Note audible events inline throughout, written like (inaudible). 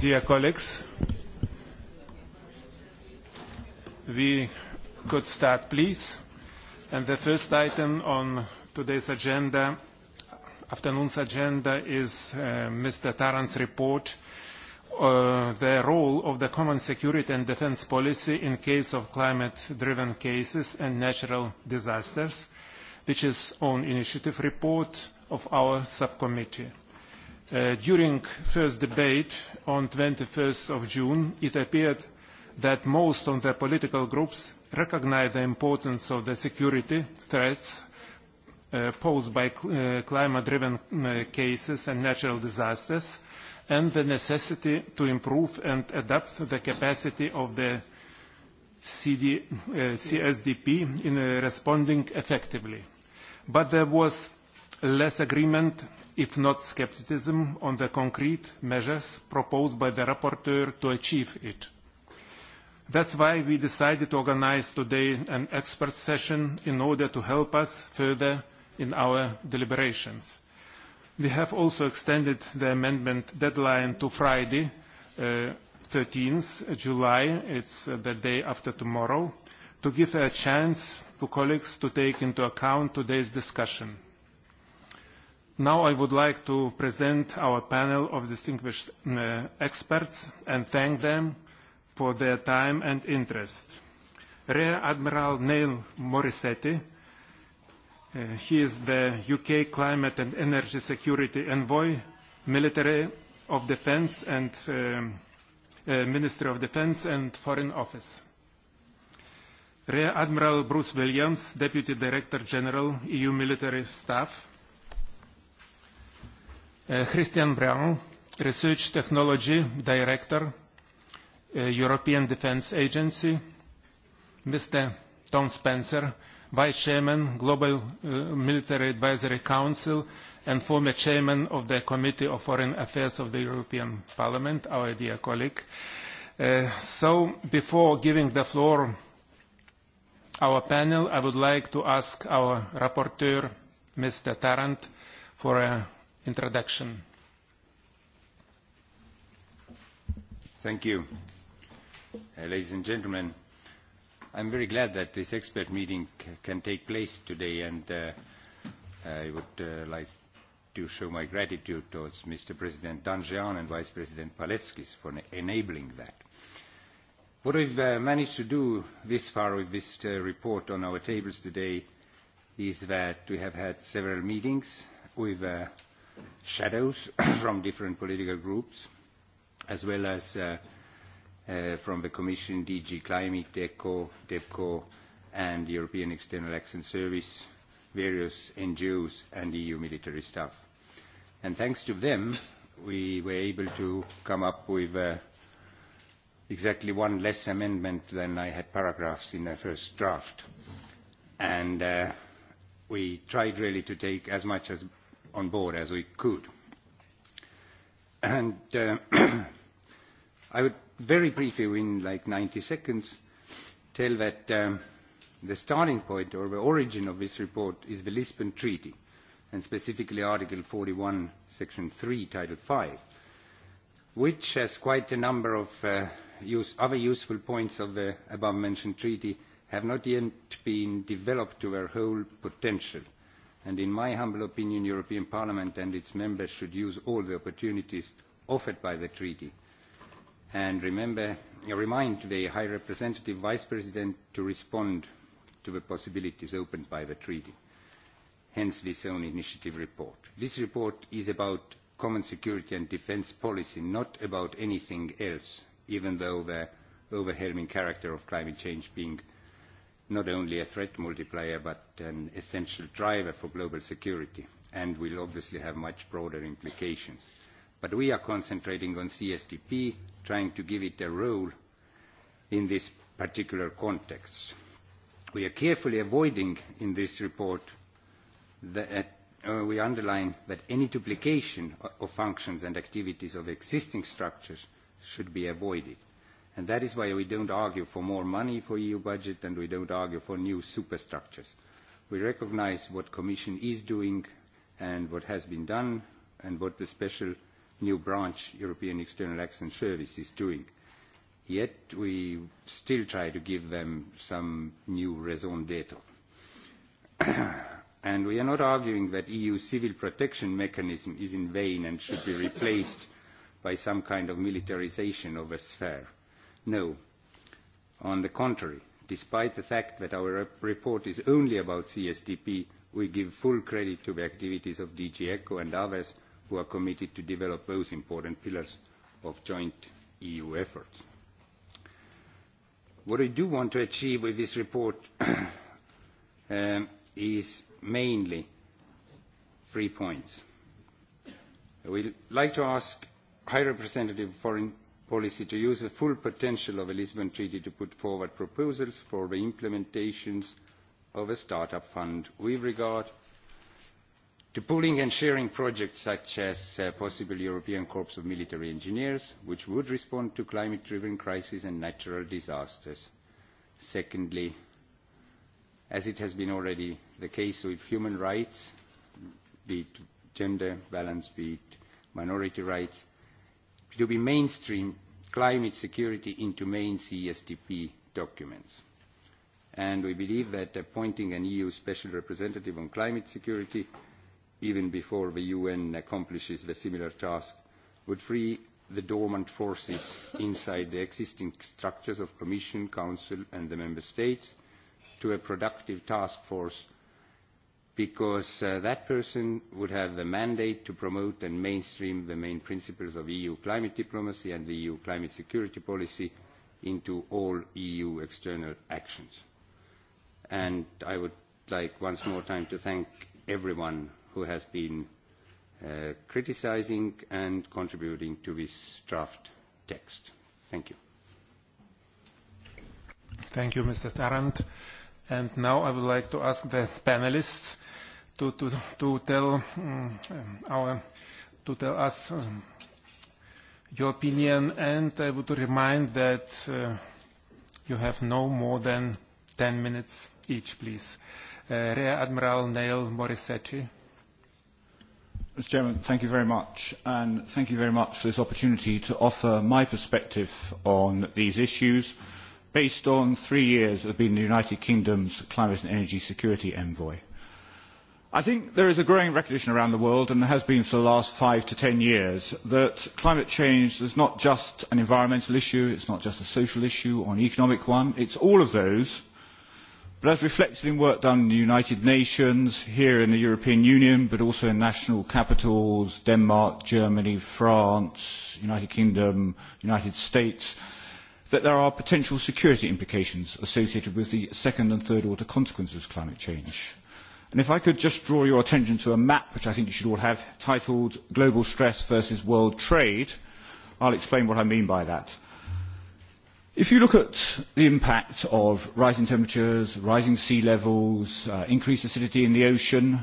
dear colleagues, we could start please. And the first item on today's agenda, afternoon's agenda, is uh, Mr. Taran's report, uh, the role of the common security and defense policy in case of climate-driven cases and natural disasters, which is own initiative report of our subcommittee. Uh, during first debate on twenty first june it appeared that most of the political groups recognise the importance of the security threats uh, posed by cl uh, climate driven uh, cases and natural disasters and the necessity to improve and adapt the capacity of the CD, uh, CSDP in uh, responding effectively. But there was less agreement if not scepticism, on the concrete measures proposed by the rapporteur to achieve it. That's why we decided to organise today an expert session in order to help us further in our deliberations. We have also extended the amendment deadline to Friday, uh, 13th July, it's uh, the day after tomorrow, to give a chance to colleagues to take into account today's discussion. Now I would like to present our panel of distinguished uh, experts and thank them for their time and interest. Rear Admiral Neil Morissetti, uh, he is the UK Climate and Energy Security Envoy, Military of Defence and um, uh, Minister of Defence and Foreign Office. Rear Admiral Bruce Williams, Deputy Director General, EU Military Staff, Eh, Christian Brown, Research Technology Director, uh, European Defense Agency. Mr. Tom Spencer, Vice Chairman, Global uh, Military Advisory Council, and former Chairman of the Committee of Foreign Affairs of the European Parliament, our dear colleague. Uh, so before giving the floor our panel, I would like to ask our rapporteur, Mr. Tarrant, for a introduction. Thank you. Uh, ladies and gentlemen, I'm very glad that this expert meeting c can take place today and uh, I would uh, like to show my gratitude towards Mr. President Danjean and Vice President Paletskis for enabling that. What we've uh, managed to do this far with this uh, report on our tables today is that we have had several meetings with uh, shadows (coughs) from different political groups, as well as uh, uh, from the Commission, DG Climate, DEPCO, DEPCO, and the European External Action Service, various NGOs, and EU military staff. Thanks to them, we were able to come up with uh, exactly one less amendment than I had paragraphs in the first draft. We tried really to take as much as on board as we could. And uh, (clears throat) I would very briefly, in like 90 seconds, tell that um, the starting point or the origin of this report is the Lisbon Treaty, and specifically Article 41, Section 3, Title 5, which has quite a number of uh, use, other useful points of the above-mentioned treaty have not yet been developed to their whole potential and in my humble opinion the european parliament and its members should use all the opportunities offered by the treaty and remind the high representative vice president to respond to the possibilities opened by the treaty hence this own initiative report. this report is about common security and defence policy not about anything else even though the overwhelming character of climate change being not only a threat multiplier but an essential driver for global security and will obviously have much broader implications. But we are concentrating on CSDP, trying to give it a role in this particular context. We are carefully avoiding in this report that uh, uh, we underline that any duplication of functions and activities of existing structures should be avoided and that is why we don't argue for more money for eu budget and we don't argue for new superstructures we recognize what commission is doing and what has been done and what the special new branch european external action service is doing yet we still try to give them some new raison d'etre (clears throat) and we are not arguing that eu civil protection mechanism is in vain and should be replaced by some kind of militarisation of a sphere. No. On the contrary, despite the fact that our report is only about CSTP, we give full credit to the activities of DG ECHO and others who are committed to develop those important pillars of joint EU effort. What I do want to achieve with this report (coughs) um, is mainly three points. I would like to ask High Representative Foreign policy to use the full potential of the Lisbon Treaty to put forward proposals for the implementation of a startup fund with regard to pooling and sharing projects such as uh, possible European Corps of Military Engineers, which would respond to climate-driven crises and natural disasters. Secondly, as it has been already the case with human rights, be it gender balance, be it minority rights, to be mainstream climate security into main CSDP documents. And we believe that appointing an EU special representative on climate security, even before the UN accomplishes the similar task, would free the dormant forces inside the existing structures of Commission, Council, and the Member States to a productive task force because uh, that person would have the mandate to promote and mainstream the main principles of EU climate diplomacy and the EU climate security policy into all EU external actions. And I would like once more time to thank everyone who has been uh, criticizing and contributing to this draft text. Thank you. Thank you, Mr. Tarrant. And now I would like to ask the panelists to, to, to tell um, our, to tell us um, your opinion. And I would remind that uh, you have no more than 10 minutes each, please. Uh, Rear Admiral Neil Morissetti. Mr. Chairman, thank you very much. And thank you very much for this opportunity to offer my perspective on these issues based on three years of being the United Kingdom's climate and energy security envoy. I think there is a growing recognition around the world, and there has been for the last five to ten years, that climate change is not just an environmental issue, it's not just a social issue or an economic one, it's all of those. But as reflected in work done in the United Nations, here in the European Union, but also in national capitals, Denmark, Germany, France, United Kingdom, United States, that there are potential security implications associated with the second and third order consequences of climate change. And if I could just draw your attention to a map, which I think you should all have, titled Global Stress versus World Trade, I'll explain what I mean by that. If you look at the impact of rising temperatures, rising sea levels, uh, increased acidity in the ocean,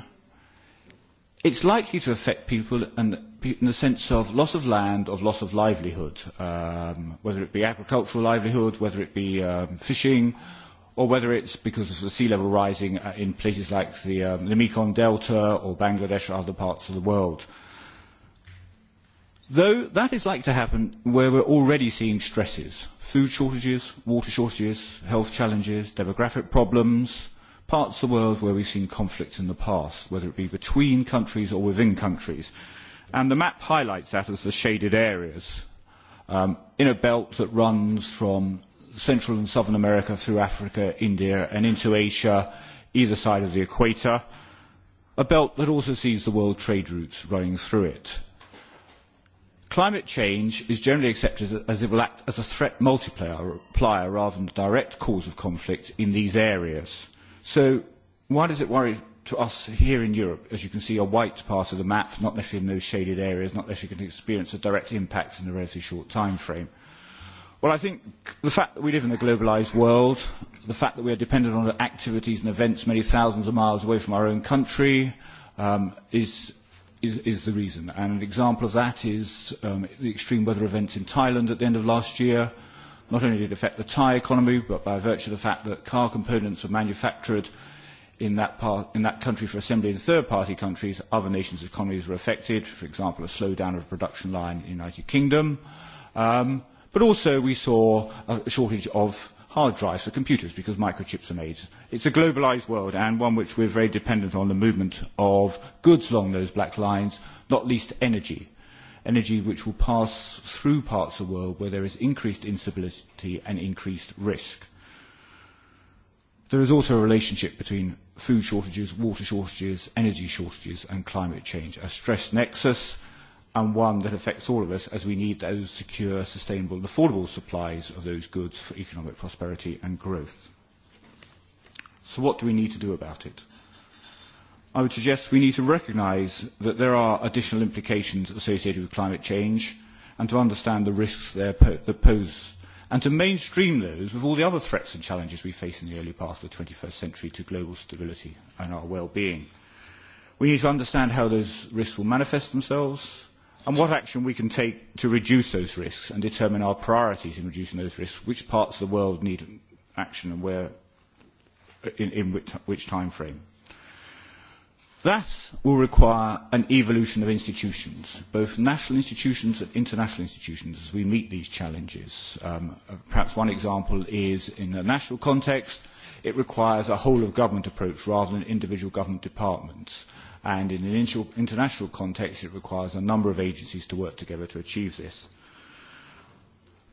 it's likely to affect people and in the sense of loss of land, of loss of livelihood, um, whether it be agricultural livelihood, whether it be um, fishing, or whether it's because of the sea level rising uh, in places like the, um, the Mekong Delta or Bangladesh or other parts of the world. Though that is like to happen where we're already seeing stresses, food shortages, water shortages, health challenges, demographic problems, parts of the world where we've seen conflicts in the past, whether it be between countries or within countries and the map highlights that as the shaded areas um, in a belt that runs from Central and Southern America through Africa, India, and into Asia, either side of the equator, a belt that also sees the world trade routes running through it. Climate change is generally accepted as it will act as a threat multiplier rather than the direct cause of conflict in these areas. So why does it worry to us here in Europe, as you can see a white part of the map, not necessarily in those shaded areas, not necessarily going to experience a direct impact in a relatively short time frame. Well, I think the fact that we live in a globalized world, the fact that we are dependent on activities and events many thousands of miles away from our own country um, is, is, is the reason. And an example of that is um, the extreme weather events in Thailand at the end of last year. Not only did it affect the Thai economy, but by virtue of the fact that car components were manufactured in that, part, in that country for assembly in third party countries, other nations' economies were affected, for example, a slowdown of a production line in the United Kingdom. Um, but also, we saw a shortage of hard drives for computers because microchips are made. It's a globalized world and one which we're very dependent on the movement of goods along those black lines, not least energy. Energy which will pass through parts of the world where there is increased instability and increased risk. There is also a relationship between food shortages, water shortages, energy shortages and climate change, a stress nexus and one that affects all of us as we need those secure, sustainable and affordable supplies of those goods for economic prosperity and growth. So what do we need to do about it? I would suggest we need to recognise that there are additional implications associated with climate change and to understand the risks that pose and to mainstream those with all the other threats and challenges we face in the early part of the 21st century to global stability and our well-being. We need to understand how those risks will manifest themselves and what action we can take to reduce those risks and determine our priorities in reducing those risks, which parts of the world need action and where, in, in which, which time frame that will require an evolution of institutions, both national institutions and international institutions, as we meet these challenges. Um, perhaps one example is in a national context, it requires a whole of government approach rather than individual government departments. And in an international context, it requires a number of agencies to work together to achieve this.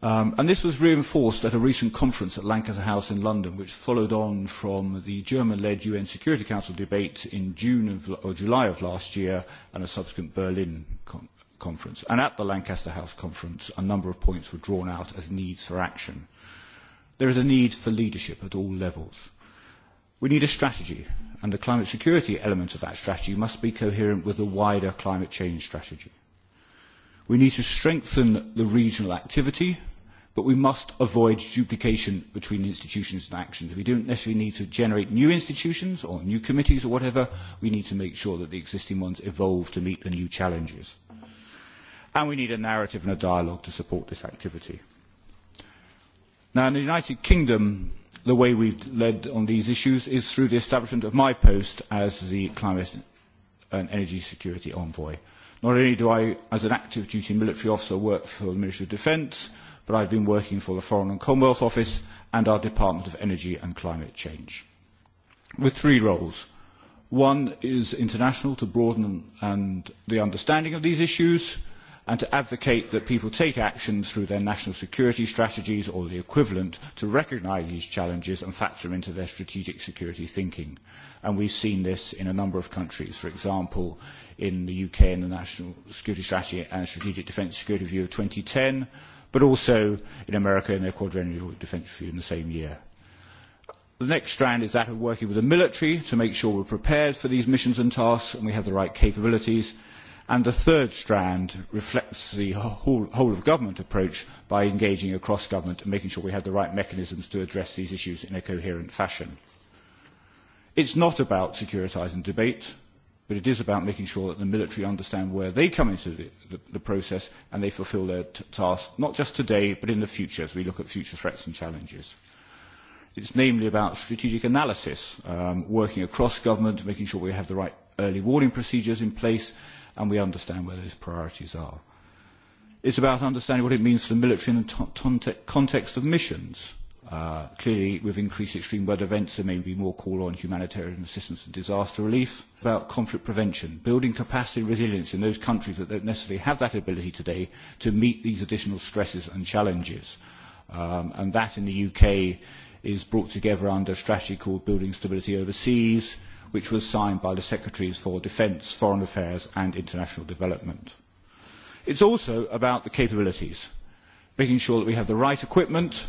Um, and this was reinforced at a recent conference at Lancaster House in London, which followed on from the German-led UN Security Council debate in June of, or July of last year and a subsequent Berlin con- conference. And at the Lancaster House conference, a number of points were drawn out as needs for action. There is a need for leadership at all levels. We need a strategy, and the climate security element of that strategy must be coherent with the wider climate change strategy. We need to strengthen the regional activity but we must avoid duplication between institutions and actions. We don't necessarily need to generate new institutions or new committees or whatever. We need to make sure that the existing ones evolve to meet the new challenges. And we need a narrative and a dialogue to support this activity. Now, in the United Kingdom, the way we've led on these issues is through the establishment of my post as the Climate and Energy Security Envoy. Not only do I, as an active duty military officer, work for the Ministry of Defence, but I've been working for the Foreign and Commonwealth Office and our Department of Energy and Climate Change with three roles. One is international to broaden and the understanding of these issues and to advocate that people take action through their national security strategies or the equivalent to recognise these challenges and factor into their strategic security thinking. And we've seen this in a number of countries, for example, in the UK in the National Security Strategy and Strategic Defence Security Review of 2010, but also in America in their quadrennial defence review in the same year. The next strand is that of working with the military to make sure we're prepared for these missions and tasks and we have the right capabilities. And the third strand reflects the whole, whole of government approach by engaging across government and making sure we have the right mechanisms to address these issues in a coherent fashion. It's not about securitizing debate but it is about making sure that the military understand where they come into the, the, the process and they fulfil their t- task, not just today, but in the future as we look at future threats and challenges. It's namely about strategic analysis, um, working across government, making sure we have the right early warning procedures in place and we understand where those priorities are. It's about understanding what it means to the military in the t- context of missions. Uh, clearly, with increased extreme weather events, there may be more call on humanitarian assistance and disaster relief. About conflict prevention, building capacity and resilience in those countries that don't necessarily have that ability today to meet these additional stresses and challenges. Um, and that in the UK is brought together under a strategy called Building Stability Overseas, which was signed by the Secretaries for Defence, Foreign Affairs and International Development. It's also about the capabilities, making sure that we have the right equipment,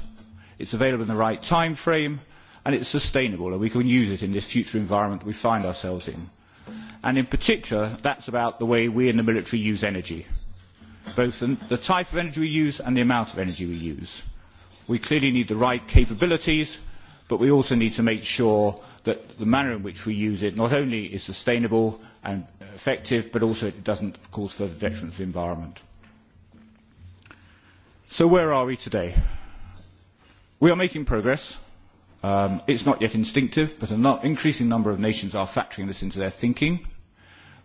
it's available in the right time frame, and it's sustainable, and we can use it in this future environment that we find ourselves in. And in particular, that's about the way we in the military use energy, both the, the type of energy we use and the amount of energy we use. We clearly need the right capabilities, but we also need to make sure that the manner in which we use it not only is sustainable and effective, but also it doesn't cause further detriment to the environment. So where are we today? We are making progress. Um, it's not yet instinctive, but an no, increasing number of nations are factoring this into their thinking.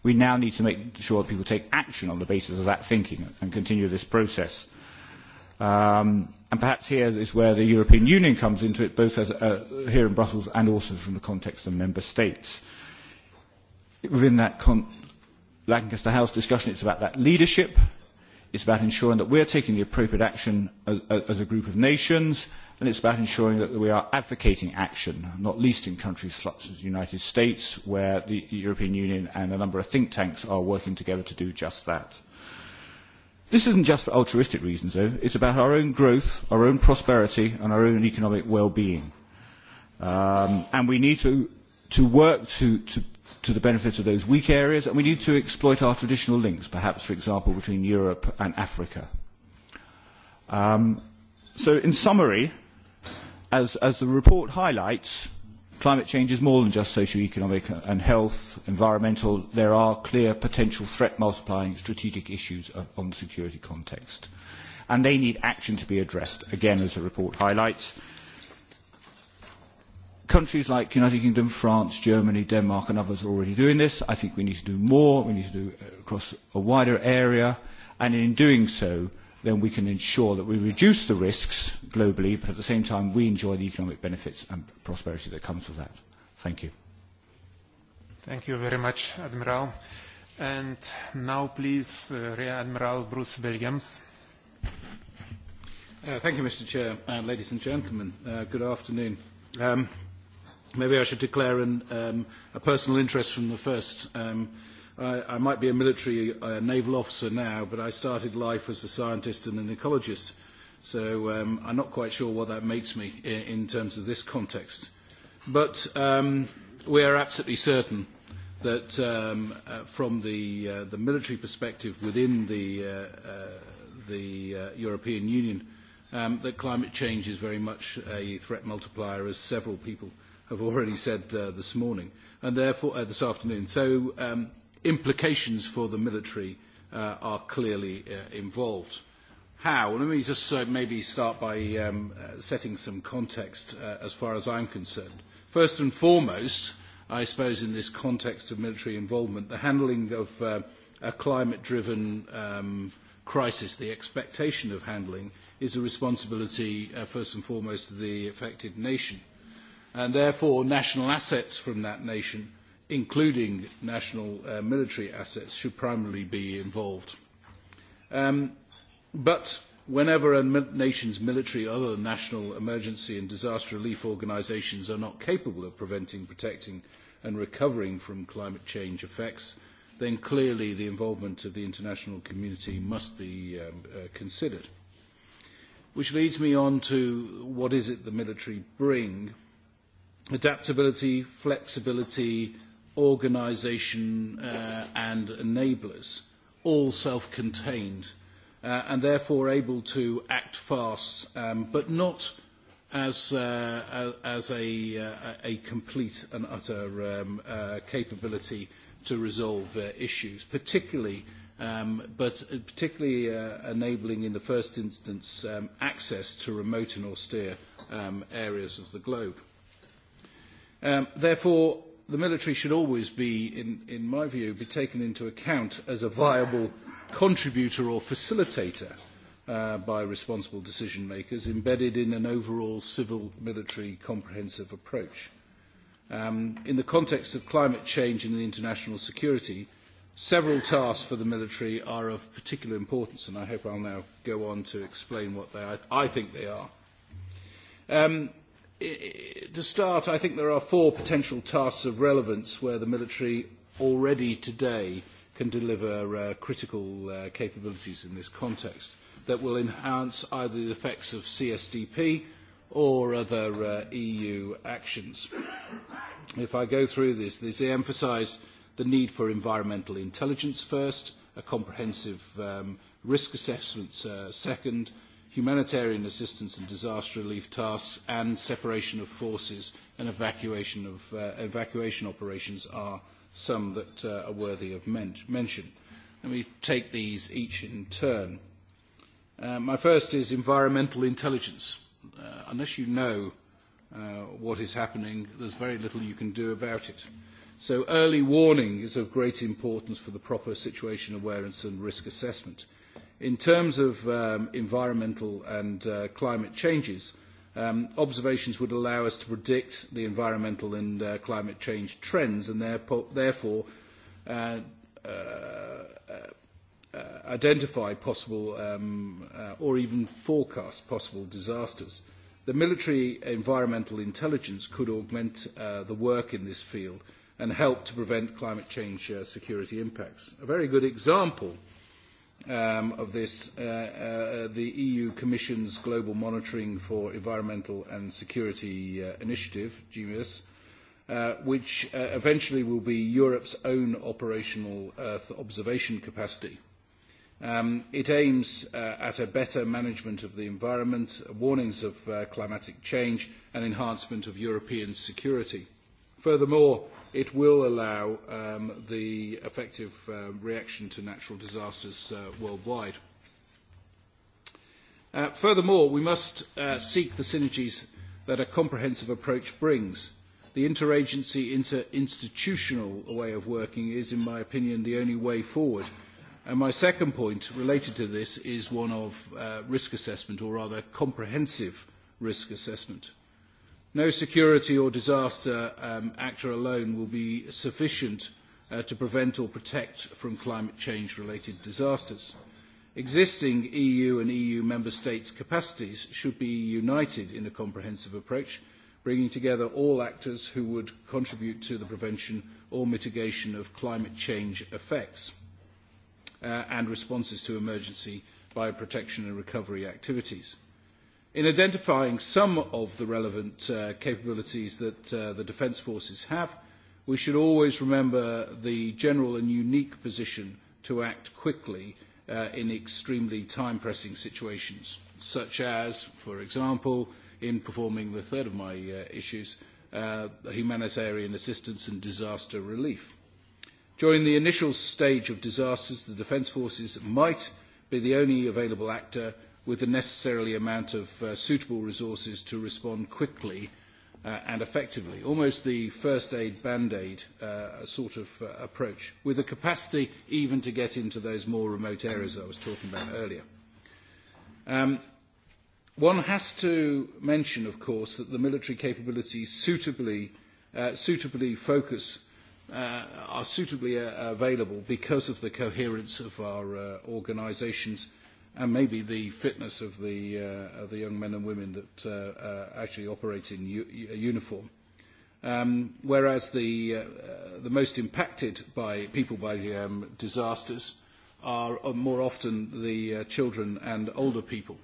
We now need to make sure that people take action on the basis of that thinking and continue this process. Um, and perhaps here is where the European Union comes into it, both as, uh, here in Brussels and also from the context of member states. Within that con Lancaster House discussion, it's about that leadership. It's about ensuring that we're taking the appropriate action as, as a group of nations and it's about ensuring that we are advocating action, not least in countries such as the United States, where the European Union and a number of think tanks are working together to do just that. This isn't just for altruistic reasons, though. It's about our own growth, our own prosperity, and our own economic well-being. Um, and we need to, to work to, to, to the benefit of those weak areas, and we need to exploit our traditional links, perhaps, for example, between Europe and Africa. Um, so in summary, uh, as, as the report highlights, climate change is more than just socio-economic and health, environmental. There are clear potential threat multiplying strategic issues on the security context. And they need action to be addressed, again, as the report highlights. Countries like United Kingdom, France, Germany, Denmark and others are already doing this. I think we need to do more. We need to do it uh, across a wider area. And in doing so, uh, then we can ensure that we reduce the risks globally, but at the same time we enjoy the economic benefits and prosperity that comes with that. Thank you. Thank you very much, Admiral. And now please, uh, Rear Admiral Bruce Williams. Uh, thank you, Mr Chair, and ladies and gentlemen. Uh, good afternoon. Um, maybe I should declare an, um, a personal interest from the first um, uh, Uh, I might be a military uh, naval officer now, but I started life as a scientist and an ecologist. So um, I'm not quite sure what that makes me in, in terms of this context. But um, we are absolutely certain that um, uh, from the, uh, the military perspective within the, uh, uh, the uh, European Union, um, that climate change is very much a threat multiplier, as several people have already said uh, this morning, and therefore uh, this afternoon. So um, implications for the military uh, are clearly uh, involved. How? Let me just uh, maybe start by um, uh, setting some context uh, as far as I'm concerned. First and foremost, I suppose in this context of military involvement, the handling of uh, a climate-driven um, crisis, the expectation of handling, is a responsibility uh, first and foremost of the affected nation. And therefore, national assets from that nation including national uh, military assets, should primarily be involved. Um, but whenever a nation's military or other national emergency and disaster relief organisations are not capable of preventing, protecting and recovering from climate change effects, then clearly the involvement of the international community must be um, uh, considered. Which leads me on to what is it the military bring? Adaptability, flexibility, organization uh, and enablers, all self contained, uh, and therefore able to act fast, um, but not as, uh, as a, uh, a complete and utter um, uh, capability to resolve uh, issues, particularly. Um, but uh, particularly uh, enabling in the first instance um, access to remote and austere um, areas of the globe. Um, therefore, the military should always be, in, in my view, be taken into account as a viable contributor or facilitator uh, by responsible decision makers embedded in an overall civil military comprehensive approach. Um, in the context of climate change and international security, several tasks for the military are of particular importance, and I hope I'll now go on to explain what they are, I think they are. Um, to start, I think there are four potential tasks of relevance where the military already today can deliver uh, critical uh, capabilities in this context that will enhance either the effects of CSDP or other uh, EU actions. If I go through this, this emphasises the need for environmental intelligence first, a comprehensive um, risk assessment uh, second, humanitarian assistance and disaster relief tasks and separation of forces and evacuation, of, uh, evacuation operations are some that uh, are worthy of men- mention. Let me take these each in turn. Uh, my first is environmental intelligence. Uh, unless you know uh, what is happening, there's very little you can do about it. So early warning is of great importance for the proper situation awareness and risk assessment. Uh, In terms of um, environmental and uh, climate changes, um, observations would allow us to predict the environmental and uh, climate change trends and therefore uh, uh, uh, identify possible um, uh, or even forecast possible disasters. The military environmental intelligence could augment uh, the work in this field and help to prevent climate change uh, security impacts. A very good example um, of this, uh, uh, the EU Commission's Global Monitoring for Environmental and Security uh, Initiative, GMIS, uh, which uh, eventually will be Europe's own operational Earth observation capacity. Um, it aims uh, at a better management of the environment, warnings of uh, climatic change, and enhancement of European security. Furthermore, uh, it will allow um, the effective uh, reaction to natural disasters uh, worldwide. Uh, furthermore, we must uh, seek the synergies that a comprehensive approach brings. The interagency inter institutional way of working is, in my opinion, the only way forward. And my second point related to this is one of uh, risk assessment, or rather comprehensive risk assessment. No security or disaster um, actor alone will be sufficient uh, to prevent or protect from climate change related disasters. Existing EU and EU member states' capacities should be united in a comprehensive approach, bringing together all actors who would contribute to the prevention or mitigation of climate change effects uh, and responses to emergency bioprotection and recovery activities. In identifying some of the relevant uh, capabilities that uh, the Defence Forces have, we should always remember the general and unique position to act quickly uh, in extremely time-pressing situations, such as, for example, in performing the third of my uh, issues, uh, humanitarian assistance and disaster relief. During the initial stage of disasters, the Defence Forces might be the only available actor with the necessary amount of uh, suitable resources to respond quickly uh, and effectively, almost the first aid band-aid uh, sort of uh, approach, with the capacity even to get into those more remote areas I was talking about earlier. Um, one has to mention, of course, that the military capabilities suitably, uh, suitably focus uh, are suitably uh, available because of the coherence of our uh, organizations and maybe the fitness of the, uh, of the young men and women that uh, uh, actually operate in u- uniform. Um, whereas the, uh, uh, the most impacted by people by um, disasters are uh, more often the uh, children and older people,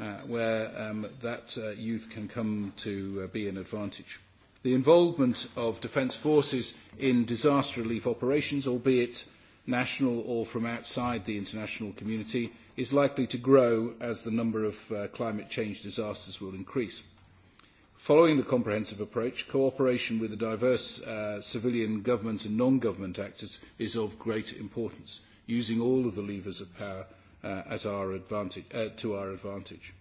uh, where um, that uh, youth can come to uh, be an advantage. The involvement of defence forces in disaster relief operations, albeit national or from outside the international community, is likely to grow as the number of uh, climate change disasters will increase. Following the comprehensive approach, cooperation with the diverse uh, civilian government and non-government actors is of great importance, using all of the levers of power uh, at our advantage, uh, to our advantage.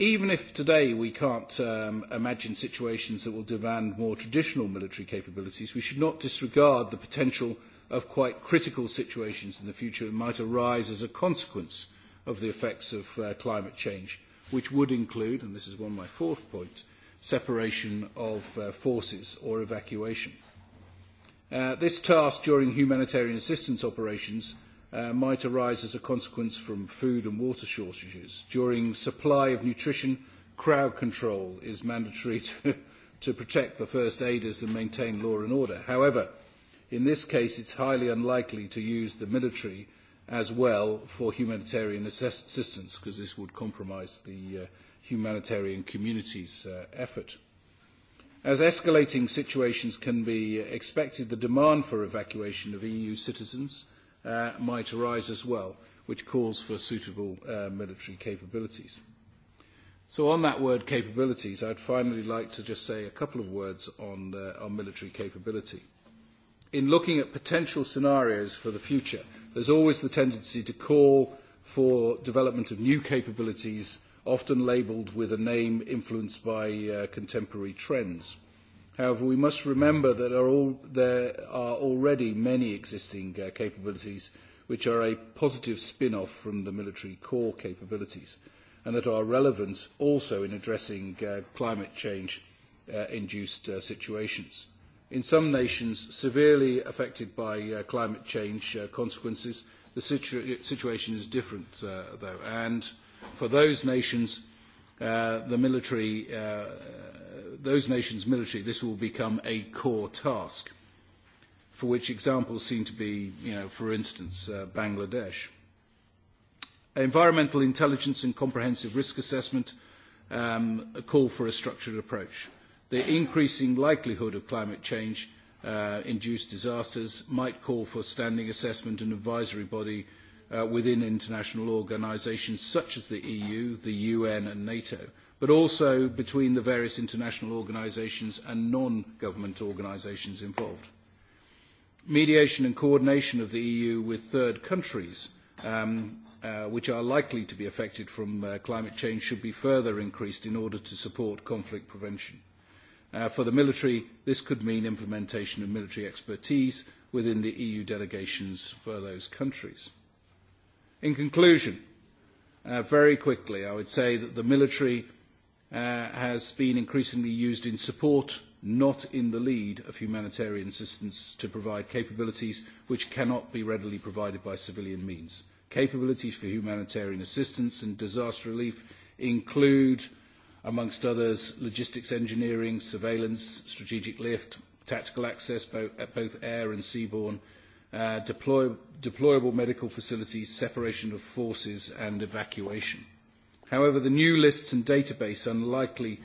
Even if today we can't um, imagine situations that will demand more traditional military capabilities, we should not disregard the potential of quite critical situations in the future that might arise as a consequence of the effects of uh, climate change, which would include, and this is one of my fourth point, separation of uh, forces or evacuation. Uh, this task during humanitarian assistance operations uh, might arise as a consequence from food and water shortages. During supply of nutrition, crowd control is mandatory (laughs) to, to protect the first aiders and maintain law and order. However, uh, In this case, it's highly unlikely to use the military as well for humanitarian assess- assistance because this would compromise the uh, humanitarian community's uh, effort. As escalating situations can be expected, the demand for evacuation of EU citizens uh, might arise as well, which calls for suitable uh, military capabilities. So on that word capabilities, I'd finally like to just say a couple of words on, uh, on military capability in looking at potential scenarios for the future, there's always the tendency to call for development of new capabilities, often labelled with a name influenced by uh, contemporary trends. However, we must remember that are all, there are already many existing uh, capabilities which are a positive spin off from the military core capabilities and that are relevant also in addressing uh, climate change uh, induced uh, situations. Uh, in some nations severely affected by uh, climate change uh, consequences. The situ- situation is different, uh, though. And for those nations, uh, the military, uh, those nations' military, this will become a core task, for which examples seem to be, you know, for instance, uh, Bangladesh. Environmental intelligence and comprehensive risk assessment um, call for a structured approach the increasing likelihood of climate change uh, induced disasters might call for standing assessment and advisory body uh, within international organizations such as the EU, the UN, and NATO, but also between the various international organizations and non government organizations involved. Mediation and coordination of the EU with third countries, um, uh, which are likely to be affected from uh, climate change, should be further increased in order to support conflict prevention. Uh, for the military, this could mean implementation of military expertise within the EU delegations for those countries. In conclusion, uh, very quickly, I would say that the military uh, has been increasingly used in support, not in the lead of humanitarian assistance to provide capabilities which cannot be readily provided by civilian means. Capabilities for humanitarian assistance and disaster relief include uh, amongst others, logistics engineering, surveillance, strategic lift, tactical access at both air and seaborne, uh, deployable medical facilities, separation of forces, and evacuation. However, the new lists and database are unlikely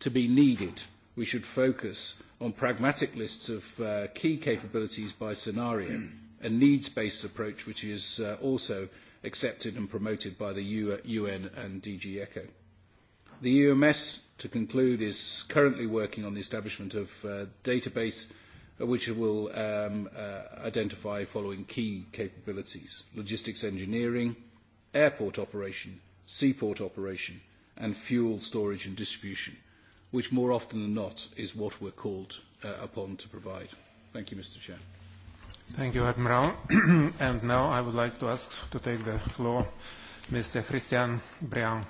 to be needed. We should focus on pragmatic lists of uh, key capabilities by scenario, a needs-based approach, which is uh, also accepted and promoted by the UN and DG ECHO. The UMS, e to conclude, is currently working on the establishment of a database which it will um, uh, identify following key capabilities logistics engineering, airport operation, seaport operation, and fuel storage and distribution, which more often than not is what we're called uh, upon to provide. Thank you, Mr. Chair. Thank you, Admiral. (clears throat) and now I would like to ask to take the floor Mr. Christian Briand.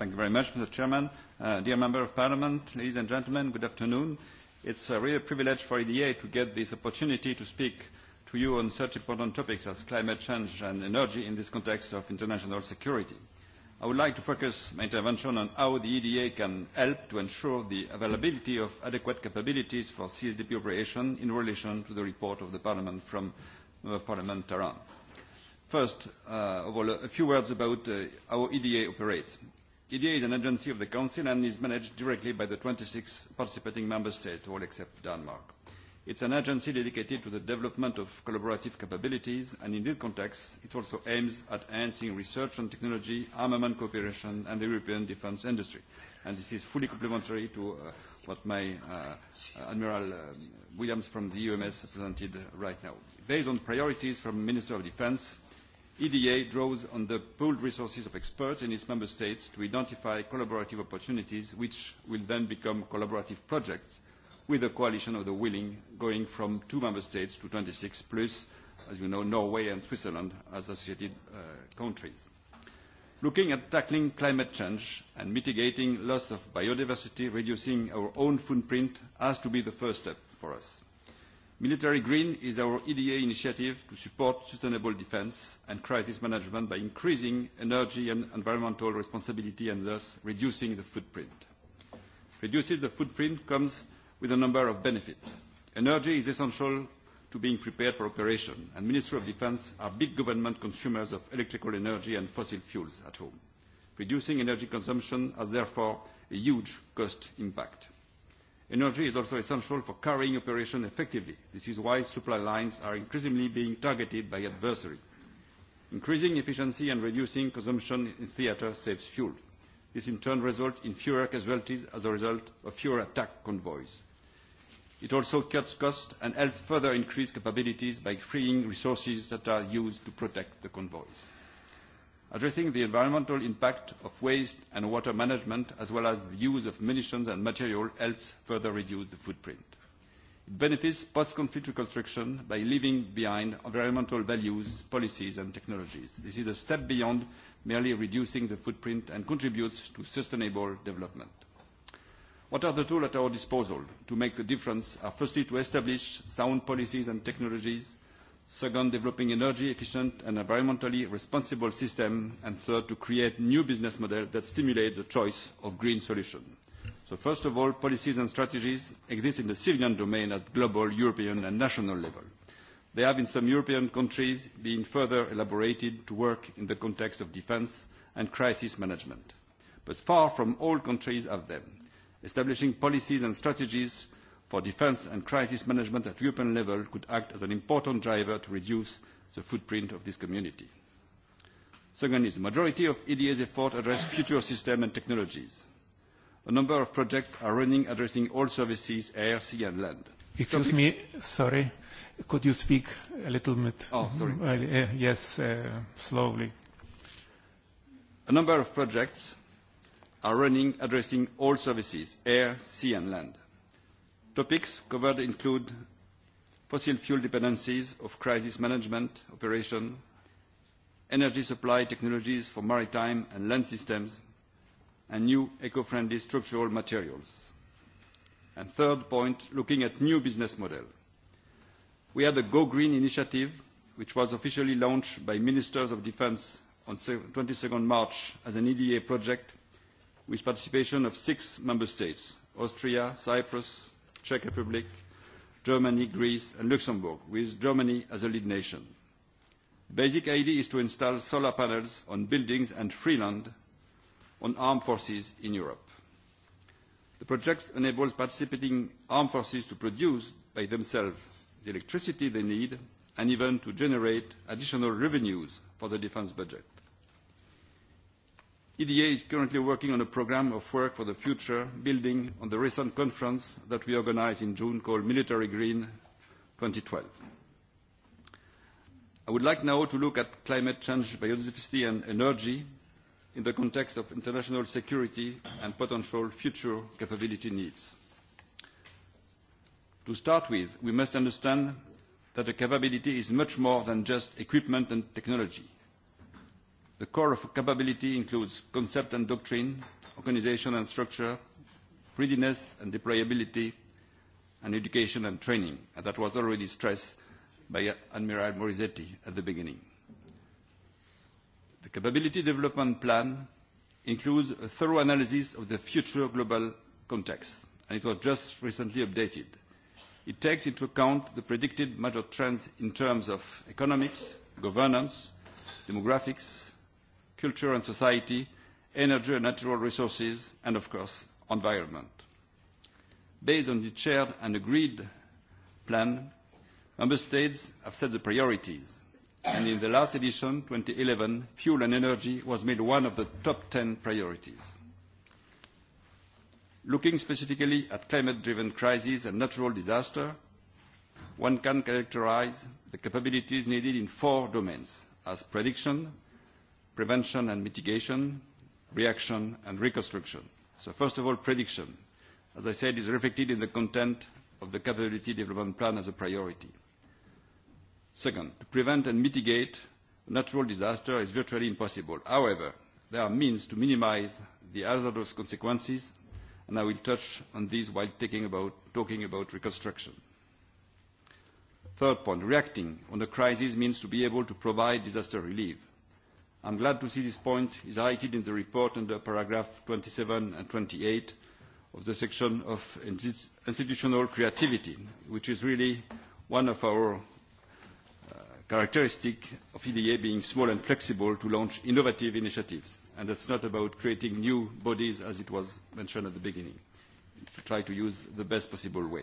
Thank you very much, Mr. Chairman. Uh, dear Member of Parliament, ladies and gentlemen, good afternoon. It's a real privilege for EDA to get this opportunity to speak to you on such important topics as climate change and energy in this context of international security. I would like to focus my intervention on how the EDA can help to ensure the availability of adequate capabilities for CSDP operation in relation to the report of the Parliament from uh, Parliament Tehran. First, uh, a few words about uh, how EDA operates. EDA is an agency of the Council and is managed directly by the 26 participating member states, all except Denmark. It's an agency dedicated to the development of collaborative capabilities, and in this context, it also aims at enhancing research and technology, armament cooperation, and the European defense industry. And this is fully complementary to uh, what my uh, Admiral um, Williams from the UMS presented right now. Based on priorities from Minister of Defense, EDA draws on the pooled resources of experts in its member states to identify collaborative opportunities, which will then become collaborative projects with a coalition of the willing going from two member states to 26 plus, as you know, Norway and Switzerland as associated uh, countries. Looking at tackling climate change and mitigating loss of biodiversity, reducing our own footprint has to be the first step for us. Military Green is our EDA initiative to support sustainable defense and crisis management by increasing energy and environmental responsibility and thus reducing the footprint. Reducing the footprint comes with a number of benefits. Energy is essential to being prepared for operation, and Ministry of Defense are big government consumers of electrical energy and fossil fuels at home. Reducing energy consumption has therefore a huge cost impact. Energy is also essential for carrying operation effectively. This is why supply lines are increasingly being targeted by adversary. Increasing efficiency and reducing consumption in theater saves fuel. This in turn results in fewer casualties as a result of fewer attack convoys. It also cuts costs and helps further increase capabilities by freeing resources that are used to protect the convoys addressing the environmental impact of waste and water management, as well as the use of munitions and material, helps further reduce the footprint. It benefits post-conflict reconstruction by leaving behind environmental values, policies, and technologies. This is a step beyond merely reducing the footprint and contributes to sustainable development. What are the tools at our disposal to make a difference are firstly to establish sound policies and technologies, Second, developing energy-efficient and environmentally responsible system. Third, to create new business model that stimulate the choice of green solution. First of all, policies and strategies exist in the civilian domain at global, European, and national level. They have, in some European countries, been further elaborated to work in the context of defense and crisis management. Far from all countries have them. Establishing policies and strategies for defence and crisis management at European level could act as an important driver to reduce the footprint of this community. Second is the majority of EDA's effort address future systems and technologies. A number of projects are running addressing all services, air, sea and land. Excuse Topics. me, sorry, could you speak a little bit? Oh, sorry. Mm-hmm. Uh, yes, uh, slowly. A number of projects are running addressing all services, air, sea and land. Topics covered include fossil fuel dependencies of crisis management operation, energy supply technologies for maritime and land systems, and new eco-friendly structural materials. Third point, looking at new business model. We had a Go Green initiative, which was officially launched by Ministers of Defense on 22nd March as an EDA project with participation of six member states, Austria, Cyprus, Czech Republic, Germany, Greece and Luxembourg, with Germany as a lead nation. Basic idea is to install solar panels on buildings and free land on armed forces in Europe. The project enables participating armed forces to produce by themselves the electricity they need and even to generate additional revenues for the defence budget. EDA is currently working on a program of work for the future, building on the recent conference that we organized in June called Military Green 2012. I would like now to look at climate change, biodiversity, and energy in the context of international security and potential future capability needs. To start with, we must understand that a capability is much more than just equipment and technology. The core of capability includes concept and doctrine, organization and structure, readiness and deployability, and education and training. That was already stressed by Admiral Morisetti at the beginning. The capability development plan includes a thorough analysis of the future global context, and it was just recently updated. It takes into account the predicted major trends in terms of economics, governance, demographics, culture and society, energy and natural resources, and of course, environment. Based on the shared and agreed plan, member states have set the priorities. And in the last edition, 2011, fuel and energy was made one of the top 10 priorities. Looking specifically at climate-driven crises and natural disaster, one can characterize the capabilities needed in four domains as prediction, prevention and mitigation, reaction and reconstruction. So first of all, prediction, as I said, is reflected in the content of the capability development plan as a priority. Second, to prevent and mitigate natural disaster is virtually impossible. However, there are means to minimize the hazardous consequences, and I will touch on these while taking about, talking about reconstruction. Third point, reacting on a crisis means to be able to provide disaster relief. I'm glad to see this point is highlighted in the report under paragraph 27 and 28 of the section of institutional creativity, which is really one of our uh, characteristics of EDA being small and flexible to launch innovative initiatives. And that's not about creating new bodies, as it was mentioned at the beginning, to try to use the best possible way.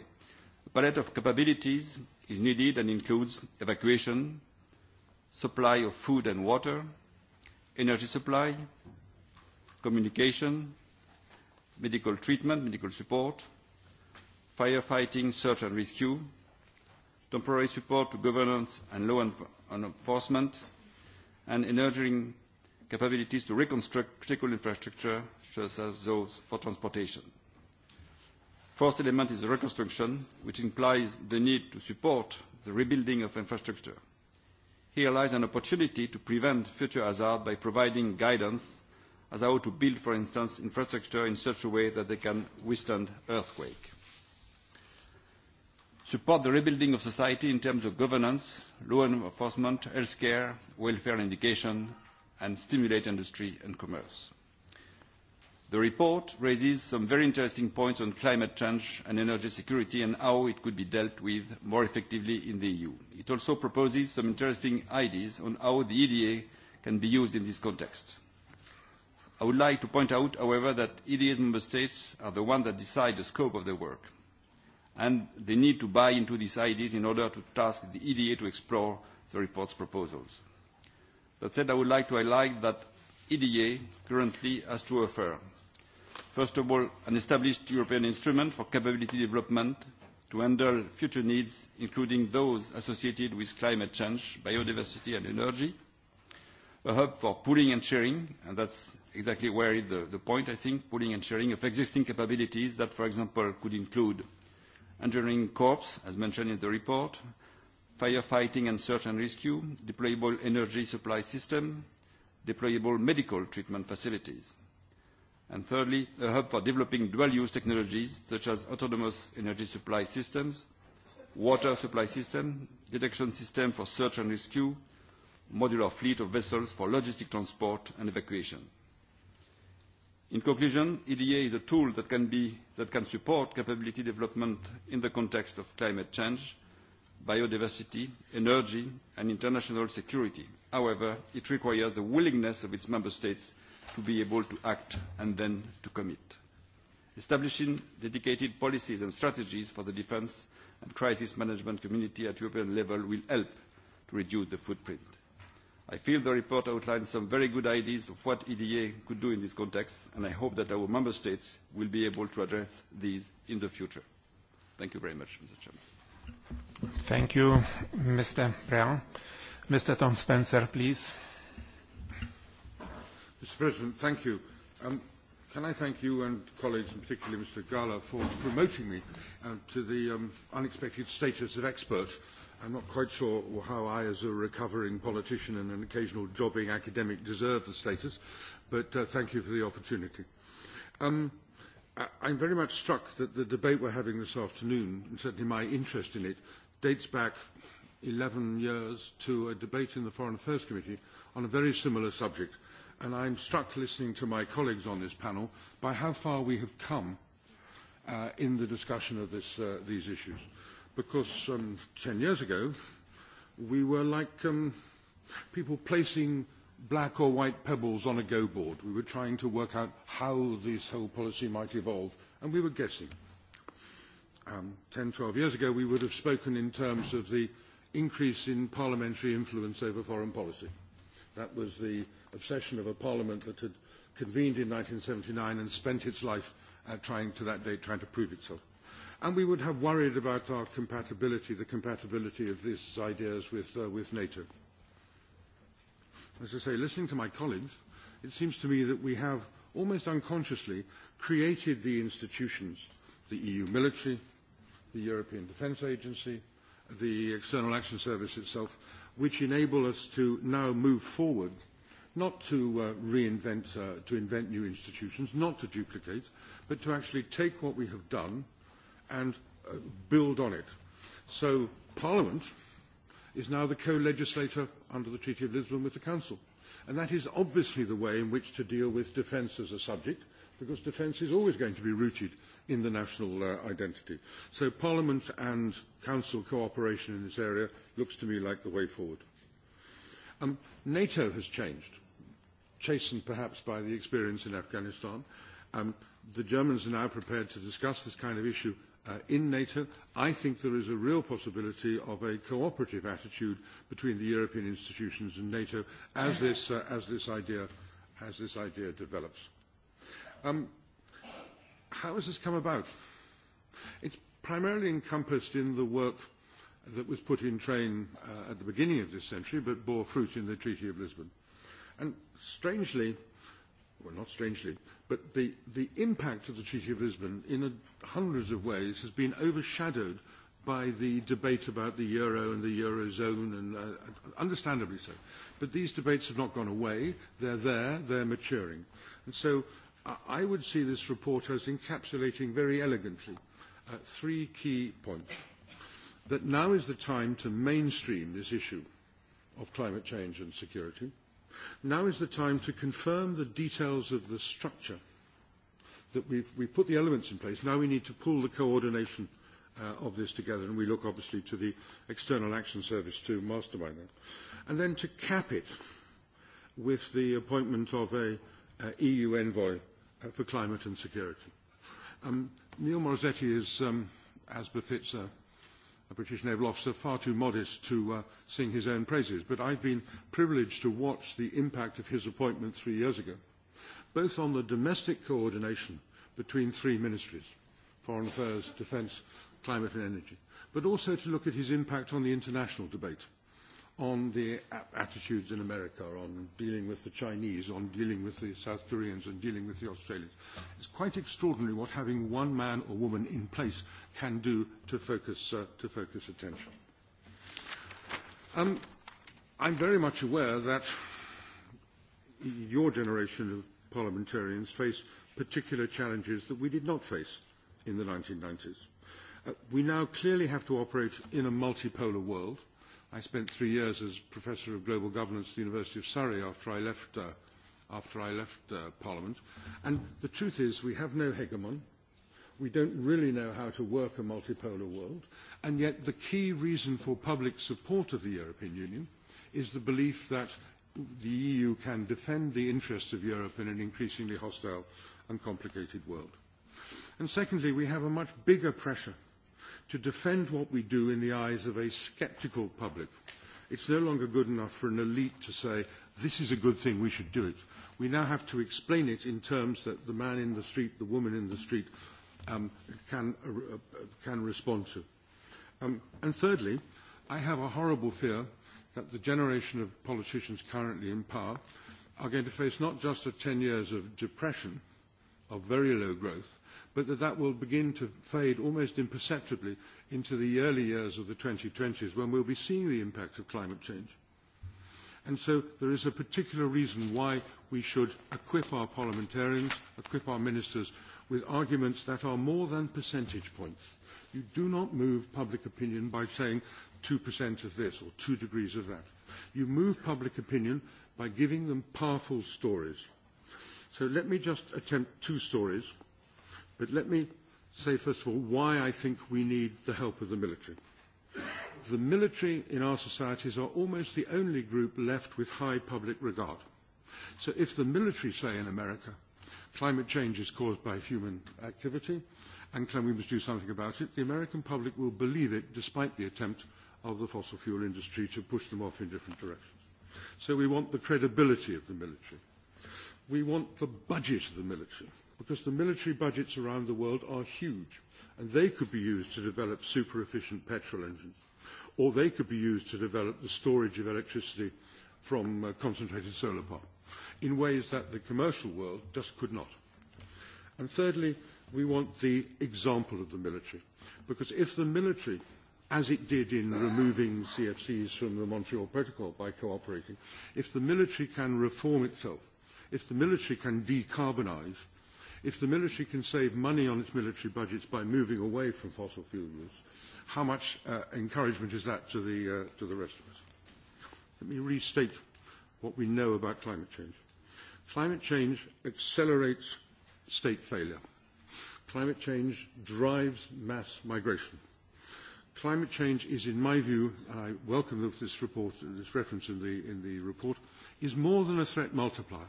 A palette of capabilities is needed and includes evacuation, supply of food and water, energy supply, communication, medical treatment, medical support, firefighting, search and rescue, temporary support to governance and law enforcement, and enabling capabilities to reconstruct critical infrastructure, such as those for transportation. Fourth element is reconstruction, which implies the need to support the rebuilding of infrastructure. Here lies an opportunity to prevent future hazard by providing guidance as how to build, for instance, infrastructure in such a way that they can withstand earthquake. Support the rebuilding of society in terms of governance, law enforcement, healthcare, welfare indication, and stimulate industry and commerce. The report raises some very interesting points on climate change and energy security and how it could be dealt with more effectively in the EU. It also proposes some interesting ideas on how the EDA can be used in this context. I would like to point out, however, that EDA's member states are the ones that decide the scope of their work, and they need to buy into these ideas in order to task the EDA to explore the report's proposals. That said, I would like to highlight that EDA currently has to offer First of all, an established European instrument for capability development to handle future needs, including those associated with climate change, biodiversity, and energy. A hub for pooling and sharing, and that's exactly where the point, I think, pooling and sharing of existing capabilities that, for example, could include engineering corps, as mentioned in the report, firefighting and search and rescue, deployable energy supply system, deployable medical treatment facilities. Thirdly, a hub for developing dual-use technologies such as autonomous energy supply systems, water supply system, detection system for search and rescue, modular fleet of vessels for logistic transport and evacuation. In conclusion, EDA is a tool that can support capability development in the context of climate change, biodiversity, energy, and international security. However, it requires the willingness of its member states to be able to act and then to commit. Establishing dedicated policies and strategies for the defence and crisis management community at European level will help to reduce the footprint. I feel the report outlines some very good ideas of what EDA could do in this context, and I hope that our Member States will be able to address these in the future. Thank you very much, Mr. Chairman. Thank you, Mr. Brown. Mr. Tom Spencer, please. Mr. President, thank you. Um, can I thank you and colleagues, and particularly Mr. Gala, for promoting me uh, to the um, unexpected status of expert? I'm not quite sure how I, as a recovering politician and an occasional jobbing academic, deserve the status, but uh, thank you for the opportunity. Um, I- I'm very much struck that the debate we're having this afternoon, and certainly my interest in it, dates back 11 years to a debate in the Foreign Affairs Committee on a very similar subject – and I'm struck listening to my colleagues on this panel by how far we have come uh, in the discussion of this, uh, these issues. Because um, 10 years ago, we were like um, people placing black or white pebbles on a go board. We were trying to work out how this whole policy might evolve, and we were guessing. Um, 10, 12 years ago, we would have spoken in terms of the increase in parliamentary influence over foreign policy. That was the obsession of a parliament that had convened in 1979 and spent its life uh, trying to that day trying to prove itself. And we would have worried about our compatibility, the compatibility of these ideas with, uh, with NATO. As I say, listening to my colleagues, it seems to me that we have almost unconsciously created the institutions, the EU military, the European Defence Agency, the External Action Service itself, which enable us to now move forward, not to uh, reinvent, uh, to invent new institutions, not to duplicate, but to actually take what we have done and uh, build on it. So Parliament is now the co-legislator under the Treaty of Lisbon with the Council. And that is obviously the way in which to deal with defence as a subject, because defence is always going to be rooted in the national uh, identity. So Parliament and Council cooperation in this area looks to me like the way forward. Um, NATO has changed, chastened perhaps by the experience in Afghanistan. Um, the Germans are now prepared to discuss this kind of issue uh, in NATO. I think there is a real possibility of a cooperative attitude between the European institutions and NATO as this, uh, as this, idea, as this idea develops. Um, how has this come about? It's primarily encompassed in the work that was put in train uh, at the beginning of this century but bore fruit in the Treaty of Lisbon. And strangely, well not strangely, but the, the impact of the Treaty of Lisbon in a, hundreds of ways has been overshadowed by the debate about the euro and the eurozone, and uh, understandably so. But these debates have not gone away. They're there. They're maturing. And so I would see this report as encapsulating very elegantly uh, three key points. That now is the time to mainstream this issue of climate change and security. Now is the time to confirm the details of the structure that we've, we've put the elements in place. Now we need to pull the coordination uh, of this together, and we look obviously to the External Action Service to mastermind that. And then to cap it with the appointment of an e uh, EU envoy Uh, for climate and security. Um, Neil Morizetti is, um, as befits a, a British naval officer, far too modest to uh, sing his own praises, but I've been privileged to watch the impact of his appointment three years ago, both on the domestic coordination between three ministries, foreign affairs, defence, climate and energy, but also to look at his impact on the international debate on the attitudes in America, on dealing with the Chinese, on dealing with the South Koreans, and dealing with the Australians. It's quite extraordinary what having one man or woman in place can do to focus, uh, to focus attention. Um, I'm very much aware that your generation of parliamentarians face particular challenges that we did not face in the 1990s. Uh, we now clearly have to operate in a multipolar world. I spent three years as Professor of Global Governance at the University of Surrey after I left, uh, after I left uh, Parliament. And the truth is, we have no hegemon. We don't really know how to work a multipolar world. And yet the key reason for public support of the European Union is the belief that the EU can defend the interests of Europe in an increasingly hostile and complicated world. And secondly, we have a much bigger pressure to defend what we do in the eyes of a sceptical public. It's no longer good enough for an elite to say, this is a good thing, we should do it. We now have to explain it in terms that the man in the street, the woman in the street, um, can, uh, uh, can respond to. Um, and thirdly, I have a horrible fear that the generation of politicians currently in power are going to face not just a 10 years of depression, of very low growth, but that that will begin to fade almost imperceptibly into the early years of the 2020s when we'll be seeing the impact of climate change. And so there is a particular reason why we should equip our parliamentarians, equip our ministers with arguments that are more than percentage points. You do not move public opinion by saying 2% of this or 2 degrees of that. You move public opinion by giving them powerful stories. So let me just attempt two stories. But let me say, first of all, why I think we need the help of the military. The military in our societies are almost the only group left with high public regard. So if the military say in America, climate change is caused by human activity, and claim we must do something about it, the American public will believe it despite the attempt of the fossil fuel industry to push them off in different directions. So we want the credibility of the military. We want the budget of the military because the military budgets around the world are huge and they could be used to develop super efficient petrol engines or they could be used to develop the storage of electricity from uh, concentrated solar power in ways that the commercial world just could not. And thirdly, we want the example of the military because if the military as it did in removing CFCs from the Montreal Protocol by cooperating, if the military can reform itself, if the military can decarbonize, if the military can save money on its military budgets by moving away from fossil fuels, how much uh, encouragement is that to the, uh, to the rest of us? Let me restate what we know about climate change. Climate change accelerates state failure. Climate change drives mass migration. Climate change is, in my view, and I welcome this report, this reference in the, in the report, is more than a threat multiplier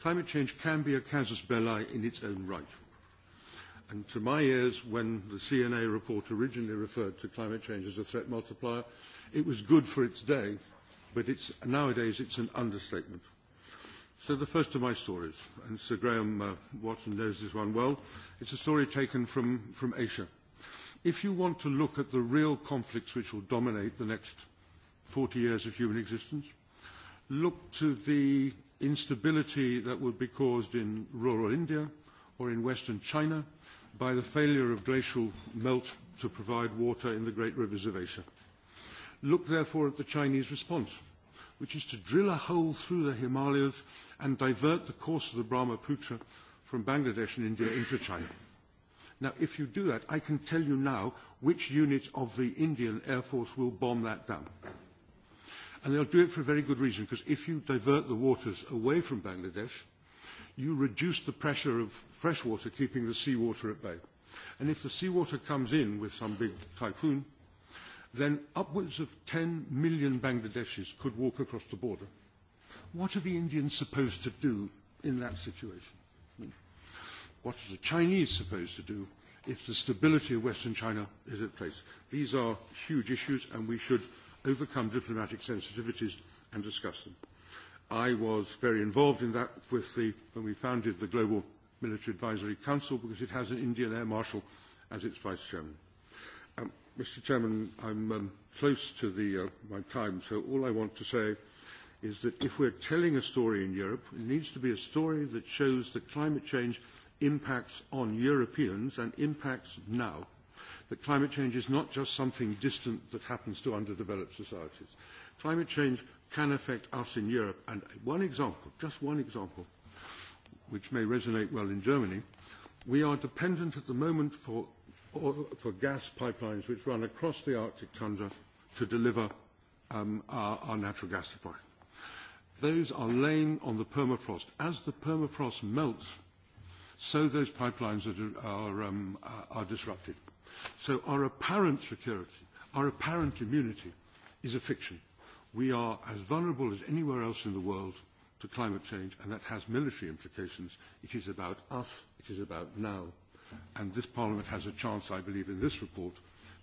climate change can be a casus belli in its own right. And to my ears, when the CNA report originally referred to climate change as a threat multiplier, it was good for its day, but it's, nowadays it's an understatement. So the first of my stories, and Sir Graham uh, Watson knows this one well, it's a story taken from, from Asia. If you want to look at the real conflicts which will dominate the next 40 years of human existence, look to the instability that would be caused in rural India or in western China by the failure of glacial melt to provide water in the great rivers of Asia. Look therefore at the Chinese response, which is to drill a hole through the Himalayas and divert the course of the Brahmaputra from Bangladesh and India into China. Now, if you do that, I can tell you now which unit of the Indian Air Force will bomb that down. And they'll do it for a very good reason, because if you divert the waters away from Bangladesh, you reduce the pressure of fresh water keeping the seawater at bay. And if the seawater comes in with some big typhoon, then upwards of 10 million Bangladeshis could walk across the border. What are the Indians supposed to do in that situation? What are the Chinese supposed to do if the stability of Western China is at place? These are huge issues, and we should overcome diplomatic sensitivities and discuss them. I was very involved in that with the, when we founded the Global Military Advisory Council because it has an Indian Air Marshal as its Vice Chairman. Um, Mr. Chairman, I'm um, close to the, uh, my time, so all I want to say is that if we're telling a story in Europe, it needs to be a story that shows that climate change impacts on Europeans and impacts now that climate change is not just something distant that happens to underdeveloped societies. Climate change can affect us in Europe. And one example, just one example, which may resonate well in Germany, we are dependent at the moment for, oil, for gas pipelines which run across the Arctic tundra to deliver um, our, our natural gas supply. Those are laying on the permafrost. As the permafrost melts, so those pipelines are, are, um, are disrupted. So our apparent security, our apparent immunity, is a fiction. We are as vulnerable as anywhere else in the world to climate change, and that has military implications. It is about us, it is about now. And this Parliament has a chance, I believe, in this report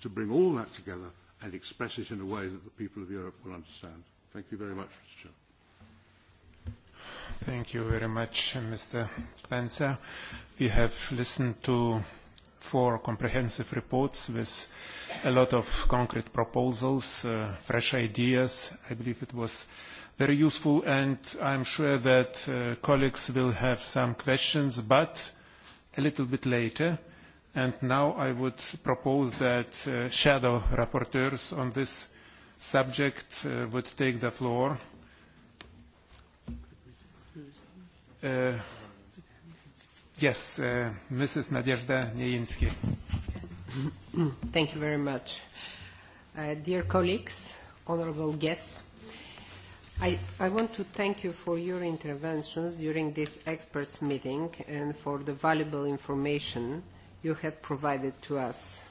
to bring all that together and express it in a way that the people of Europe will understand. Thank you very much, Mr. Chair. Thank you very much, Mr. Spencer. We have listened to four comprehensive reports with a lot of concrete proposals, uh, fresh ideas. I believe it was very useful, and I'm sure that uh, colleagues will have some questions, but a little bit later. And now I would propose that uh, shadow rapporteurs on this subject uh, would take the floor. Uh, Yes, uh, Mrs. Nadezhda Nijinsky. Thank you very much. Uh, dear colleagues, honorable guests, I, I want to thank you for your interventions during this experts' meeting and for the valuable information you have provided to us.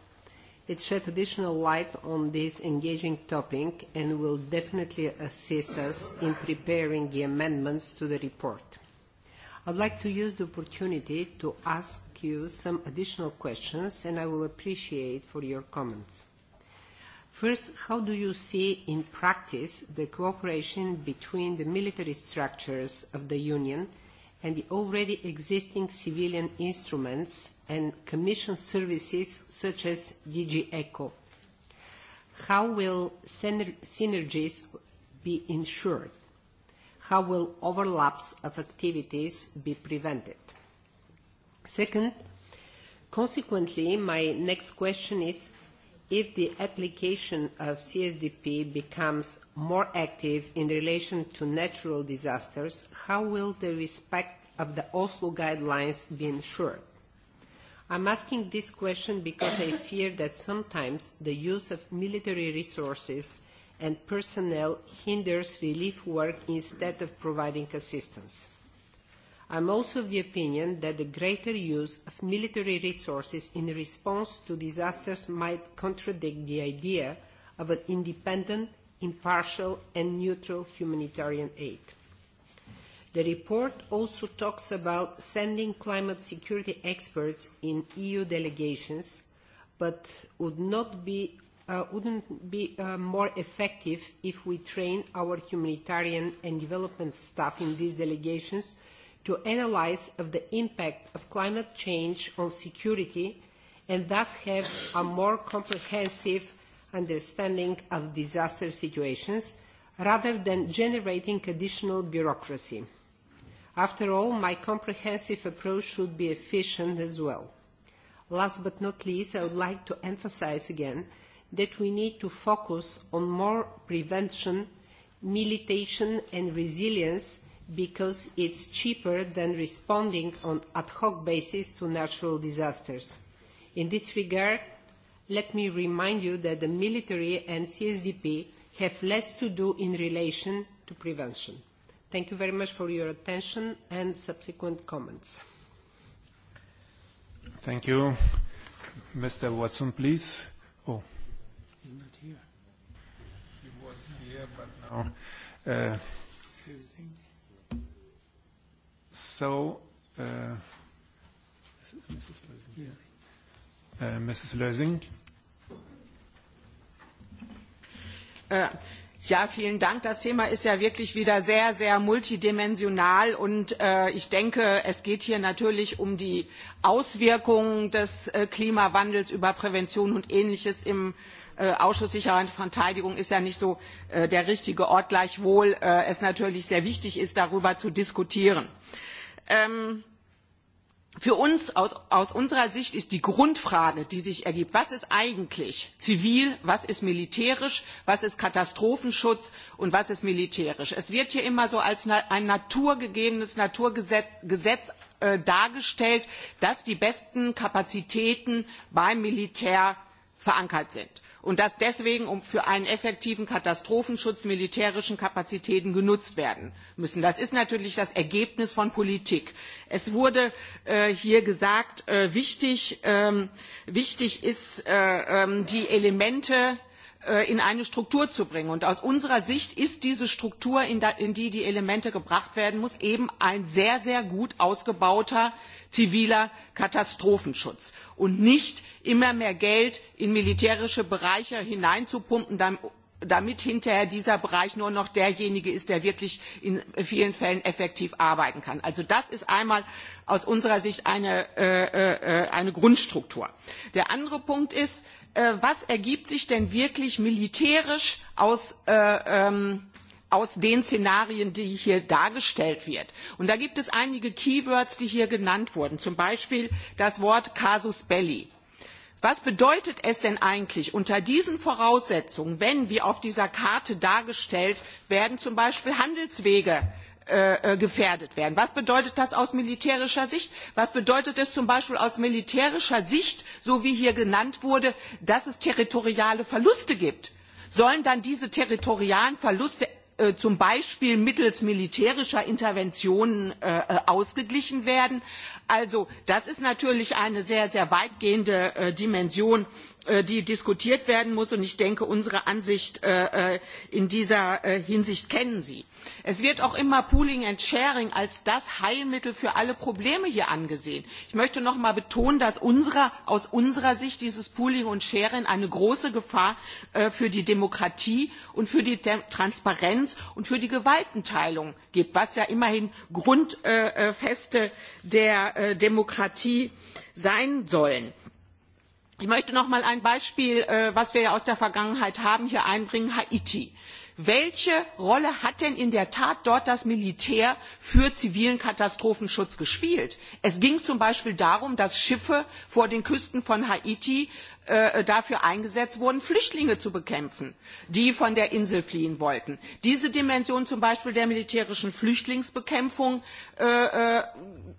It shed additional light on this engaging topic and will definitely assist us in preparing the amendments to the report. I'd like to use the opportunity to ask you some additional questions, and I will appreciate for your comments. First, how do you see in practice the cooperation between the military structures of the Union and the already existing civilian instruments and commission services such as DG ECHO? How will syner synergies be ensured? how will overlaps of activities be prevented? Second, consequently, my next question is, if the application of CSDP becomes more active in relation to natural disasters, how will the respect of the Oslo guidelines be ensured? I'm asking this question because I fear that sometimes the use of military resources and personnel hinders relief work instead of providing assistance. I'm also of the opinion that the greater use of military resources in response to disasters might contradict the idea of an independent, impartial and neutral humanitarian aid. The report also talks about sending climate security experts in EU delegations, but would not be uh, wouldn't be uh, more effective if we train our humanitarian and development staff in these delegations to analyze of the impact of climate change on security and thus have a more comprehensive understanding of disaster situations rather than generating additional bureaucracy. After all, my comprehensive approach should be efficient as well. Last but not least, I would like to emphasize again that we need to focus on more prevention, militation and resilience because it's cheaper than responding on ad hoc basis to natural disasters. In this regard, let me remind you that the military and CSDP have less to do in relation to prevention. Thank you very much for your attention and subsequent comments. Thank you. Mr. Watson, please. Oh, uh, so, uh, Mrs. Lösing. Uh, Mrs. Lösing. Uh, Ja, vielen Dank. Das Thema ist ja wirklich wieder sehr, sehr multidimensional. Und äh, ich denke, es geht hier natürlich um die Auswirkungen des äh, Klimawandels über Prävention und Ähnliches. Im äh, Ausschuss Sicherheit und Verteidigung ist ja nicht so äh, der richtige Ort, gleichwohl äh, es natürlich sehr wichtig ist, darüber zu diskutieren. Ähm, Für uns aus, aus unserer Sicht ist die Grundfrage, die sich ergibt, was ist eigentlich zivil, was ist militärisch, was ist Katastrophenschutz und was ist militärisch. Es wird hier immer so als ein naturgegebenes Naturgesetz Gesetz, äh, dargestellt, dass die besten Kapazitäten beim Militär verankert sind und dass deswegen um für einen effektiven Katastrophenschutz militärische Kapazitäten genutzt werden müssen. Das ist natürlich das Ergebnis von Politik. Es wurde äh, hier gesagt, äh, wichtig, ähm, wichtig ist äh, äh, die Elemente Äh, in eine Struktur zu bringen. Und aus unserer Sicht ist diese Struktur, in, da, in die die Elemente gebracht werden muss, eben ein sehr, sehr gut ausgebauter ziviler Katastrophenschutz und nicht immer mehr Geld in militärische Bereiche hineinzupumpen, dann, damit hinterher dieser Bereich nur noch derjenige ist, der wirklich in vielen Fällen effektiv arbeiten kann. Also das ist einmal aus unserer Sicht eine, äh, äh, eine Grundstruktur. Der andere Punkt ist, äh, was ergibt sich denn wirklich militärisch aus äh, ähm, aus den Szenarien, die hier dargestellt wird. Und da gibt es einige Keywords, die hier genannt wurden. Zum Beispiel das Wort Casus Belli. Äh, was bedeutet es denn eigentlich unter diesen voraussetzungen wenn wie auf dieser karte dargestellt zum beispiel handelswege äh, äh, gefährdet werden? was bedeutet das aus militärischer sicht? was bedeutet es zum beispiel aus militärischer sicht so wie hier genannt wurde dass es territoriale verluste gibt? sollen dann diese territorialen verluste Äh, zum beispiel mittels militärischer interventionen äh, äh, ausgeglichen werden. also das ist natürlich eine sehr sehr weitgehende dimension. Äh, die diskutiert werden muss und ich denke unsere ansicht äh, äh, in dieser hinsicht kennen sie. es wird auch immer pooling and sharing als das heilmittel für alle probleme hier angesehen. ich möchte noch einmal betonen dass aus unserer sicht dieses pooling and sharing eine große gefahr für die demokratie und für die transparenz und für die gewaltenteilung ist was ja immerhin grundfeste der demokratie sein sollen. Ich möchte noch mal ein Beispiel, äh, was wir ja aus der Vergangenheit haben, hier einbringen Haiti. Welche Rolle hat denn in der Tat dort das Militär für zivilen Katastrophenschutz gespielt? Es ging zum Beispiel darum, dass Schiffe vor den Küsten von Haiti äh, dafür eingesetzt wurden, Flüchtlinge zu bekämpfen, die von der Insel fliehen wollten. Diese Dimension zum Beispiel der militärischen Flüchtlingsbekämpfung, äh, äh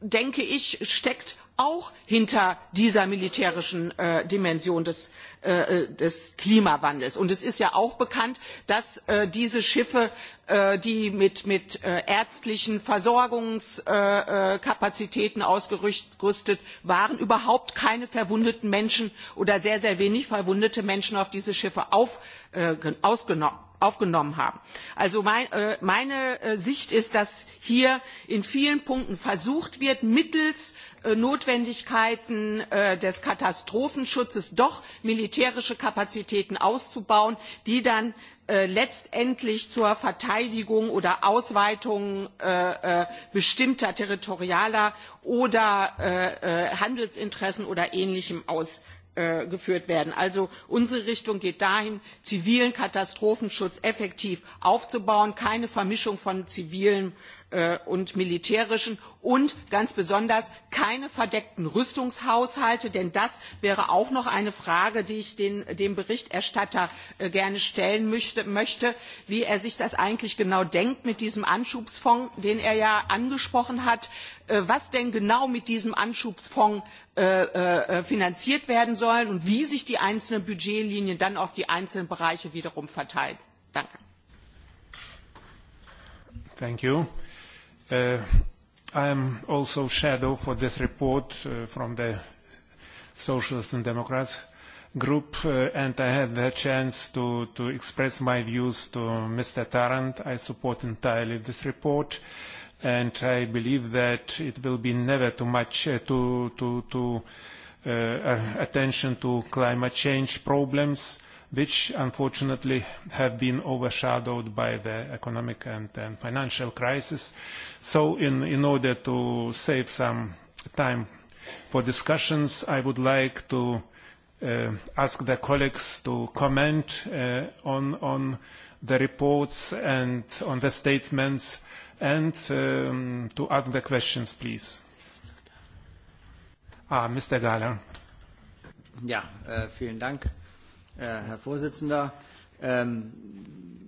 denke ich, steckt auch hinter dieser militärischen äh, dimension des äh, klimawandels. es ist ja auch bekannt dass äh, diese schiffe die mit ärztlichen versorgungskapazitäten ausgerüstet waren überhaupt keine verwundeten menschen oder sehr sehr wenig verwundete menschen auf diese schiffe aufgenommen haben. Also mein, äh, meine äh, Sicht ist, dass hier in vielen Punkten versucht wird, mittels äh, Notwendigkeiten äh, des Katastrophenschutzes doch militärische Kapazitäten auszubauen, die dann äh, letztendlich zur Verteidigung oder Ausweitung äh, äh bestimmter territorialer oder äh, äh, Handelsinteressen oder ähnlichem aus äh, Äh, geführt werden. Also unsere Richtung geht dahin, zivilen Katastrophenschutz effektiv aufzubauen, keine Vermischung von zivilem Äh, und militärischen und ganz besonders keine verdeckten Rüstungshaushalte, denn das wäre auch noch eine Frage, die ich den, dem Berichterstatter äh, gerne stellen möchte, möchte, wie er sich das eigentlich genau denkt mit diesem Anschubsfonds, den er ja angesprochen hat, äh, was denn genau mit diesem Anschubsfonds finanziert werden sollen und wie sich die einzelnen Budgetlinien dann auf die einzelnen Bereiche wiederum verteilen. Danke. Thank you. Uh, I am also shadow for this report uh, from the Socialists and Democrats group, uh, and I had the chance to, to express my views to Mr. Tarrant. I support entirely this report, and I believe that it will be never too much uh, to, to, to uh, uh attention to climate change problems. Uh, which unfortunately have been overshadowed by the economic and financial crisis. In order to save some time for discussions, I would like to uh, ask the colleagues to comment uh, on the reports and on the statements and um, to ask the questions, please. Ah, Mr. Galler. Ja, äh, vielen Dank. Äh, Herr Vorsitzender. Ähm,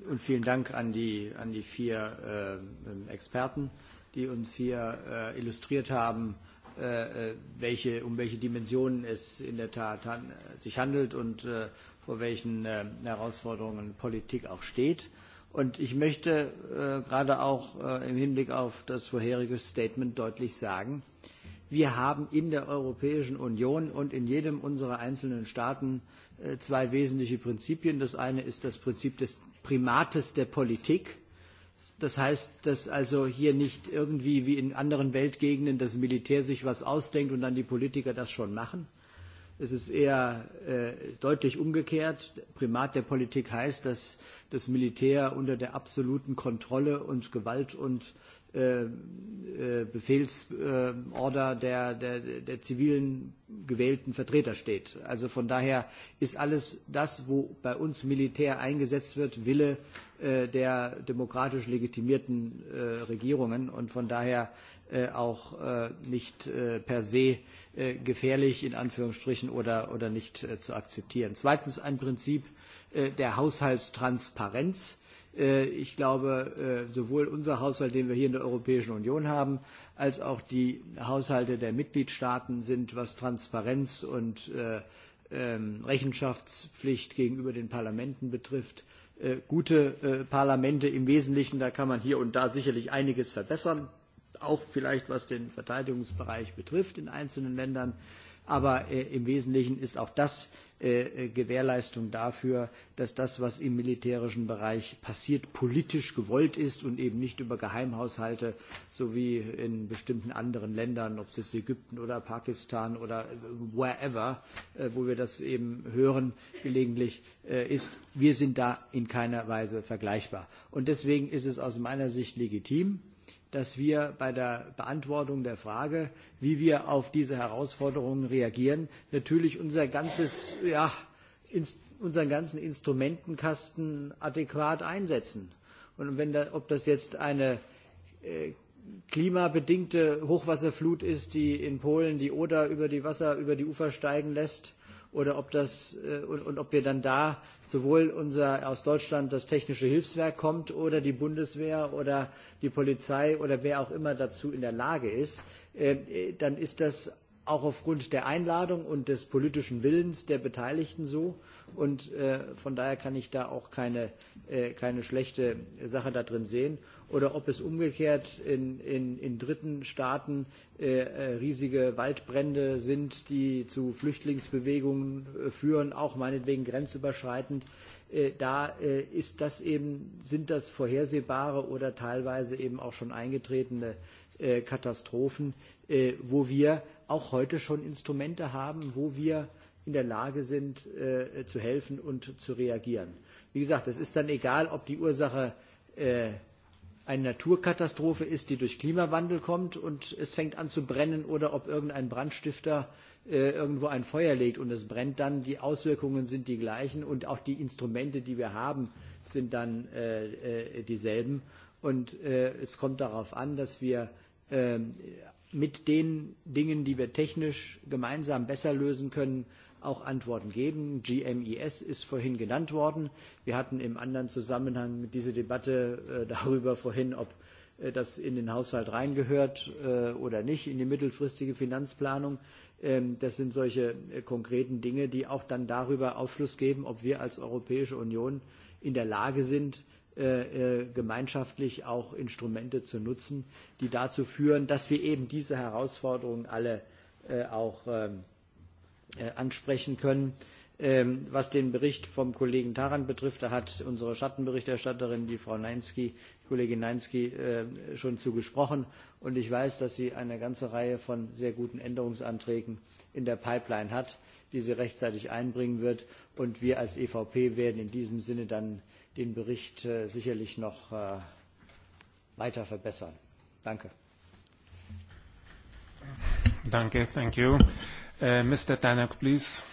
und vielen Dank an die, an die vier äh, Experten, die uns hier äh, illustriert haben, äh, äh, welche, um welche Dimensionen es in der Tat han sich handelt und äh, vor welchen äh, Herausforderungen Politik auch steht. Und ich möchte äh, gerade auch äh, im Hinblick auf das vorherige Statement deutlich sagen, wir haben in der Europäischen Union und in jedem unserer einzelnen Staaten äh, Äh, zwei wesentliche Prinzipien. Das eine ist das Prinzip des Primates der Politik. Das heißt, dass also hier nicht irgendwie wie in anderen Weltgegenden das Militär sich was ausdenkt und dann die Politiker das schon machen. Es ist eher äh, deutlich umgekehrt. Primat der Politik heißt, dass das Militär unter der absoluten Kontrolle und Gewalt und äh, Äh, äh, Befehlsorder der, der, der zivilen gewählten Vertreter steht. Also von daher ist alles das, wo bei uns Militär eingesetzt wird, Wille äh, der demokratisch legitimierten Regierungen und von daher auch nicht per se gefährlich in Anführungsstrichen oder, oder nicht zu akzeptieren. Zweitens ein Prinzip der Haushaltstransparenz. Äh, ich glaube, äh, sowohl unser Haushalt, den wir hier in der Europäischen Union haben, als auch die Haushalte der Mitgliedstaaten sind, was Transparenz und äh, ähm, Rechenschaftspflicht gegenüber den Parlamenten betrifft, gute Parlamente im Wesentlichen. Da kann man hier und da sicherlich einiges verbessern, auch vielleicht was den Verteidigungsbereich betrifft in einzelnen Ländern. Aber im Wesentlichen ist auch das Äh, äh, Gewährleistung dafür, dass das, was im militärischen Bereich passiert, politisch gewollt ist und eben nicht über Geheimhaushalte, so wie in bestimmten anderen Ländern, ob es Ägypten oder Pakistan oder wherever, äh, wo wir das eben hören gelegentlich, ist. Wir sind da in keiner Weise vergleichbar. Und deswegen ist es aus meiner Sicht legitim, dass wir bei der Beantwortung der Frage, wie wir auf diese Herausforderungen reagieren, natürlich unser ganzes, ja, ins, unseren ganzen Instrumentenkasten adäquat einsetzen. Und wenn da, ob das jetzt eine äh, klimabedingte Hochwasserflut ist, die in Polen die Oder über die Wasser, über die Ufer steigen lässt, äh, oder ob das äh, und, und ob wir dann da sowohl unser aus Deutschland das technische Hilfswerk kommt oder die Bundeswehr oder die Polizei oder wer auch immer dazu in der Lage ist, äh, dann ist das auch aufgrund der Einladung und des politischen Willens der Beteiligten so. Und äh, von daher kann ich da auch keine, äh, keine schlechte Sache da drin sehen oder ob es umgekehrt in, in, in dritten Staaten äh, äh riesige Waldbrände sind, die zu Flüchtlingsbewegungen äh, führen, auch meinetwegen grenzüberschreitend. Äh, da äh, ist das eben, sind das vorhersehbare oder teilweise eben auch schon eingetretene äh, Katastrophen, äh, wo wir auch heute schon Instrumente haben, wo wir in der Lage sind, äh, zu helfen und zu reagieren. Wie gesagt, es ist dann egal, ob die Ursache äh, eine Naturkatastrophe ist, die durch Klimawandel kommt und es fängt an zu brennen oder ob irgendein Brandstifter äh, irgendwo ein Feuer legt und es brennt dann. Die Auswirkungen sind die gleichen und auch die Instrumente, die wir haben, sind dann äh, äh, dieselben. Und äh, es kommt darauf an, dass wir äh, mit den Dingen, die wir technisch gemeinsam besser lösen können, auch Antworten geben. GMIS ist vorhin genannt worden. Wir hatten im anderen Zusammenhang diese Debatte äh, darüber vorhin, ob äh, das in den Haushalt reingehört äh, oder nicht, in die mittelfristige Finanzplanung. Ähm, das sind solche äh, konkreten Dinge, die auch dann darüber Aufschluss geben, ob wir als Europäische Union in der Lage sind, äh, äh gemeinschaftlich auch Instrumente zu nutzen, die dazu führen, dass wir eben diese Herausforderungen alle äh, auch äh, Äh, ansprechen können. Ähm, was den Bericht vom Kollegen Taran betrifft, da hat unsere Schattenberichterstatterin, die Frau Neinski, die Kollegin Neinski, äh, schon zugesprochen. Und ich weiß, dass sie eine ganze Reihe von sehr guten Änderungsanträgen in der Pipeline hat, die sie rechtzeitig einbringen wird. Und wir als EVP werden in diesem Sinne dann den Bericht äh, sicherlich noch äh, weiter verbessern. Danke. Danke, thank you. Uh, Mr. Tannock, please.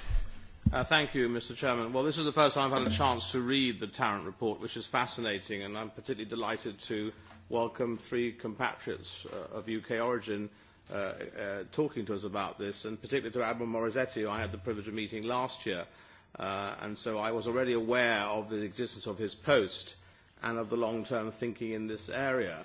Uh, thank you, Mr. Chairman. Well, this is the first time I've had a chance to read the Tarrant report, which is fascinating, and I'm particularly delighted to welcome three compatriots uh, of UK origin uh, uh, talking to us about this, and particularly to Admiral Morizetti, who I had the privilege of meeting last year. Uh, and so I was already aware of the existence of his post and of the long-term thinking in this area.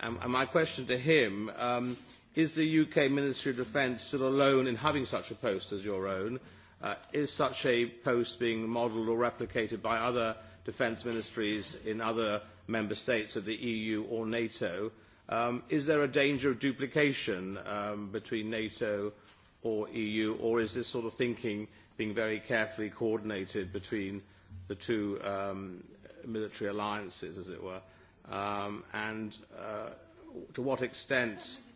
And, and my question to him, um, Is the UK Ministry of Defence still alone in having such a post as your own? Uh, is such a post being modelled or replicated by other defence ministries in other member states of the EU or NATO? Um, is there a danger of duplication um, between NATO or EU, or is this sort of thinking being very carefully coordinated between the two um, military alliances, as it were? Um, and uh, to what extent... Uh,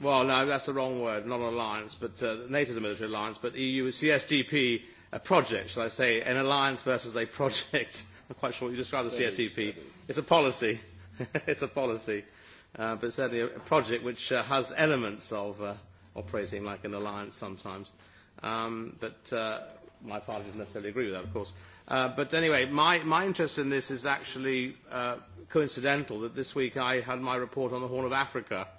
Well, no, that's the wrong word. Not an alliance, but uh, NATO's a military alliance, but EU is CSDP, a project, shall I say, an alliance versus a project. (laughs) I'm quite sure what you describe the CSDP. Steady. It's a policy. (laughs) it's a policy. Uh, but certainly a project which uh, has elements of uh, operating like an alliance sometimes. Um, but uh, my party doesn't necessarily agree with that, of course. Uh, but anyway, my, my interest in this is actually uh, coincidental that this week I had my report on the Horn of Africa uh,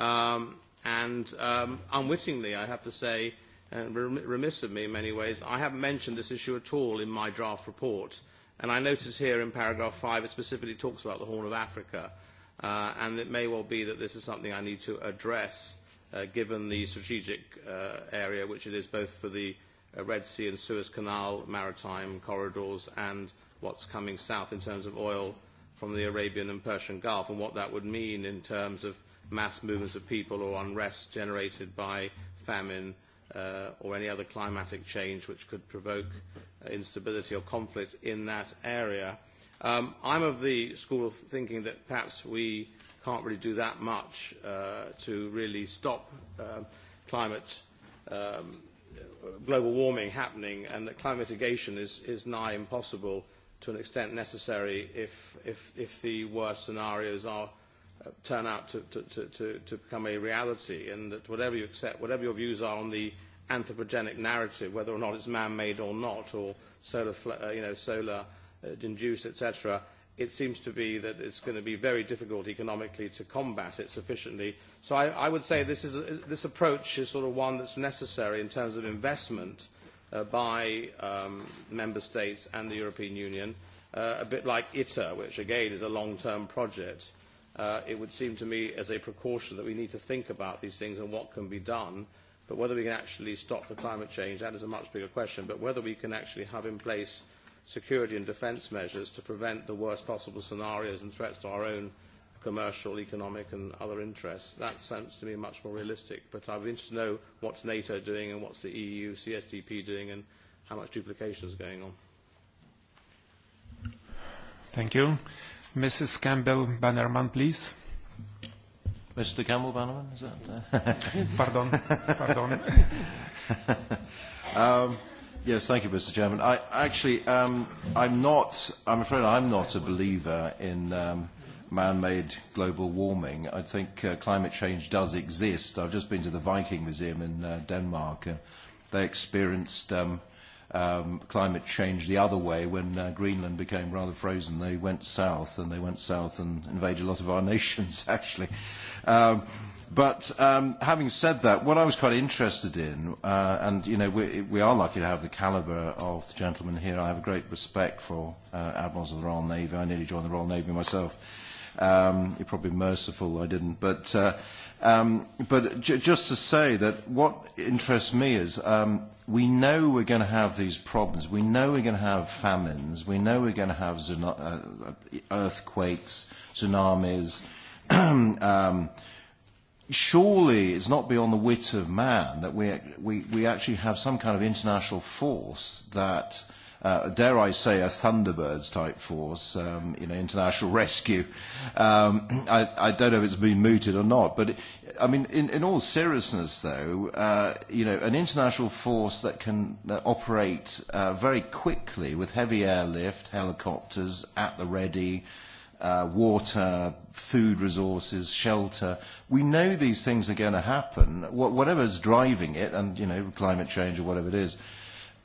Um, and um, unwittingly, I have to say, and uh, remiss of me in many ways, I haven't mentioned this issue at all in my draft report. And I notice here in paragraph five, it specifically talks about the Horn of Africa. Uh, and it may well be that this is something I need to address, uh, given the strategic uh, area, which it is both for the uh, Red Sea and Suez Canal maritime corridors and what's coming south in terms of oil from the Arabian and Persian Gulf and what that would mean in terms of mass movements of people or unrest generated by famine uh, or any other climatic change which could provoke uh, instability or conflict in that area. Um, I'm of the school of thinking that perhaps we can't really do that much uh, to really stop uh, climate um, global warming happening and that climate mitigation is, is nigh impossible to an extent necessary if, if, if the worst scenarios are Uh, turn out to, to, to, to become a reality, and that whatever you accept, whatever your views are on the anthropogenic narrative, whether or not it's man-made or not, or solar, uh, you know, solar-induced, uh, etc., it seems to be that it's going to be very difficult economically to combat it sufficiently. So I, I would say this, is a, this approach is sort of one that's necessary in terms of investment uh, by um, member states and the European Union, uh, a bit like ITER, which again is a long-term project. Uh, uh, it would seem to me as a precaution that we need to think about these things and what can be done. But whether we can actually stop the climate change, that is a much bigger question. But whether we can actually have in place security and defence measures to prevent the worst possible scenarios and threats to our own commercial, economic and other interests, that sounds to me much more realistic. But I'd be interested to know what's NATO doing and what's the EU, CSDP doing and how much duplication is going on. Thank you mr campbell bannerman please mr campbell bannerman is that uh, (laughs) pardon pardon (laughs) um, yes thank you mr chairman i actually um, i'm not i'm afraid i'm not a believer in um, man-made global warming i think uh, climate change does exist i've just been to the viking museum in uh, denmark and they experienced um, um, climate change the other way when uh, Greenland became rather frozen. They went south, and they went south and invaded a lot of our (laughs) nations, actually. Um, but um, having said that, what I was quite interested in, uh, and you know, we, we are lucky to have the calibre of the gentleman here. I have a great respect for uh, admirals of the Royal Navy. I nearly joined the Royal Navy myself. Um, you're probably merciful I didn't, but. Uh, Um, but j- just to say that what interests me is um, we know we're going to have these problems. We know we're going to have famines. We know we're going to have zuna- uh, uh, earthquakes, tsunamis. (clears throat) um, surely it's not beyond the wit of man that we, we, we actually have some kind of international force that uh, uh, dare I say, a Thunderbirds type force, um, you know, international (laughs) rescue. Um, (clears throat) I, I don't know if it's been mooted or not, but it, I mean, in, in all seriousness, though, uh, you know, an international force that can uh, operate uh, very quickly with heavy airlift, helicopters at the ready. Uh, water, food resources, shelter. We know these things are going to happen. Wh- whatever's driving it, and, you know, climate change or whatever it is, uh,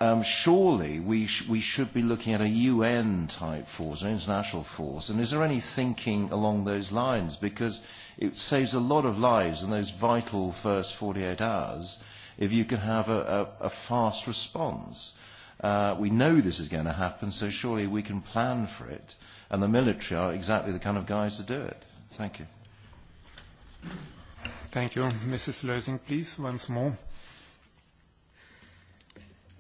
um, surely we, sh- we should be looking at a UN type force, an international force. And is there any thinking along those lines? Because it saves a lot of lives in those vital first 48 hours if you can have a, a, a fast response. Uh, we know this is going to happen, so surely we can plan for it. And the military are exactly the kind of guys to do it. Thank you. Thank you. Mrs. Lersing, please, once more.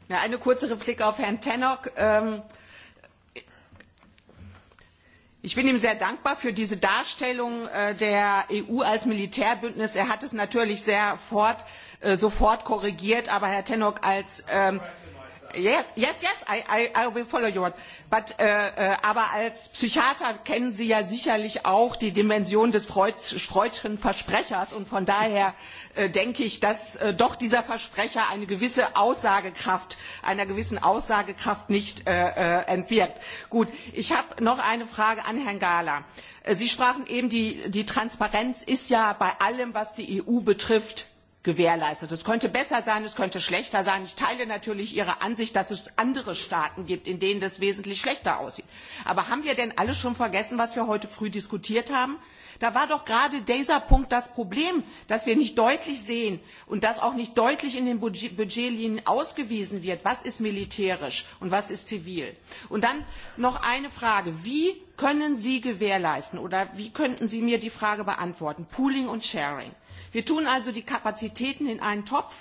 Ja, eine kurze Replik auf Herrn Tenok. Ähm, ich bin ihm sehr dankbar für diese Darstellung äh, der EU als Militärbündnis. Er hat es natürlich sehr fort, äh, sofort korrigiert, aber Herr Tenok als ähm, yes, yes, yes, I, I, I will follow you. But, äh, äh, aber als Psychiater kennen Sie ja sicherlich auch die Dimension des Freud's, Freudschen Versprechers. Und von daher äh, denke ich, dass äh, doch dieser Versprecher eine gewisse Aussagekraft, einer gewissen Aussagekraft nicht äh, äh, entbirgt. Gut, ich habe noch eine Frage an Herrn Gala. Äh, Sie sprachen eben, die, die Transparenz ist ja bei allem, was die EU betrifft, gewährleistet. Es könnte besser sein, es könnte schlechter sein. Ich teile natürlich Ihre Ansicht, dass es andere Staaten gibt, in denen das wesentlich schlechter aussieht. Aber haben wir denn alle schon vergessen, was wir heute früh diskutiert haben? Da war doch gerade dieser Punkt das Problem, dass wir nicht deutlich sehen und dass auch nicht deutlich in den Budgetlinien ausgewiesen wird, was ist militärisch und was ist zivil. Und dann noch eine Frage. Wie können Sie gewährleisten oder wie könnten Sie mir die Frage beantworten? Pooling und Sharing. Wir tun also die Kapazitäten in einen Topf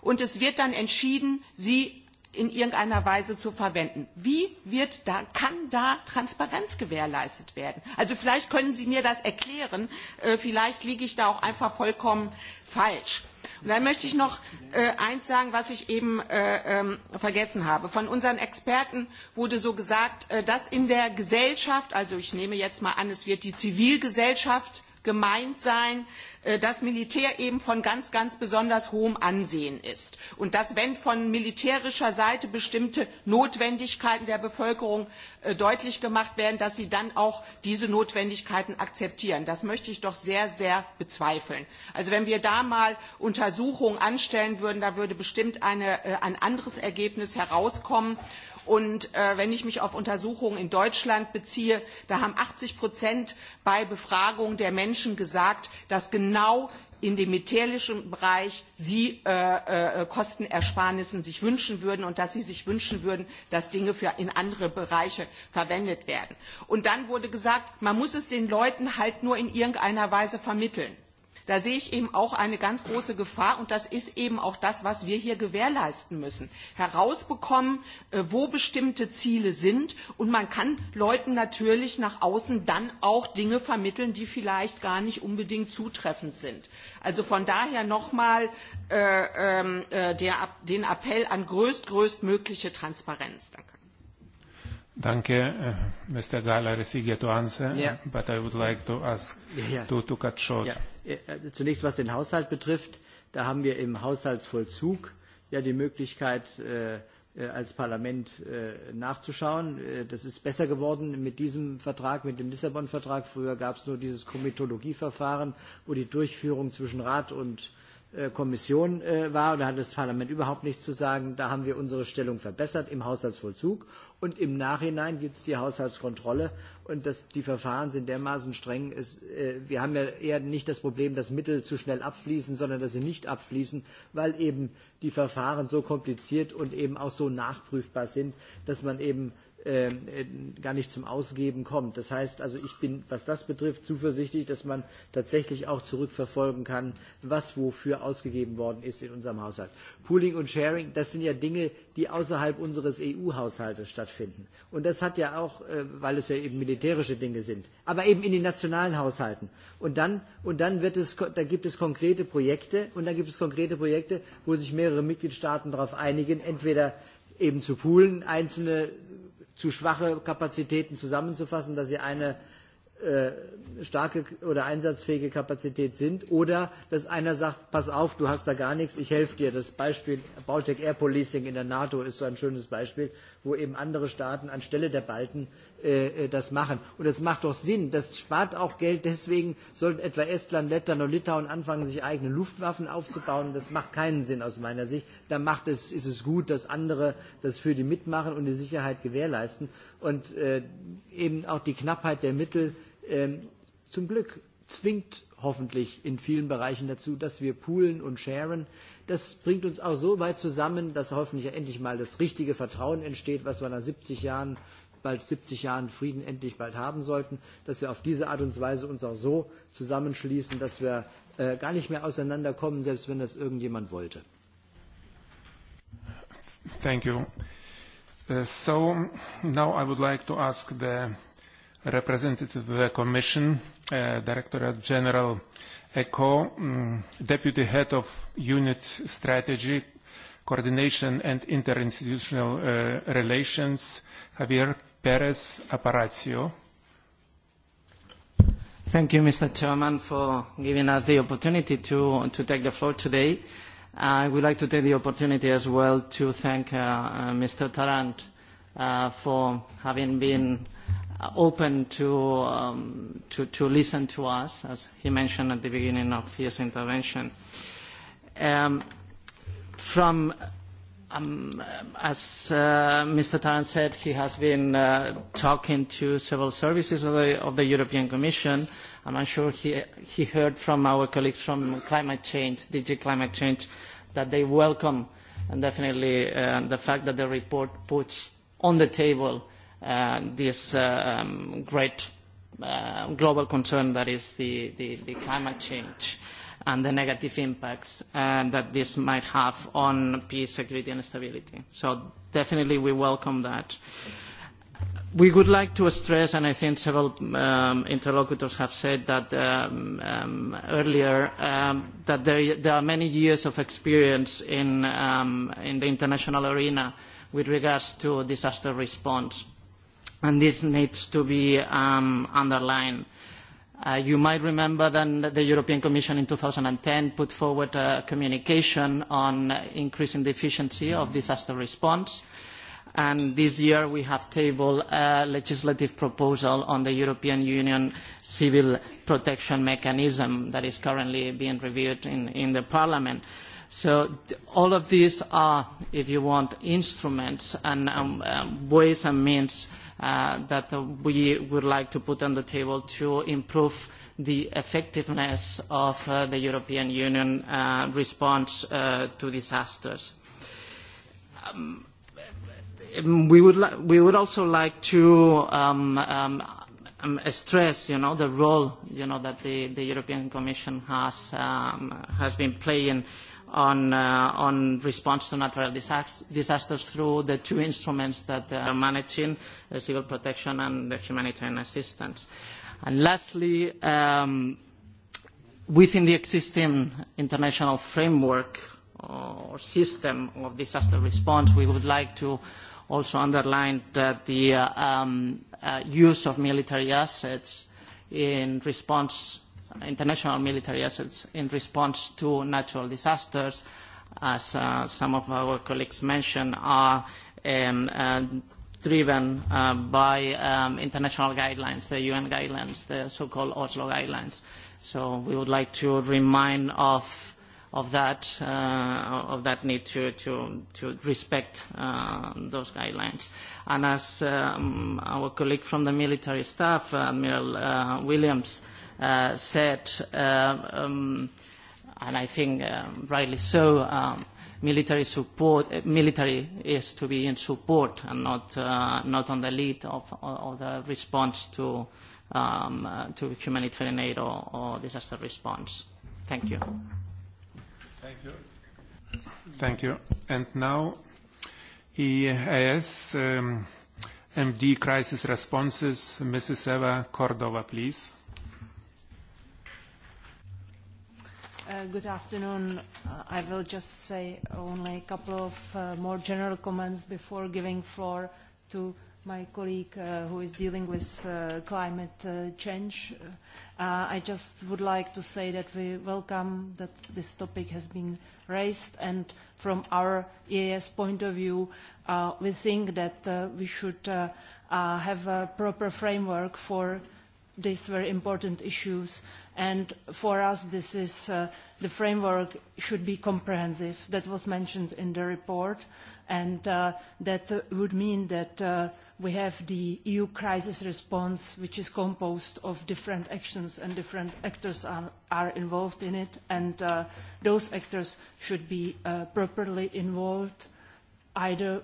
und es wird dann entschieden, sie in irgendeiner Weise zu verwenden. Wie wird da, kann da Transparenz gewährleistet werden? Also vielleicht können Sie mir das erklären. Äh, vielleicht liege ich da auch einfach vollkommen falsch. Und dann möchte ich noch äh, eins sagen, was ich eben äh, ähm, vergessen habe. Von unseren Experten wurde so gesagt, äh, dass in der Gesellschaft, also ich nehme jetzt mal an, es wird die Zivilgesellschaft gemeint sein, äh, Äh, dass Militär eben von ganz, ganz besonders hohem Ansehen ist und dass, wenn von militärischer Seite bestimmte Notwendigkeiten der Bevölkerung äh, deutlich gemacht werden, dass sie dann auch diese Notwendigkeiten akzeptieren. Das möchte ich doch sehr, sehr bezweifeln. Also wenn wir da mal Untersuchungen anstellen würden, da würde bestimmt eine, äh, ein anderes Ergebnis herauskommen. Und äh, wenn ich mich auf Untersuchungen in Deutschland beziehe, da haben 80 Prozent bei Befragungen der Menschen gesagt, dass genau in dem metallischen Bereich sie äh, äh, Kostenersparnissen sich wünschen würden und dass sie sich wünschen würden, dass Dinge für in andere Bereiche verwendet werden. Und dann wurde gesagt, man muss es den Leuten halt nur in irgendeiner Weise vermitteln. Da sehe ich eben auch eine ganz große Gefahr und das ist eben auch das, was wir hier gewährleisten müssen. Herausbekommen, äh, wo bestimmte Ziele sind und man kann Leuten natürlich nach außen dann auch Dinge vermitteln, die vielleicht gar nicht unbedingt zutreffend sind. Also von daher nochmal äh, ähm, äh, den Appell an größt, größtmögliche Transparenz. Danke. Danke, uh, Mr. Gala received to answer, yeah. but I would like to ask yeah. Ja, ja. to, to cut short. Yeah. Ja. Äh, äh, zunächst was den Haushalt betrifft, da haben wir im Haushaltsvollzug ja die Möglichkeit, äh, äh als Parlament äh, nachzuschauen. Das ist besser geworden mit diesem Vertrag, mit dem Lissabon-Vertrag. Früher gab es nur dieses Komitologieverfahren, wo die Durchführung zwischen Rat und äh, Äh, Kommission äh, war oder hat das Parlament überhaupt nichts zu sagen. Da haben wir unsere Stellung verbessert im Haushaltsvollzug und im Nachhinein gibt es die Haushaltskontrolle und das, die Verfahren sind dermaßen streng. Ist, äh, wir haben ja eher nicht das Problem, dass Mittel zu schnell abfließen, sondern dass sie nicht abfließen, weil eben die Verfahren so kompliziert und eben auch so nachprüfbar sind, dass man eben Ähm, äh, gar nicht zum Ausgeben kommt. Das heißt also, ich bin, was das betrifft, zuversichtlich, dass man tatsächlich auch zurückverfolgen kann, was wofür ausgegeben worden ist in unserem Haushalt. Pooling und Sharing, das sind ja Dinge, die außerhalb unseres EU-Haushaltes stattfinden. Und das hat ja auch, äh, weil es ja eben militärische Dinge sind, aber eben in den nationalen Haushalten. Und dann, und dann wird es, da gibt es konkrete Projekte und dann gibt es konkrete Projekte, wo sich mehrere Mitgliedstaaten darauf einigen, entweder eben zu poolen, einzelne zu schwache Kapazitäten zusammenzufassen, dass sie eine äh, starke oder einsatzfähige Kapazität sind oder dass einer sagt, pass auf, du hast da gar nichts, ich helfe dir. Das Beispiel Baltic Air Policing in der NATO ist so ein schönes Beispiel, wo eben andere Staaten anstelle der Balten äh, Äh, äh, das machen. Und es macht doch Sinn, das spart auch Geld, deswegen sollten etwa Estland, Lettland und Litauen anfangen, sich eigene Luftwaffen aufzubauen. Das macht keinen Sinn aus meiner Sicht. Da macht es, ist es gut, dass andere das für die mitmachen und die Sicherheit gewährleisten. Und äh, eben auch die Knappheit der Mittel äh, zum Glück zwingt hoffentlich in vielen Bereichen dazu, dass wir poolen und sharen. Das bringt uns auch so weit zusammen, dass hoffentlich endlich mal das richtige Vertrauen entsteht, was wir nach 70 Jahren äh, bald 70 Jahren Frieden endlich bald haben sollten, dass wir auf diese Art und Weise uns auch so zusammenschließen, dass wir äh, gar nicht mehr auseinanderkommen, selbst wenn das irgendjemand wollte. Thank you. Uh, so now I would like to ask the representative of the Commission, uh, Directorate General ECO, um, Deputy Head of Unit Strategy, Coordination and Interinstitutional uh, Relations, Javier Perez Aparacio. Thank you, Mr. Chairman, for giving us the opportunity to, to take the floor today. I would like to take the opportunity as well to thank uh, uh, Mr. Tarrant uh, for having been open to, um, to, to listen to us, as he mentioned at the beginning of his intervention. Um, from um, as uh, Mr. Tarrant said, he has been uh, talking to civil services of the, of the European Commission. I'm sure he, he heard from our colleagues from Climate Change, DG Climate Change, that they welcome and definitely uh, the fact that the report puts on the table uh, this uh, um, great uh, global concern that is the, the, the climate change. Uh, and the negative impacts uh, that this might have on peace, security and stability. So definitely we welcome that. We would like to stress, and I think several um, interlocutors have said that um, um, earlier, um, that there, there are many years of experience in, um, in the international arena with regards to disaster response. And this needs to be um, underlined. Uh, you might remember that the european commission in two thousand and ten put forward a communication on increasing the efficiency of disaster response and this year we have tabled a legislative proposal on the european union civil protection mechanism that is currently being reviewed in, in the parliament. so all of these are if you want instruments and um, uh, ways and means uh, Uh, that we would like to put on the table to improve the effectiveness of uh, the European Union uh, response uh, to disasters. Um, we would we would also like to um, um, um, stress, you know, the role you know that the, the European Commission has um, has been playing uh, on, uh, on response to natural disasters through the two instruments that uh, are managing, uh, civil protection and the humanitarian assistance. And lastly, um, within the existing international framework or system of disaster response, we would like to also underline that the uh, um, uh, use of military assets in response international military assets in response to natural disasters, as uh, some of our colleagues mentioned, are um, uh, driven uh, by um, international guidelines, the UN guidelines, the so-called Oslo guidelines. So we would like to remind of of that, uh, of that need to, to, to respect uh, those guidelines. And as um, our colleague from the military staff, uh, Admiral uh, Williams, uh, Uh, said, um, um, and I think um, rightly so, um, military support, uh, military is to be in support and not, uh, not on the lead of, of the response to, um, uh, to humanitarian aid or, or disaster response. Thank you. Thank you. Thank you. And now, EAS, um, MD Crisis Responses, Mrs. Eva Cordova, please. Uh, good afternoon. Uh, I will just say only a couple of uh, more general comments before giving floor to my colleague who is dealing with climate change. I just would like to say that we welcome that this topic has been raised, and from our EAS point of view, we think that we should have a proper framework for these very important issues and for us this is uh, the framework should be comprehensive that was mentioned in the report and uh, that uh, would mean that uh, we have the EU crisis response which is composed of different actions and different actors are, are involved in it and uh, those actors should be uh, properly involved either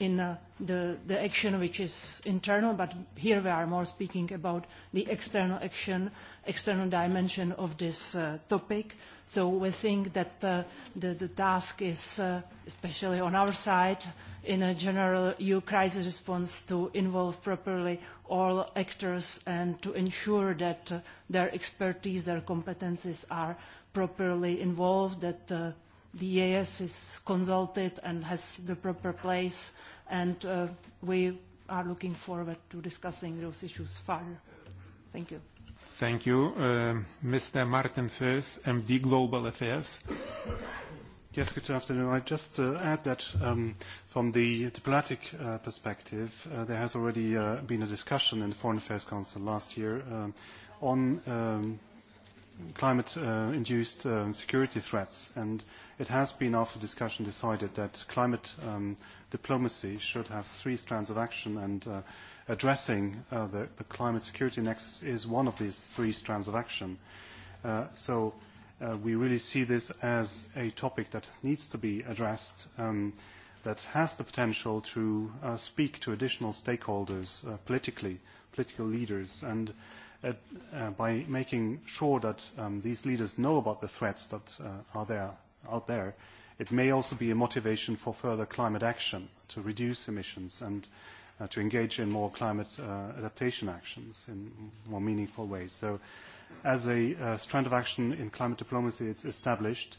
in uh, the, the action which is internal, but here we are more speaking about the external action, external dimension of this uh, topic. So we think that uh, the, the task is, uh, especially on our side, in a general EU crisis response to involve properly all actors and to ensure that uh, their expertise, their competences are properly involved, that uh, the EAS is consulted and has the proper place, and uh, we are looking forward to discussing those issues further. Thank you. Thank you. Uh, Mr. Martin Firth, MD Global Affairs. Yes, good afternoon. I just uh, add that um, from the diplomatic uh, perspective, uh, there has already uh, been a discussion in the Foreign Affairs Council last year um, on um, climate-induced uh, um, security threats, and it has been, after discussion, decided that climate um, diplomacy should have three strands of action, and uh, addressing uh, the, the climate security nexus is one of these three strands of action. Uh, so uh, we really see this as a topic that needs to be addressed, um, that has the potential to uh, speak to additional stakeholders uh, politically, political leaders, and uh, at, uh, by making sure that um, these leaders know about the threats that uh, are there, out there, it may also be a motivation for further climate action to reduce emissions and uh, to engage in more climate uh, adaptation actions in more meaningful ways. So as a uh, strand of action in climate diplomacy, it's established.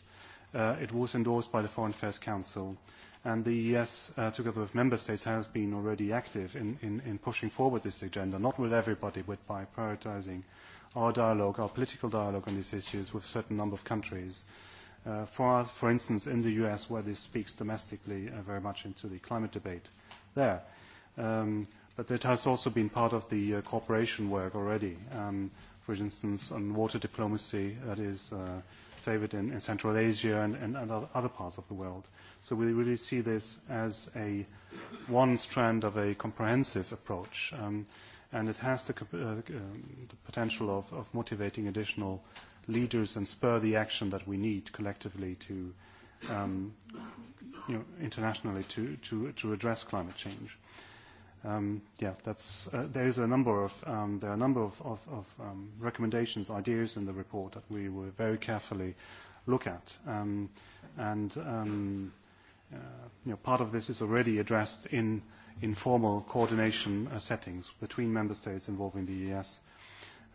Uh, it was endorsed by the Foreign Affairs Council and the ES, uh, together with member states, has been already active in, in, in pushing forward this agenda, not with everybody, but by prioritizing our dialogue, our political dialogue on these issues with a certain number of countries. Uh, for, us, for instance, in the US, where this speaks domestically uh, very much into the climate debate there. Um, but it has also been part of the uh, cooperation work already. Um, for instance, on water diplomacy that is uh, favored in, in Central Asia and, and, and other parts of the world. So we really see this as a one strand of a comprehensive approach, um, and it has the, uh, um, the potential of, of motivating additional leaders and spur the action that we need collectively to, um, you know, internationally to, to, to address climate change. Um, yeah, that's, uh, there is a number of um, there are a number of, of, of um, recommendations, ideas in the report that we will very carefully look at, um, and. Um, uh, you know, part of this is already addressed in informal coordination uh, settings between member states involving the EES.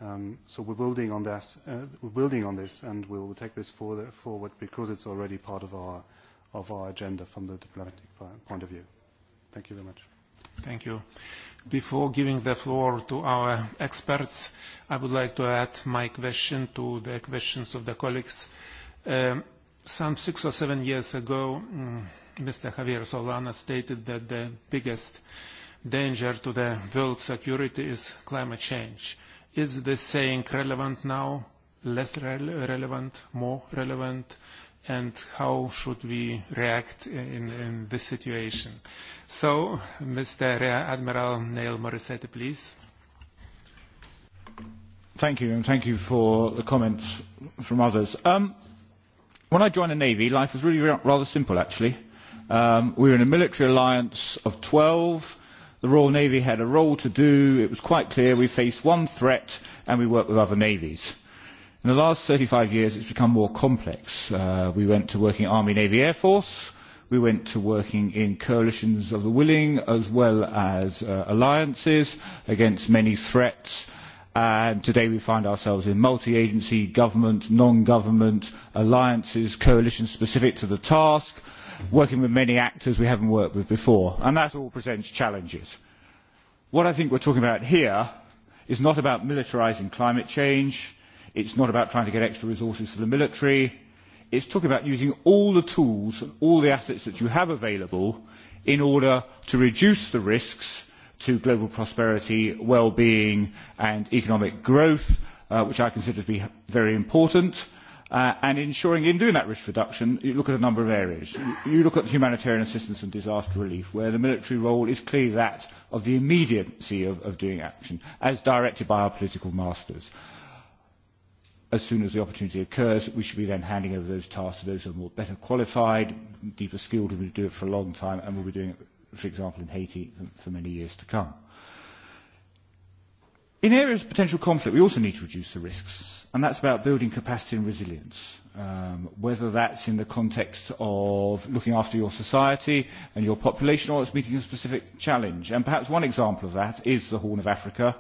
Um, so we're building on this, uh, we're building on this, and we will take this forward, forward because it's already part of our of our agenda from the diplomatic point of view. Thank you very much. Thank you. Before giving the floor to our experts, I would like to add my question to the questions of the colleagues. Um, Some six or seven years ago, Mr. Mm, Javier Solana stated that the biggest danger to the world security is climate change. Is this saying relevant now, less re relevant, more relevant, and how should we react in, in this situation? So, Mr. Rear Admiral Neil Morissette, please. Thank you, and thank you for the comments from others. Um, When I joined the Navy, life was really rather simple, actually. Um, we were in a military alliance of 12. The Royal Navy had a role to do. It was quite clear we faced one threat and we worked with other navies. In the last 35 years, it's become more complex. Uh, we went to working Army, Navy, Air Force. We went to working in coalitions of the willing as well as uh, alliances against many threats and today we find ourselves in multi-agency government, non-government alliances, coalitions specific to the task, working with many actors we haven't worked with before, and that all presents challenges. What I think we're talking about here is not about militarizing climate change, it's not about trying to get extra resources for the military, it's talking about using all the tools and all the assets that you have available in order to reduce the risks to global prosperity, well being, and economic growth, uh, which I consider to be very important. Uh, and ensuring in doing that risk reduction, you look at a number of areas. You, you look at humanitarian assistance and disaster relief, where the military role is clearly that of the immediacy of, of doing action, as directed by our political masters. As soon as the opportunity occurs, we should be then handing over those tasks to those who are more better qualified, deeper skilled, who will do it for a long time, and will be doing it for example, in Haiti for many years to come. In areas of potential conflict, we also need to reduce the risks, and that's about building capacity and resilience, um, whether that's in the context of looking after your society and your population or it's meeting a specific challenge. And perhaps one example of that is the Horn of Africa,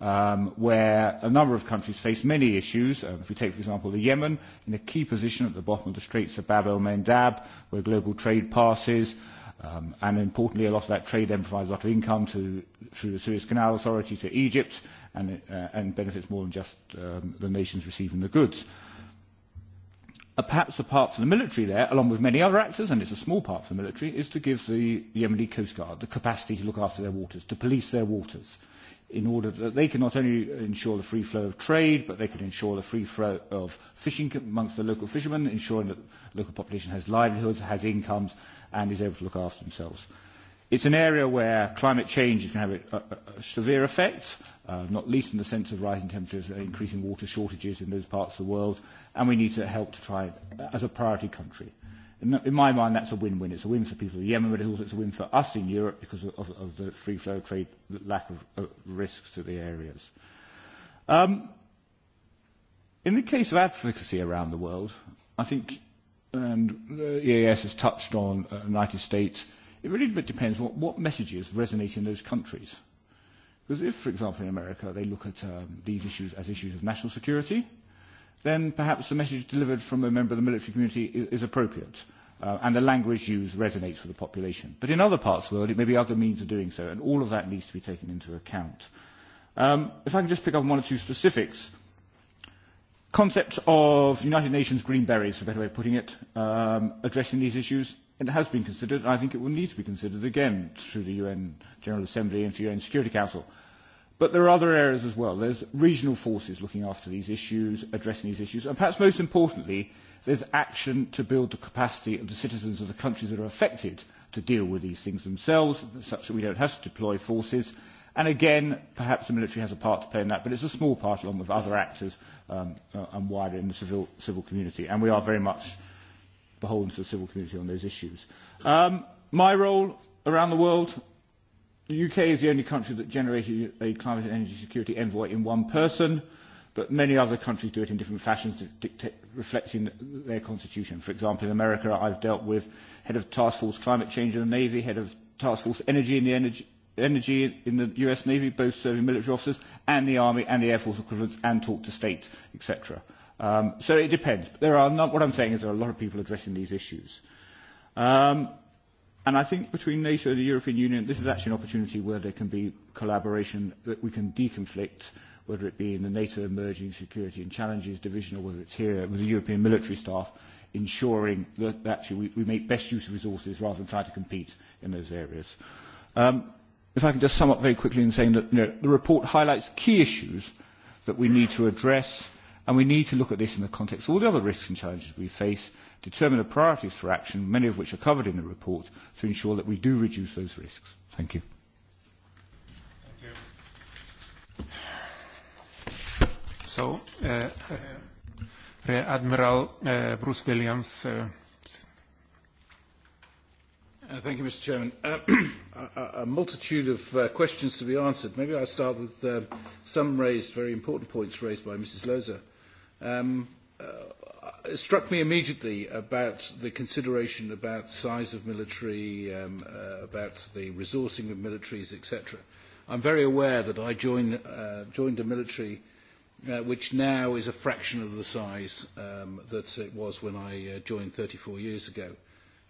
um, where a number of countries face many issues. Um, if we take, for example, the Yemen, in a key position at the bottom of the Straits of Bab el-Mandab, where global trade passes, Um, and importantly, a lot of that trade then provides a lot of income to, through the Suez Canal Authority to Egypt and, uh, and benefits more than just um, the nations receiving the goods. Uh, perhaps the part for the military there, along with many other actors, and it's a small part for the military, is to give the Yemeni Coast Guard the capacity to look after their waters, to police their waters, in order that they can not only ensure the free flow of trade, but they can ensure the free flow of fishing amongst the local fishermen, ensuring that the local population has livelihoods, has incomes, and is able to look after themselves. It's an area where climate change can have a, a, a severe effect, uh, not least in the sense of rising temperatures and uh, increasing water shortages in those parts of the world, and we need to help to try uh, as a priority country. In, the, in my mind, that's a win-win. It's a win for people in Yemen, but it's also it's a win for us in Europe because of, of, of the free flow of trade, the lack of uh, risks to the areas. Um, in the case of advocacy around the world, I think and the uh, EAS has touched on the uh, United States, it really depends what, what messages resonate in those countries. Because if, for example, in America, they look at um, these issues as issues of national security, then perhaps the message delivered from a member of the military community is, is appropriate, uh, and the language used resonates with the population. But in other parts of the world, it may be other means of doing so, and all of that needs to be taken into account. Um, if I can just pick up one or two specifics, concept of United Nations green berries, for a better way of putting it, um, addressing these issues, it has been considered, and I think it will need to be considered again through the UN General Assembly and through UN Security Council. But there are other areas as well. There's regional forces looking after these issues, addressing these issues, and perhaps most importantly, there's action to build the capacity of the citizens of the countries that are affected to deal with these things themselves, such that we don't have to deploy forces. And again, perhaps the military has a part to play in that, but it's a small part along with other actors um, uh, and wider in the civil, civil community. And we are very much beholden to the civil community on those issues. Um, my role around the world, the UK is the only country that generated a climate and energy security envoy in one person, but many other countries do it in different fashions, dictate, reflecting their constitution. For example, in America, I've dealt with head of task force climate change in the Navy, head of task force energy in the energy, energy in the US Navy, both serving military officers and the Army and the Air Force equivalents and talk to state, etc. Um, so it depends. There are not, what I'm saying is there are a lot of people addressing these issues. Um, and I think between NATO and the European Union, this is actually an opportunity where there can be collaboration that we can deconflict, whether it be in the NATO Emerging Security and Challenges Division or whether it's here with the European military staff, ensuring that actually we, we make best use of resources rather than try to compete in those areas. Um, If I can just sum up very quickly in saying that you know, the report highlights key issues that we need to address, and we need to look at this in the context of all the other risks and challenges we face, determine the priorities for action, many of which are covered in the report, to ensure that we do reduce those risks. Thank you. Thank you. So, uh, uh, Rear Admiral uh, Bruce Williams. Uh, Uh, thank you, Mr. Chairman. Uh, (clears throat) a, a multitude of uh, questions to be answered. Maybe I'll start with uh, some raised, very important points raised by Mrs. Loza. Um, uh, it struck me immediately about the consideration about size of military, um, uh, about the resourcing of militaries, etc. I'm very aware that I join, uh, joined a military uh, which now is a fraction of the size um, that it was when I uh, joined 34 years ago. Uh,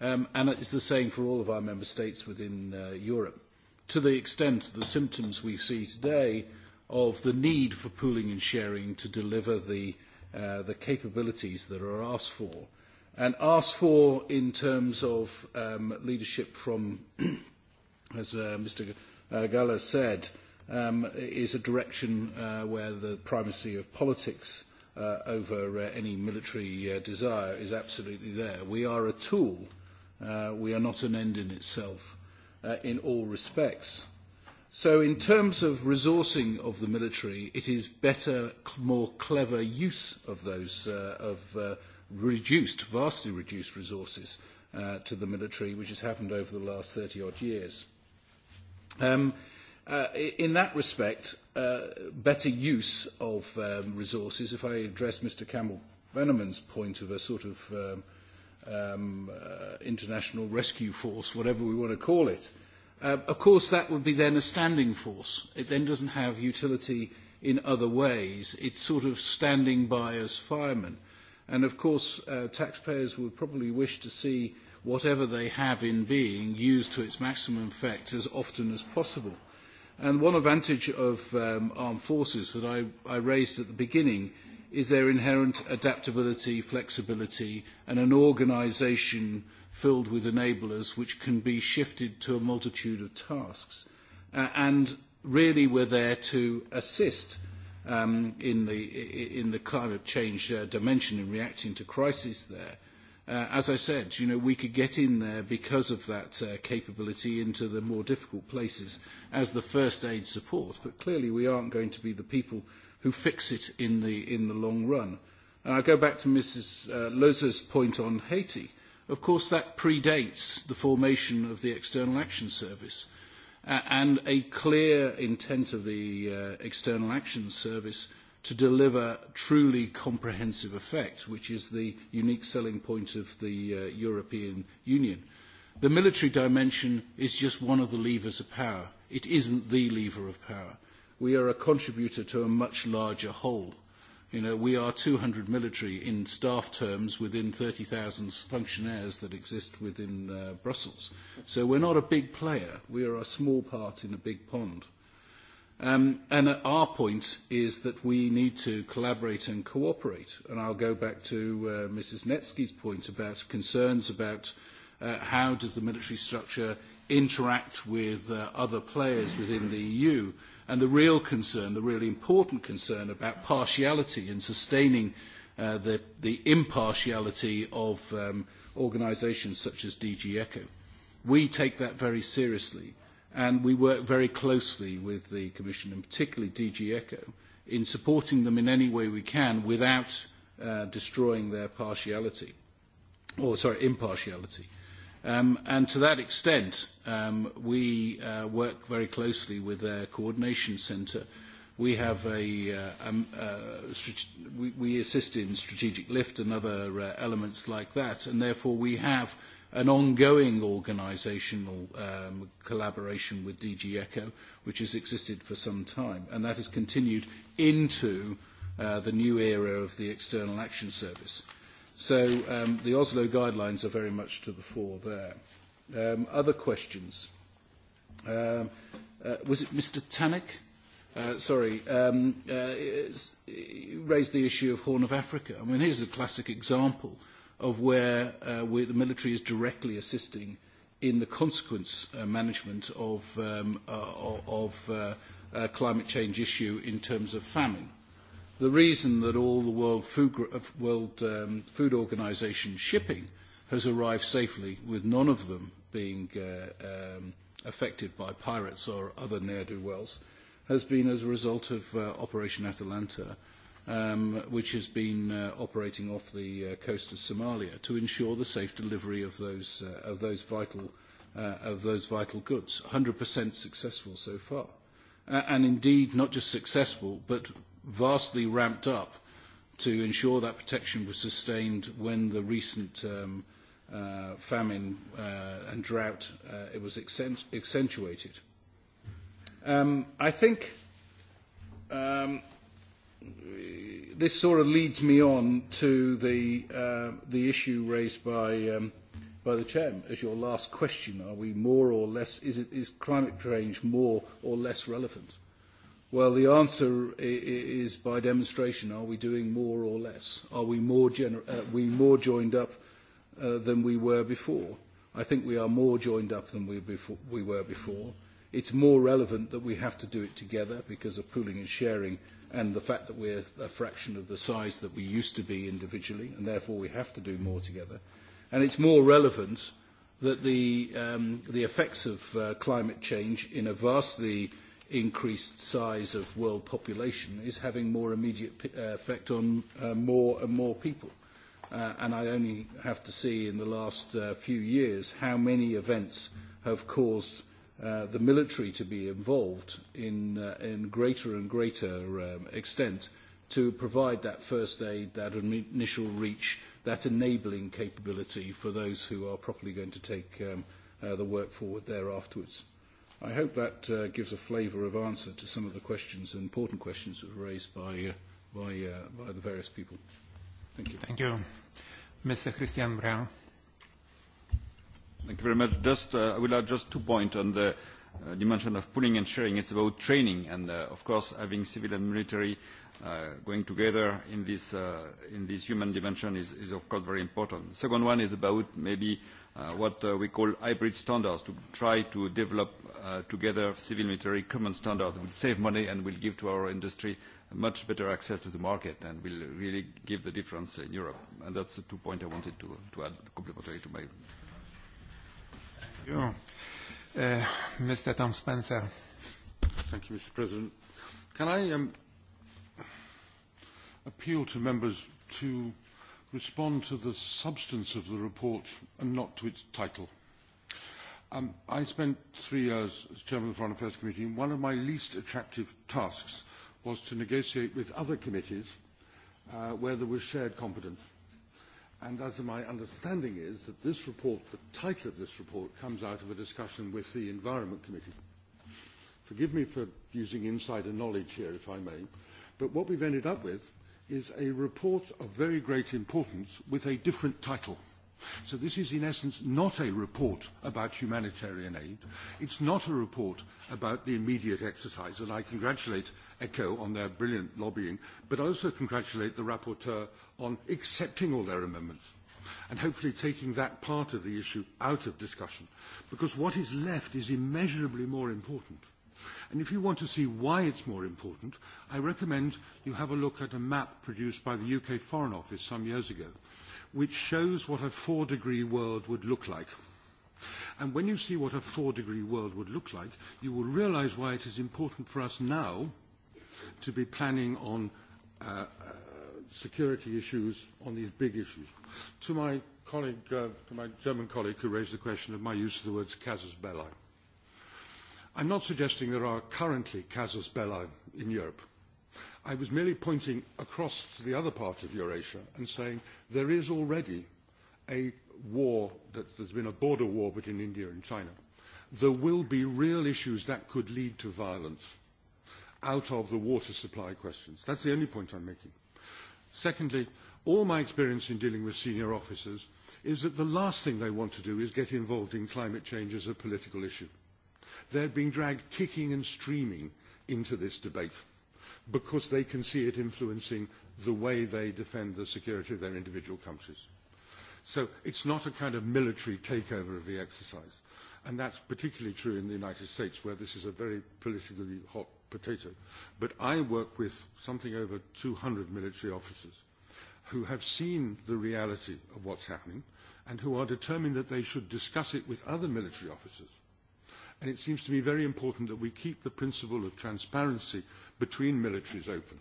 um, and it's the same for all of our member states within uh, Europe. To the extent the symptoms we see today of the need for pooling and sharing to deliver the, uh, the capabilities that are asked for, and asked for in terms of um, leadership from, (clears throat) as uh, Mr. Uh, Gala said, um, is a direction uh, where the primacy of politics uh, over uh, any military uh, desire is absolutely there. We are a tool uh, Uh, we are not an end in itself uh, in all respects. So in terms of resourcing of the military, it is better, more clever use of those uh, of uh, reduced, vastly reduced resources uh, to the military, which has happened over the last 30-odd years. Um, uh, in that respect, uh, better use of um, resources, if I address Mr. Campbell-Veneman's point of a sort of... Uh, um, uh, international rescue force, whatever we want to call it. Uh, of course, that would be then a standing force. It then doesn't have utility in other ways. It's sort of standing by as firemen. And of course, uh, taxpayers would probably wish to see whatever they have in being used to its maximum effect as often as possible. And one advantage of um, armed forces that I, I raised at the beginning is their inherent adaptability, flexibility, and an organization filled with enablers which can be shifted to a multitude of tasks. Uh, and really, we're there to assist um, in, the, in the climate change uh, dimension in reacting to crisis there. Uh, as I said, you know, we could get in there because of that uh, capability into the more difficult places as the first aid support. But clearly, we aren't going to be the people who fix it in the, in the long run. And I go back to Mrs. Uh, Loza's point on Haiti. Of course, that predates the formation of the External Action Service. Uh, and a clear intent of the uh, External Action Service to deliver truly comprehensive effect, which is the unique selling point of the uh, European Union. The military dimension is just one of the levers of power. It isn't the lever of power we are a contributor to a much larger whole. You know, we are 200 military in staff terms within 30,000 functionaires that exist within uh, Brussels. So we're not a big player. We are a small part in a big pond. Um, and uh, our point is that we need to collaborate and cooperate. And I'll go back to uh, Mrs. Netsky's point about concerns about uh, how does the military structure interact with uh, other players within the EU. And the real concern, the really important concern about partiality and sustaining uh, the, the impartiality of um, organisations such as DG ECHO. We take that very seriously and we work very closely with the Commission and particularly DG ECHO in supporting them in any way we can without uh, destroying their partiality, or sorry, impartiality. Um, and to that extent, um, we uh, work very closely with their coordination centre. We have a, uh, a, um, a uh, strate- we, we assist in strategic lift and other uh, elements like that, and therefore we have an ongoing organisational um, collaboration with DG Echo, which has existed for some time, and that has continued into uh, the new era of the External Action Service. Uh, So um, the Oslo guidelines are very much to the fore there. Um, other questions? Um, uh, was it Mr. Tannock? Uh, sorry, um, uh, raised the issue of Horn of Africa. I mean, here's a classic example of where, uh, where the military is directly assisting in the consequence uh, management of, um, uh, of uh, uh, climate change issue in terms of famine the reason that all the World Food, uh, World, um, Food Organization shipping has arrived safely, with none of them being uh, um, affected by pirates or other ne'er-do-wells, has been as a result of uh, Operation Atalanta, um, which has been uh, operating off the uh, coast of Somalia to ensure the safe delivery of those, uh, of those, vital, uh, of those vital goods. 100% successful so far. Uh, and indeed, not just successful, but vastly ramped up to ensure that protection was sustained when the recent um, uh, famine uh, and drought uh, it was accentuated. Um, I think um, this sort of leads me on to the, uh, the issue raised by, um, by the chair as your last question. Are we more or less, is, it, is climate change more or less relevant? Uh, Well, the answer is by demonstration. Are we doing more or less? Are we more, gener- uh, we more joined up uh, than we were before? I think we are more joined up than we, befo- we were before. It's more relevant that we have to do it together because of pooling and sharing and the fact that we're a fraction of the size that we used to be individually, and therefore we have to do more together. And it's more relevant that the, um, the effects of uh, climate change in a vastly increased size of world population is having more immediate p- uh, effect on uh, more and more people. Uh, and I only have to see in the last uh, few years how many events have caused uh, the military to be involved in, uh, in greater and greater um, extent to provide that first aid, that Im- initial reach, that enabling capability for those who are properly going to take um, uh, the work forward there afterwards. I hope that uh, gives a flavour of answer to some of the questions, important questions that were raised by, uh, by, uh, by the various people. Thank you. Thank you. Mr. Christian Brown. Thank you very much. Just, uh, I will add just two points on the uh, dimension of pooling and sharing. It's about training and, uh, of course, having civil and military uh, going together in this, uh, in this human dimension is, is, of course, very important. The second one is about maybe uh, Uh, what uh, we call hybrid standards to try to develop uh, together civil military common standard will save money and will give to our industry much better access to the market and will really give the difference in Europe. And that's the two points I wanted to, to add complementary to my. Thank you. Uh, Mr. Tom Spencer. Thank you, Mr. President. Can I um, appeal to members to respond to the substance of the report and not to its title. Um, I spent three years as chairman of the Foreign Affairs Committee, and one of my least attractive tasks was to negotiate with other committees uh, where there was shared competence. And as my understanding is that this report, the title of this report, comes out of a discussion with the Environment Committee. Forgive me for using insider knowledge here, if I may, but what we've ended up with is a report of very great importance with a different title. So this is in essence not a report about humanitarian aid. It's not a report about the immediate exercise, and I congratulate ECHO on their brilliant lobbying, but I also congratulate the rapporteur on accepting all their amendments and hopefully taking that part of the issue out of discussion. Because what is left is immeasurably more important. And if you want to see why it's more important, I recommend you have a look at a map produced by the UK Foreign Office some years ago, which shows what a four degree world would look like. And when you see what a four degree world would look like, you will realize why it is important for us now to be planning on uh, uh, security issues, on these big issues. To my colleague, uh, to my German colleague who raised the question of my use of the words casus belli. I'm not suggesting there are currently casus belli in Europe. I was merely pointing across to the other part of Eurasia and saying there is already a war, that there's been a border war between India and China. There will be real issues that could lead to violence out of the water supply questions. That's the only point I'm making. Secondly, all my experience in dealing with senior officers is that the last thing they want to do is get involved in climate change as a political issue. They're being dragged kicking and streaming into this debate because they can see it influencing the way they defend the security of their individual countries. So it's not a kind of military takeover of the exercise. And that's particularly true in the United States, where this is a very politically hot potato. But I work with something over 200 military officers who have seen the reality of what's happening and who are determined that they should discuss it with other military officers and it seems to me very important that we keep the principle of transparency between militaries open,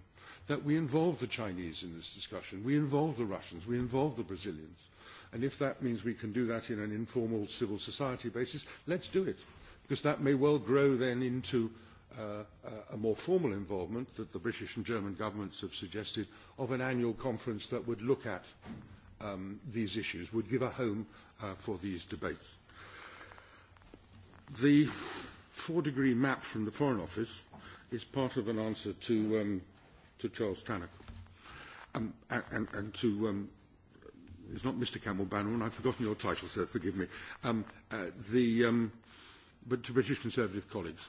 that we involve the Chinese in this discussion, we involve the Russians, we involve the Brazilians, and if that means we can do that in an informal civil society basis, let's do it, because that may well grow then into uh, a more formal involvement that the British and German governments have suggested of an annual conference that would look at um, these issues, would give a home uh, for these debates. The four degree map from the Foreign Office is part of an answer to, um, to Charles Tannock. Um, and, and to, um, it's not Mr. Campbell Bannon, I've forgotten your title, sir, forgive me. Um, uh, the, um, but to British Conservative colleagues.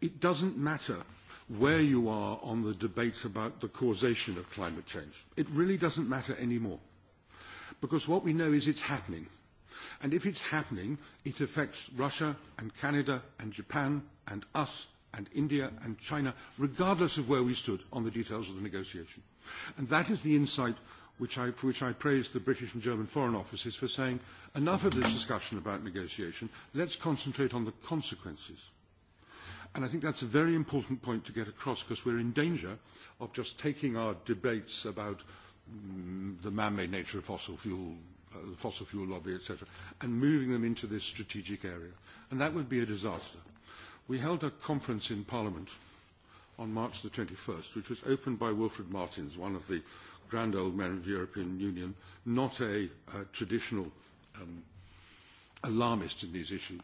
It doesn't matter where you are on the debates about the causation of climate change. It really doesn't matter anymore. Because what we know is it's happening. And if it's happening, it affects Russia and Canada and Japan and us and India and China, regardless of where we stood on the details of the negotiation. And that is the insight which I, for which I praise the British and German foreign offices for saying, enough of this discussion about negotiation, let's concentrate on the consequences. And I think that's a very important point to get across because we're in danger of just taking our debates about mm, the man-made nature of fossil fuel uh, the fossil fuel lobby, etc., and moving them into this strategic area. And that would be a disaster. We held a conference in Parliament on March the 21st, which was opened by Wilfred Martins, one of the grand old men of the European Union, not a uh, traditional um, alarmist in these issues.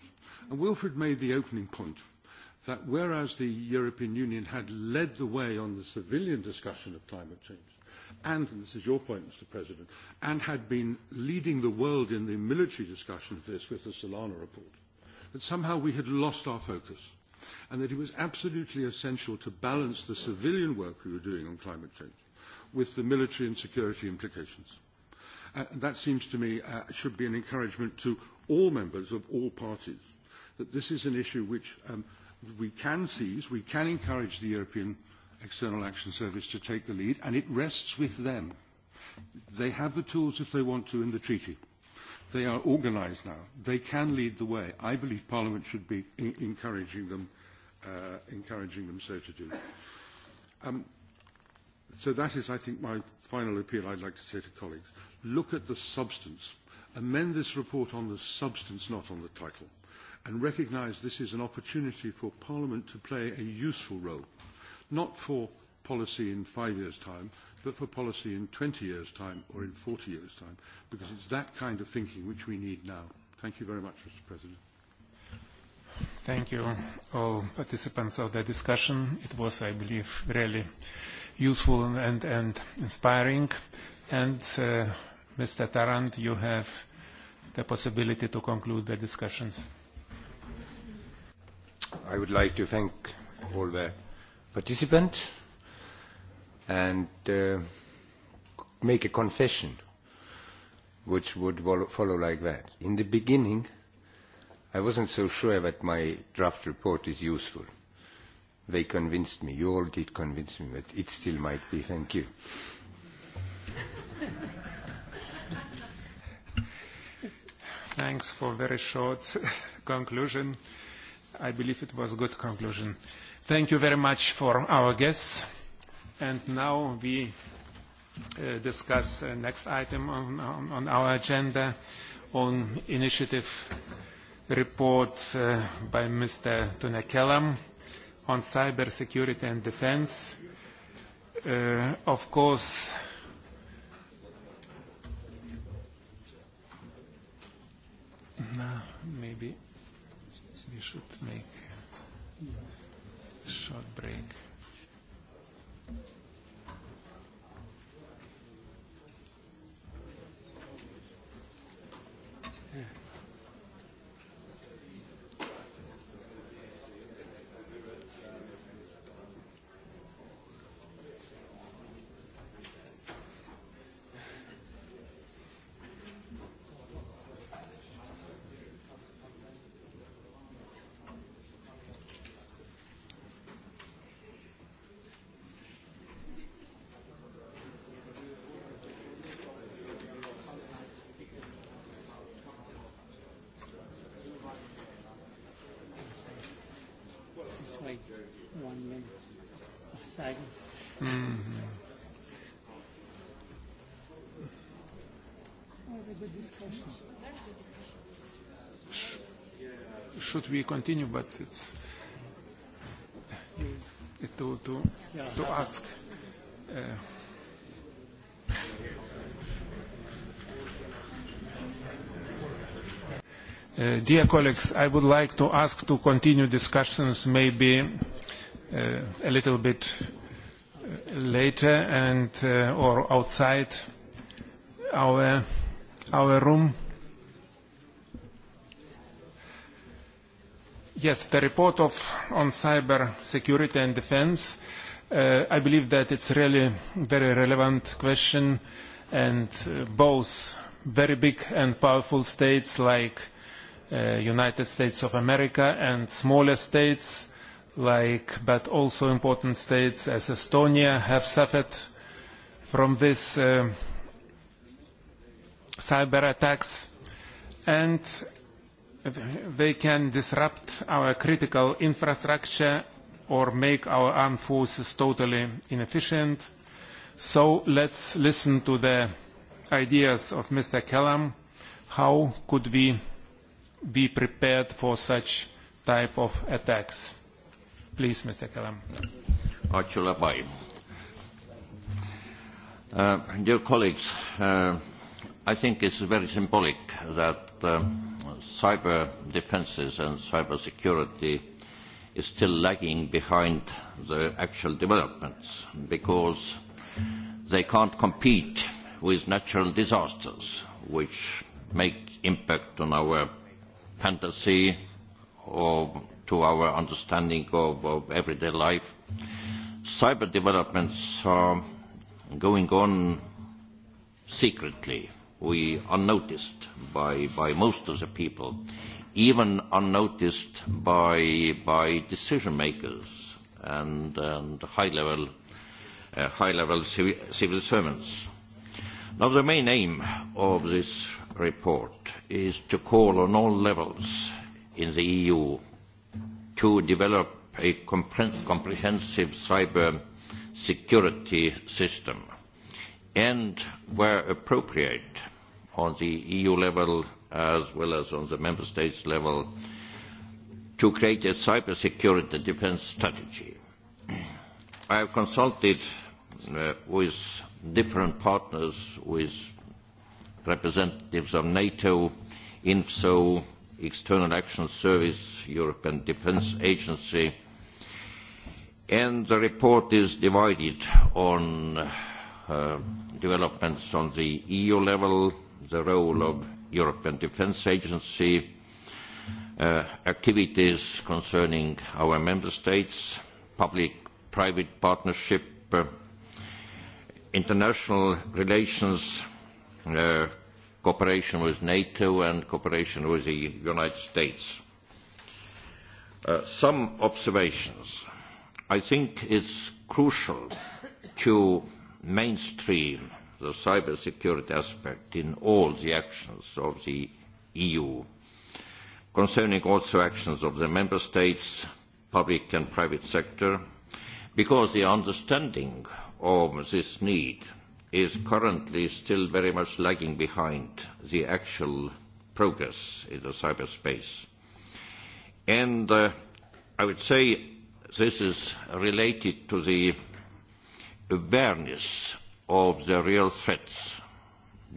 And Wilfred made the opening point that whereas the European Union had led the way on the civilian discussion of climate change, and, and this is your point, Mr. President, and had been leading the world in the military discussion of this with the Solana report, that somehow we had lost our focus and that it was absolutely essential to balance the civilian work we were doing on climate change with the military and security implications. Uh, that seems to me uh, should be an encouragement to all members of all parties that this is an issue which um, we can seize, we can encourage the European External Action Service to take the lead, and it rests with them. They have the tools if they want to in the treaty. They are organised now. They can lead the way. I believe Parliament should be in- encouraging them, uh, encouraging them so to do. Um, so that is, I think, my final appeal. I'd like to say to colleagues: look at the substance. Amend this report on the substance, not on the title, and recognise this is an opportunity for Parliament to play a useful role not for policy in five years' time, but for policy in 20 years' time or in 40 years' time, because it's that kind of thinking which we need now. Thank you very much, Mr. President. Thank you, all participants of the discussion. It was, I believe, really useful and, and inspiring. And uh, Mr. Tarrant, you have the possibility to conclude the discussions. I would like to thank all the participant and uh, make a confession which would follow like that. In the beginning, I wasn't so sure that my draft report is useful. They convinced me. You all did convince me that it still might be. Thank you. Thanks for very short (laughs) conclusion. I believe it was good conclusion. Uh, Thank you very much for our guests. And now we uh, discuss the uh, next item on, on, on our agenda on initiative report uh, by Mr. Tunekelam on cybersecurity and defense. Uh, of course, no, maybe we should make short break. Zeichens. Mm-hmm. Should we continue? But it's yes. Uh, to to yeah, to ask. Uh, Uh, dear colleagues, I would like to ask to continue discussions maybe Uh, a little bit uh, later and uh, or outside our our room yes the report of on cyber security and defense uh, i believe that it's really very relevant question and uh, both very big and powerful states like uh, united states of america and smaller states uh, like but also important states as Estonia have suffered from this uh, cyber attacks and they can disrupt our critical infrastructure or make our armed forces totally inefficient. So let's listen to the ideas of Mr. Kellam. How could we be prepared for such type of attacks? Please, Mr. Callum. Archula Bai. Uh, dear colleagues, uh, I think it's very symbolic that uh, cyber defenses and cyber security is still lagging behind the actual developments because they can't compete with natural disasters which make impact on our fantasy or to our understanding of, of everyday life. Cyber developments are going on secretly. We unnoticed by, by most of the people, even unnoticed by, by decision makers and, and high-level uh, high civi civil servants. Now, the main aim of this report is to call on all levels in the EU to develop a compre comprehensive cyber security system and, where appropriate, on the EU level as well as on the Member States level, to create a cyber security defense strategy. I have consulted uh, with different partners, with representatives of NATO, INFSO, External Action Service, European Defense Agency. And the report is divided on uh, developments on the EU level, the role of European Defense Agency, uh, activities concerning our member states, public-private partnership, uh, international relations, uh, cooperation with NATO and cooperation with the United States. Uh, some observations. I think it's crucial to mainstream the cybersecurity aspect in all the actions of the EU, concerning also actions of the member states, public and private sector, because the understanding of this need is currently still very much lagging behind the actual progress in the cyberspace. And uh, I would say this is related to the awareness of the real threats,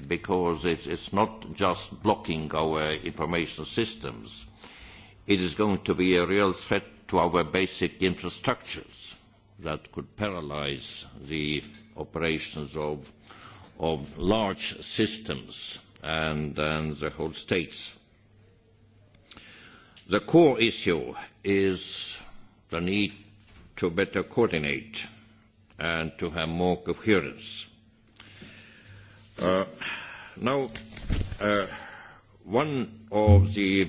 because it's, it's not just blocking our information systems. It is going to be a real threat to our basic infrastructures that could paralyze the operations of, of large systems and, and the whole states. The core issue is the need to better coordinate and to have more coherence. Uh, now, uh, one of the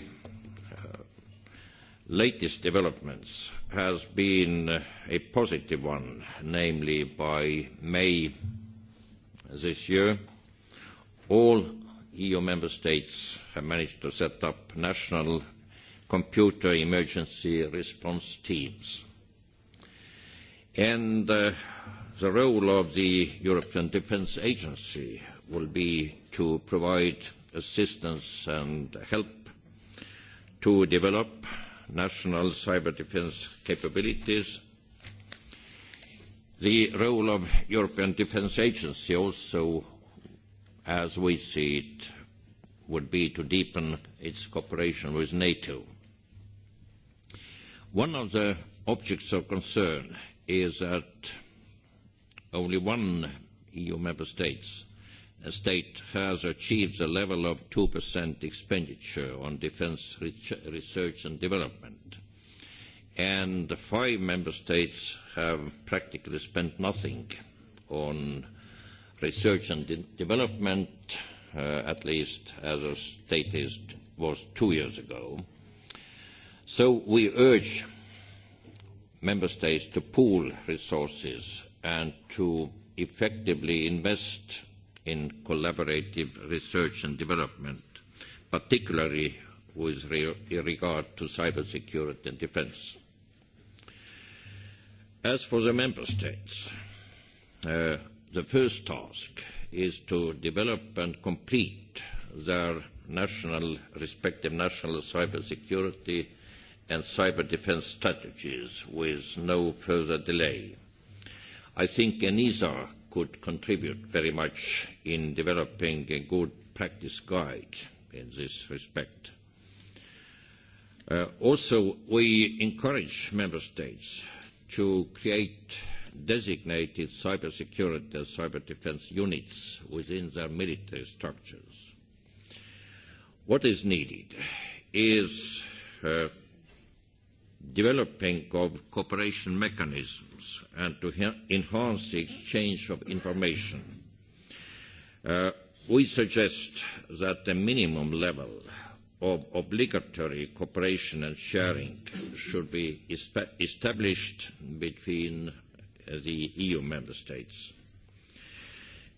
latest developments has been a positive one, namely by May this year, all EU member states have managed to set up national computer emergency response teams. And uh, the role of the European Defence Agency will be to provide assistance and help to develop national cyber defense capabilities. The role of European Defense Agency also, as we see it, would be to deepen its cooperation with NATO. One of the objects of concern is that only one EU member states state has achieved the level of 2% expenditure on defense research and development. And the five member states have practically spent nothing on research and de- development, uh, at least as a statist was two years ago. So we urge member states to pool resources and to effectively invest in collaborative research and development, particularly with re in regard to cybersecurity and defense. As for the member states, uh, the first task is to develop and complete their national, respective national cybersecurity and cyber defense strategies with no further delay. I think ENISA could contribute very much in developing a good practice guide in this respect. Uh, also, we encourage member states to create designated cybersecurity and cyber defense units within their military structures. What is needed is uh, developing of cooperation mechanisms governments and to enhance the exchange of information. Uh, we suggest that the minimum level of obligatory cooperation and sharing should be established between uh, the EU member states.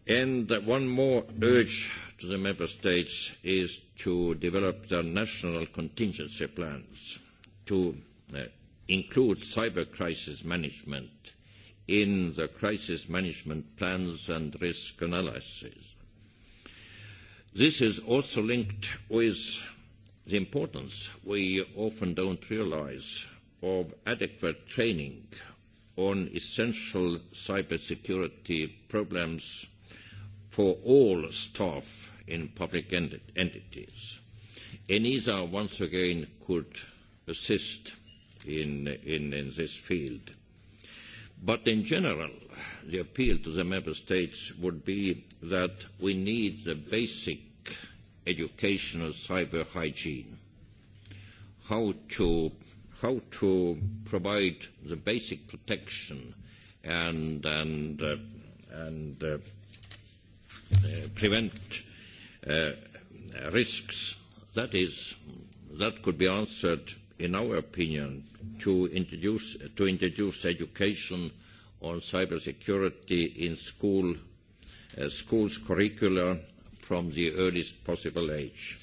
And one more urge to the member states is to develop their national contingency plans to uh, include cyber crisis management in the crisis management plans and risk analysis. This is also linked with the importance we often don't realize of adequate training on essential cybersecurity problems for all staff in public ent- entities. ENISA once again could assist in, in, in this field. But in general, the appeal to the member states would be that we need the basic educational cyber hygiene. How to, how to provide the basic protection and, and, uh, and uh, uh, prevent uh, risks. That is, that could be answered in our opinion, to introduce, to introduce education on cybersecurity in school, uh, schools' curricula from the earliest possible age.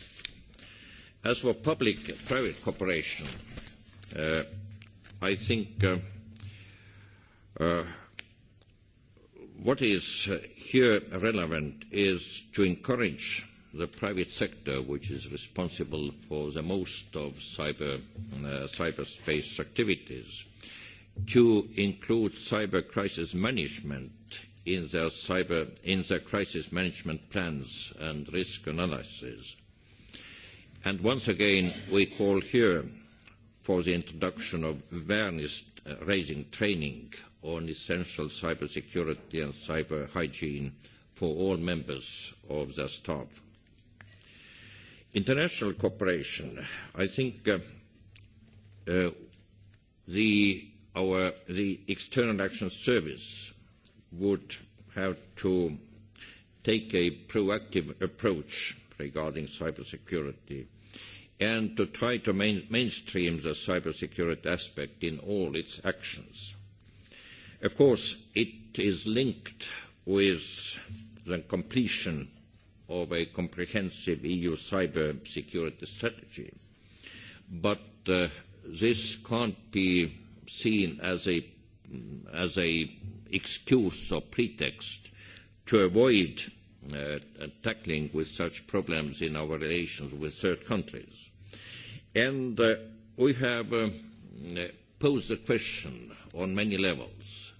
As for public private cooperation, uh, I think uh, uh, what is uh, here relevant is to encourage the private sector, which is responsible for the most of cyber, uh, cyberspace activities, to include cyber crisis management in their, cyber, in their crisis management plans and risk analysis. And once again, we call here for the introduction of awareness uh, raising training on essential cybersecurity and cyber hygiene for all members of the staff international cooperation, I think uh, uh, the, our, the External Action Service would have to take a proactive approach regarding cybersecurity and to try to main, mainstream the cybersecurity aspect in all its actions. Of course, it is linked with the completion of a comprehensive EU cyber security strategy. But uh, this can't be seen as a as a excuse or pretext to avoid uh, tackling with such problems in our relations with third countries. And uh, we have um, uh, posed the question on many levels.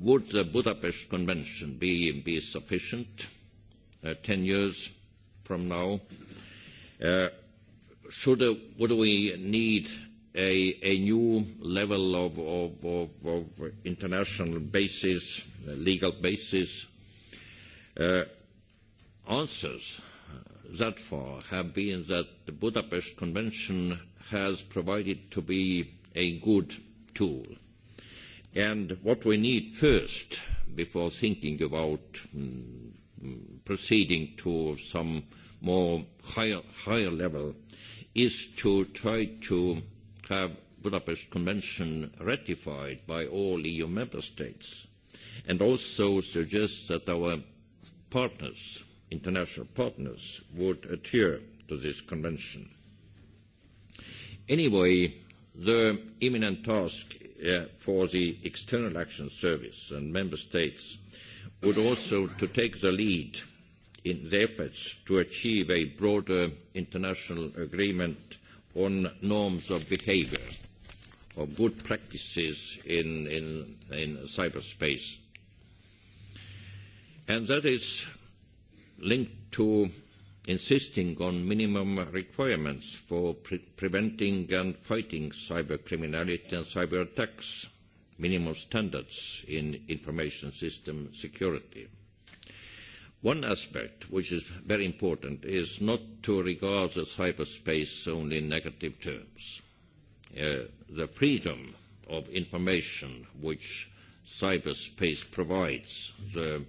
Would the Budapest Convention be, be sufficient? uh, 10 years from now. Uh, should uh, would we need a, a new level of, of, of, of international basis, uh, legal basis? Uh, answers that far have been that the Budapest Convention has provided to be a good tool. And what we need first before thinking about um, proceeding to some more higher, higher level is to try to have Budapest Convention ratified by all EU member states and also suggests that our partners, international partners, would adhere to this convention. Anyway, the imminent task uh, for the External Action Service and member states uh, would also to take the lead in the efforts to achieve a broader international agreement on norms of behavior, of good practices in, in, in cyberspace. And that is linked to insisting on minimum requirements for pre- preventing and fighting cyber criminality and cyber attacks minimum standards in information system security. One aspect which is very important is not to regard the cyberspace only in negative terms. Uh, the freedom of information which cyberspace provides, the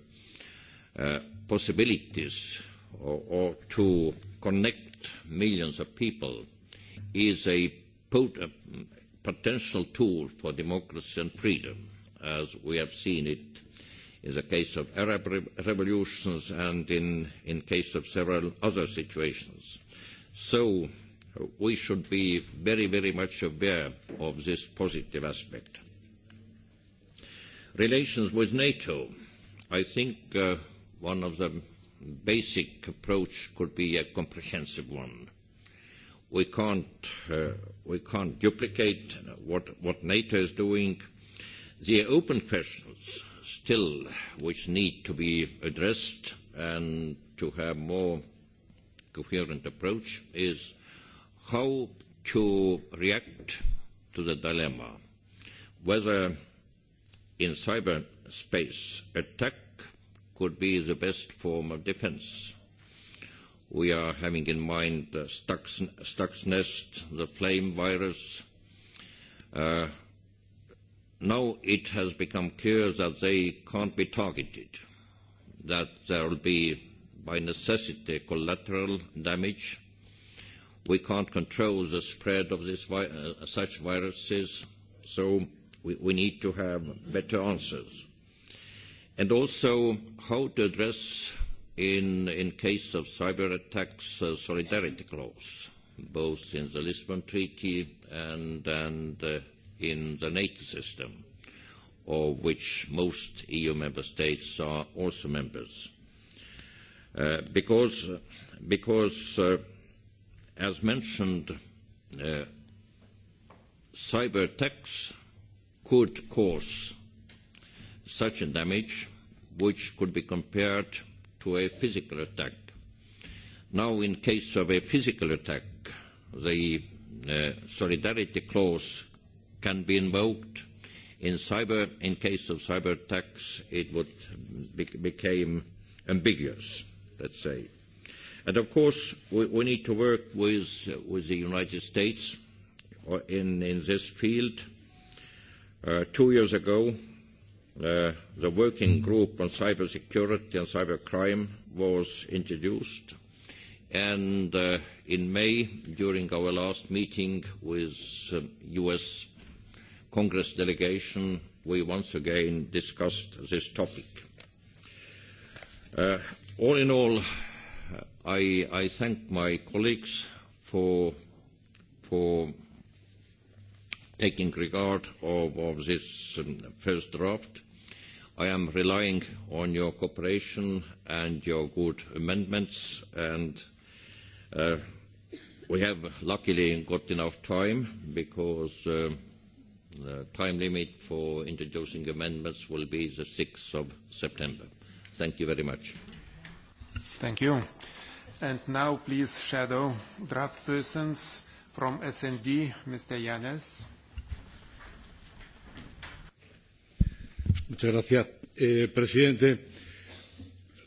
uh, possibilities or, or to connect millions of people is a, pot- potential tool for democracy and freedom, as we have seen it in the case of Arab revolutions and in, in case of several other situations. So we should be very, very much aware of this positive aspect. Relations with NATO, I think uh, one of the basic approach could be a comprehensive one we can't uh, we can't duplicate what what NATO is doing. The open questions still which need to be addressed and to have more coherent approach is how to react to the dilemma whether in cyberspace attack could be the best form of defense we are having in mind the Stux, Stuxnest, the flame virus. Uh, now it has become clear that they can't be targeted, that there will be, by necessity, collateral damage. We can't control the spread of this uh, such viruses, so we need to have better answers. Also, how to address in, in case of cyber attacks, uh, solidarity clause, both in the Lisbon Treaty and, and uh, in the NATO system, of which most EU member states are also members. Uh, because, because uh, as mentioned, uh, cyber attacks could cause such a damage which could be compared to a physical attack. Now, in case of a physical attack, the uh, solidarity clause can be invoked. In cyber, in case of cyber attacks, it would be, became ambiguous, let's say. And of course, we, we need to work with, with the United States uh, in, in this field. Uh, two years ago, Uh, the working group on cybersecurity and cybercrime was introduced. And uh, in May, during our last meeting with uh, um, US Congress delegation, we once again discussed this topic. Uh, all in all, uh, I, I thank my colleagues for, for taking regard of, of this um, first draft. I am relying on your cooperation and your good amendments, and uh, we have luckily got enough time because uh, the time limit for introducing amendments will be the 6th of September. Thank you very much. Thank you. And now please shadow draft persons from SND, Mr. Yanes. señor eh, presidente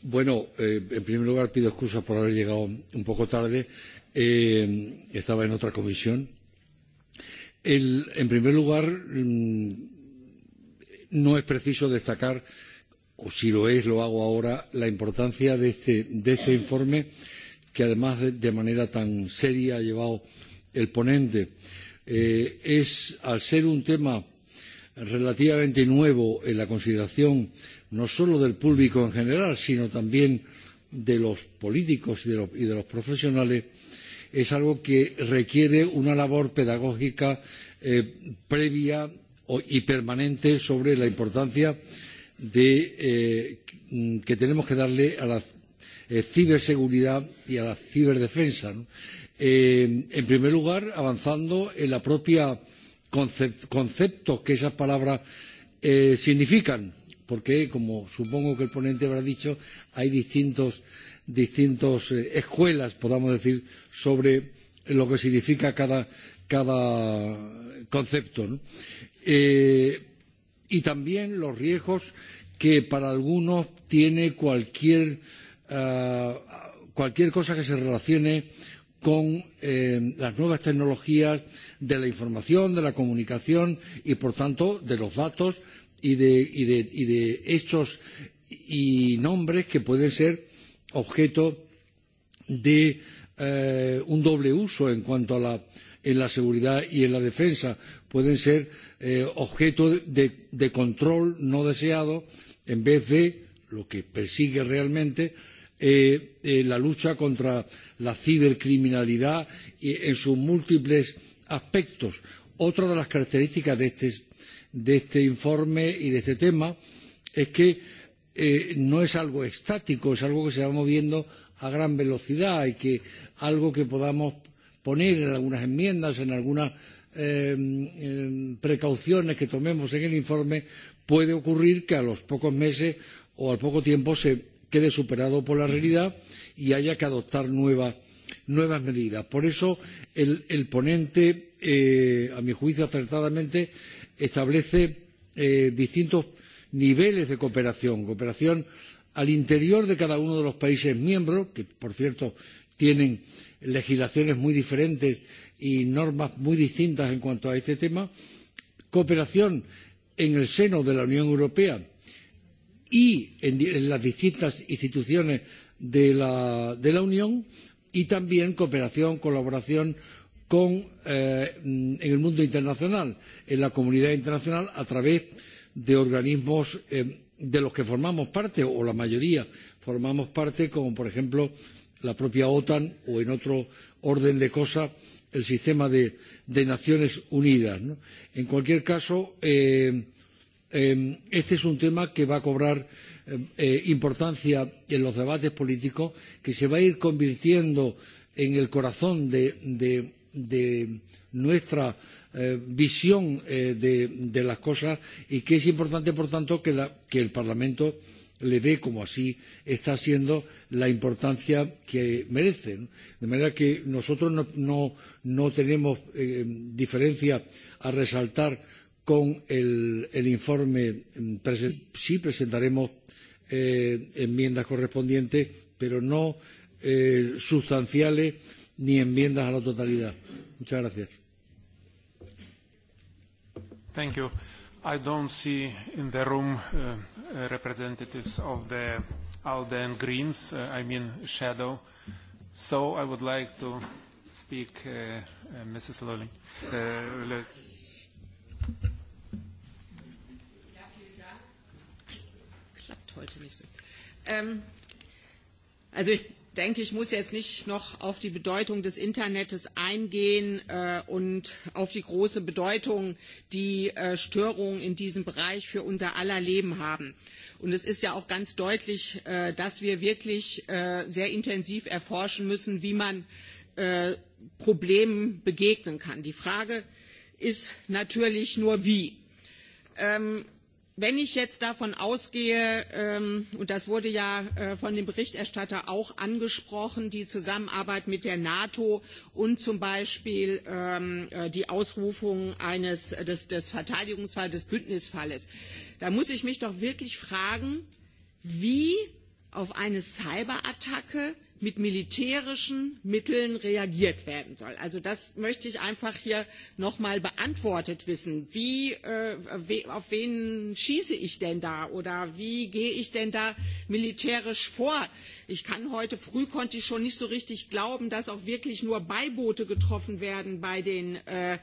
bueno eh, en primer lugar pido excusas por haber llegado un poco tarde eh, estaba en otra comisión El, en primer lugar mm, no es preciso destacar o si lo es lo hago ahora la importancia de este, de este informe que además de, de manera tan seria ha llevado el ponente eh, es al ser un tema relativamente nuevo en la consideración no solo del público en general, sino también de los políticos y de los, y de los profesionales, es algo que requiere una labor pedagógica eh, previa o, y permanente sobre la importancia de, eh, que tenemos que darle a la eh, ciberseguridad y a la ciberdefensa. ¿no? Eh, en primer lugar, avanzando en la propia eh, concept, conceptos que esas palabras eh, significan, porque, como supongo que el ponente habrá dicho, hay distintas distintos, eh, escuelas, podamos decir, sobre lo que significa cada, cada concepto. ¿no? Eh, y también los riesgos que para algunos tiene cualquier, uh, cualquier cosa que se relacione eh, con eh, las nuevas tecnologías de la información, de la comunicación y, por tanto, de los datos y de, y de, y de hechos y nombres que pueden ser objeto de eh, un doble uso en cuanto a la, en la seguridad y en la defensa. Pueden ser eh, objeto de, de control no deseado en vez de lo que persigue realmente eh, eh, la lucha contra la cibercriminalidad eh, en sus múltiples aspectos. Otra de las características de este, de este informe y de este tema es que eh, no es algo estático, es algo que se va moviendo a gran velocidad y que algo que podamos poner en algunas enmiendas, en algunas eh, eh, precauciones que tomemos en el informe, puede ocurrir que a los pocos meses o al poco tiempo se quede superado por la realidad y haya que adoptar nueva, nuevas medidas. Por eso, el, el ponente, eh, a mi juicio acertadamente, establece eh, distintos niveles de cooperación. Cooperación al interior de cada uno de los países miembros, que por cierto tienen legislaciones muy diferentes y normas muy distintas en cuanto a este tema. Cooperación en el seno de la Unión Europea y en, en las distintas instituciones de la, de la Unión y también cooperación, colaboración con, eh, en el mundo internacional, en la comunidad internacional, a través de organismos eh, de los que formamos parte, o la mayoría formamos parte, como por ejemplo la propia OTAN o en otro orden de cosas el sistema de, de Naciones Unidas. ¿no? En cualquier caso, eh, Eh, este es un tema que va a cobrar eh, importancia en los debates políticos, que se va a ir convirtiendo en el corazón de, de, de nuestra eh, visión eh, de, de las cosas y que es importante, por tanto, que, la, que el Parlamento le dé, como así está siendo, la importancia que merecen. ¿no? De manera que nosotros no, no, no tenemos eh, diferencia a resaltar con el, el informe. Mm, prese, sí. sí, presentaremos eh, enmiendas correspondientes, pero no eh, sustanciales ni enmiendas a la totalidad. Muchas gracias. Thank you. I don't see in the room uh, uh representatives of the ALDE and Greens, uh, I mean shadow. So I would like to speak, uh, uh, Mrs. Lulling. Uh, heute nicht sind. Ähm, also ich denke, ich muss jetzt nicht noch auf die Bedeutung des Internets eingehen äh, und auf die große Bedeutung, die äh, Störungen in diesem Bereich für unser aller Leben haben. Und es ist ja auch ganz deutlich, äh, dass wir wirklich äh, sehr intensiv erforschen müssen, wie man äh, Problemen begegnen kann. Die Frage ist natürlich nur, wie. Ähm, wenn ich jetzt davon ausgehe, ähm, und das wurde ja äh, von dem Berichterstatter auch angesprochen, die Zusammenarbeit mit der NATO und zum Beispiel ähm, äh, die Ausrufung eines, des, des Verteidigungsfalls, des Bündnisfalles, da muss ich mich doch wirklich fragen, wie auf eine Cyberattacke mit militärischen Mitteln reagiert werden soll. Also das möchte ich einfach hier nochmal beantwortet wissen. Wie, äh, we, auf wen schieße ich denn da oder wie gehe ich denn da militärisch vor? Ich kann heute früh, konnte ich schon nicht so richtig glauben, dass auch wirklich nur Beiboote getroffen werden bei den, äh,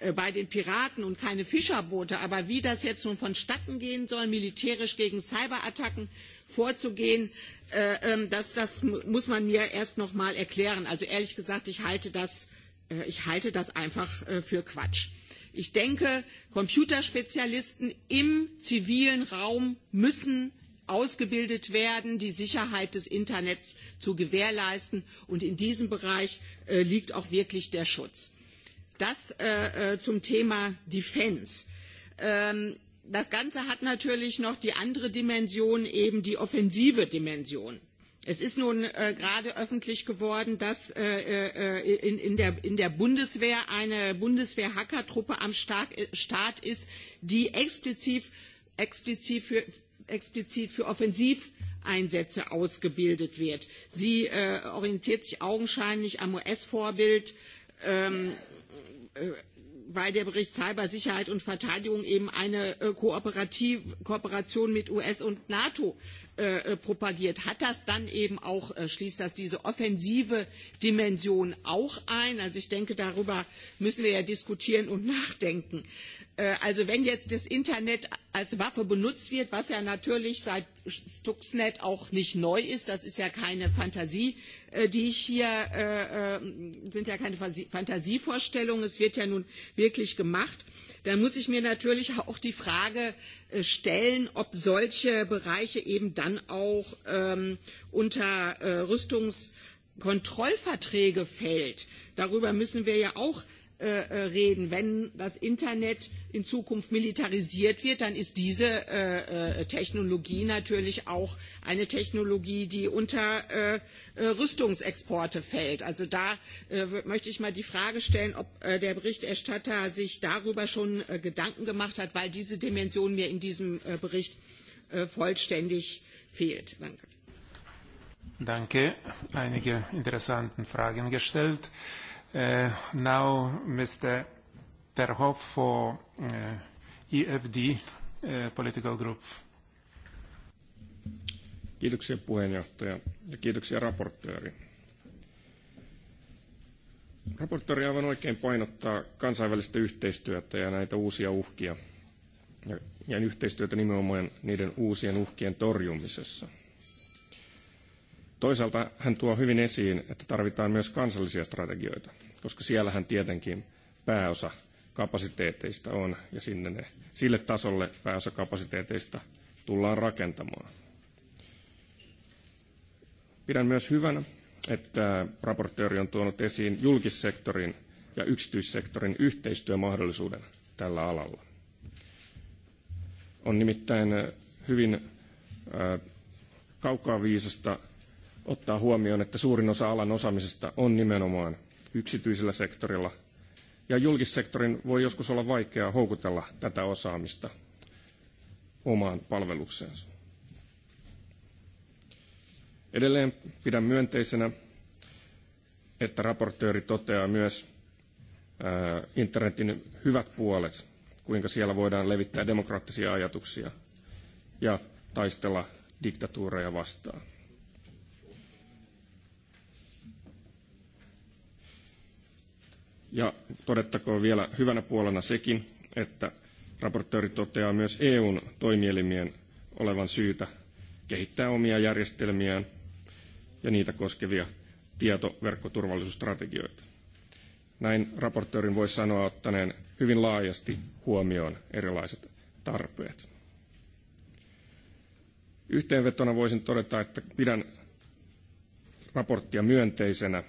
äh bei den Piraten und keine Fischerboote. Aber wie das jetzt nun vonstatten gehen soll, militärisch gegen Cyberattacken, vorzugehen, äh, ähm, das, das muss man mir erst noch mal erklären. Also ehrlich gesagt, ich halte das, äh, ich halte das einfach äh, für Quatsch. Ich denke, Computerspezialisten im zivilen Raum müssen ausgebildet werden, die Sicherheit des Internets zu gewährleisten. Und in diesem Bereich äh, liegt auch wirklich der Schutz. Das äh, äh, zum Thema Defense. Ähm, das Ganze hat natürlich noch die andere Dimension, eben die offensive Dimension. Es ist nun äh, gerade öffentlich geworden, dass äh, äh, in, in, der, in der Bundeswehr eine Bundeswehr-Hackertruppe am Stark, äh, Staat ist, die explizit, explizit, für, explizit für Offensiveinsätze ausgebildet wird. Sie äh, orientiert sich augenscheinlich am US-Vorbild. Ähm, äh, weil der Bericht Cybersicherheit und Verteidigung eben eine äh, Kooperativ Kooperation mit US und NATO Äh, äh, propagiert. Hat das dann eben auch, äh, schließt das diese offensive Dimension auch ein? Also ich denke, darüber müssen wir ja diskutieren und nachdenken. Äh, also wenn jetzt das Internet als Waffe benutzt wird, was ja natürlich seit Stuxnet auch nicht neu ist, das ist ja keine Fantasie, äh, die ich hier, äh, äh, sind ja keine Fantasievorstellungen, es wird ja nun wirklich gemacht, dann muss ich mir natürlich auch die Frage äh, stellen, ob solche Bereiche eben dann dann auch ähm, unter äh, Rüstungskontrollverträge fällt. Darüber müssen wir ja auch äh, äh reden. Wenn das Internet in Zukunft militarisiert wird, dann ist diese äh, äh Technologie natürlich auch eine Technologie, die unter äh, äh Rüstungsexporte fällt. Also da äh, möchte ich mal die Frage stellen, ob äh, der Berichterstatter sich darüber schon äh, Gedanken gemacht hat, weil diese Dimension mir in diesem äh, Bericht äh, vollständig äh, fehlt. Danke. Danke. Einige interessante Fragen gestellt. Uh, now, Mr. Terhoff for uh, äh, EFD uh, äh, Political Group. Kiitoksia puheenjohtaja ja kiitoksia raportööri. Raportööri aivan oikein painottaa kansainvälistä yhteistyötä ja näitä uusia uhkia ja yhteistyötä nimenomaan niiden uusien uhkien torjumisessa. Toisaalta hän tuo hyvin esiin, että tarvitaan myös kansallisia strategioita, koska siellähän tietenkin pääosa kapasiteeteista on ja sinne ne, sille tasolle pääosa kapasiteeteista tullaan rakentamaan. Pidän myös hyvänä, että raportööri on tuonut esiin julkissektorin ja yksityissektorin yhteistyömahdollisuuden tällä alalla on nimittäin äh, hyvin äh, kaukaa viisasta ottaa huomioon, että suurin osa alan osaamisesta on nimenomaan yksityisellä sektorilla. Ja julkissektorin voi joskus olla vaikeaa houkutella tätä osaamista omaan palvelukseensa. Edelleen pidän myönteisenä, että raportööri toteaa myös äh, internetin hyvät puolet – kuinka siellä voidaan levittää demokraattisia ajatuksia ja taistella diktatuureja vastaan. Ja todettakoon vielä hyvänä puolena sekin, että raportööri toteaa myös EUn toimielimien olevan syytä kehittää omia järjestelmiään ja niitä koskevia tietoverkkoturvallisuusstrategioita näin raportöörin voi sanoa ottaneen hyvin laajasti huomioon erilaiset tarpeet. Yhteenvetona voisin todeta, että pidän raporttia myönteisenä.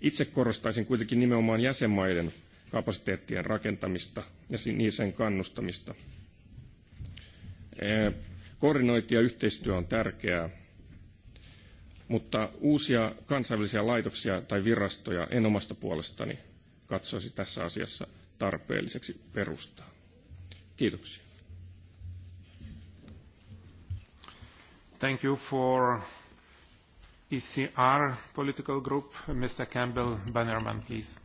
Itse korostaisin kuitenkin nimenomaan jäsenmaiden kapasiteettien rakentamista ja sen kannustamista. Koordinointi ja yhteistyö on tärkeää, mutta uusia kansainvälisiä laitoksia tai virastoja en omasta puolestani katsoisi tässä asiassa tarpeelliseksi perustaa. Kiitoksia. Thank you for ECR political group. Mr. Campbell Bannerman, please.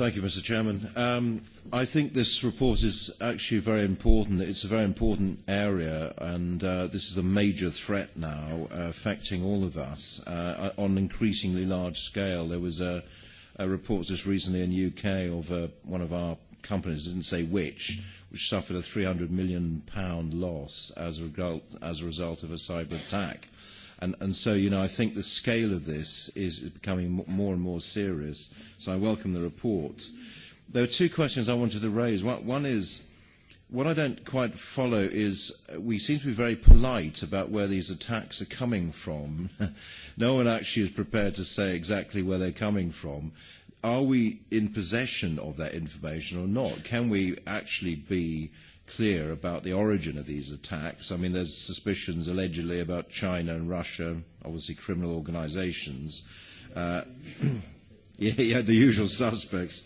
Thank you, Mr. Chairman. Um, I think this report is actually very important. It's a very important area, and uh, this is a major threat now uh, affecting all of us uh, uh on an increasingly large scale. There was a, a report just recently in UK of uh, one of our companies, I didn't say which, which suffered a £300 million loss as a result, as a result of a cyber attack. Uh, And, and so, you know, I think the scale of this is becoming more and more serious. So I welcome the report. There are two questions I wanted to raise. One is, what I don't quite follow is uh, we seem to be very polite about where these attacks are coming from. (laughs) no one actually is prepared to say exactly where they're coming from. Are we in possession of that information or not? Can we actually be uh, clear about the origin of these attacks. I mean, there's suspicions allegedly about China and Russia, obviously criminal organizations. Uh, (clears throat) yeah, yeah, the usual suspects.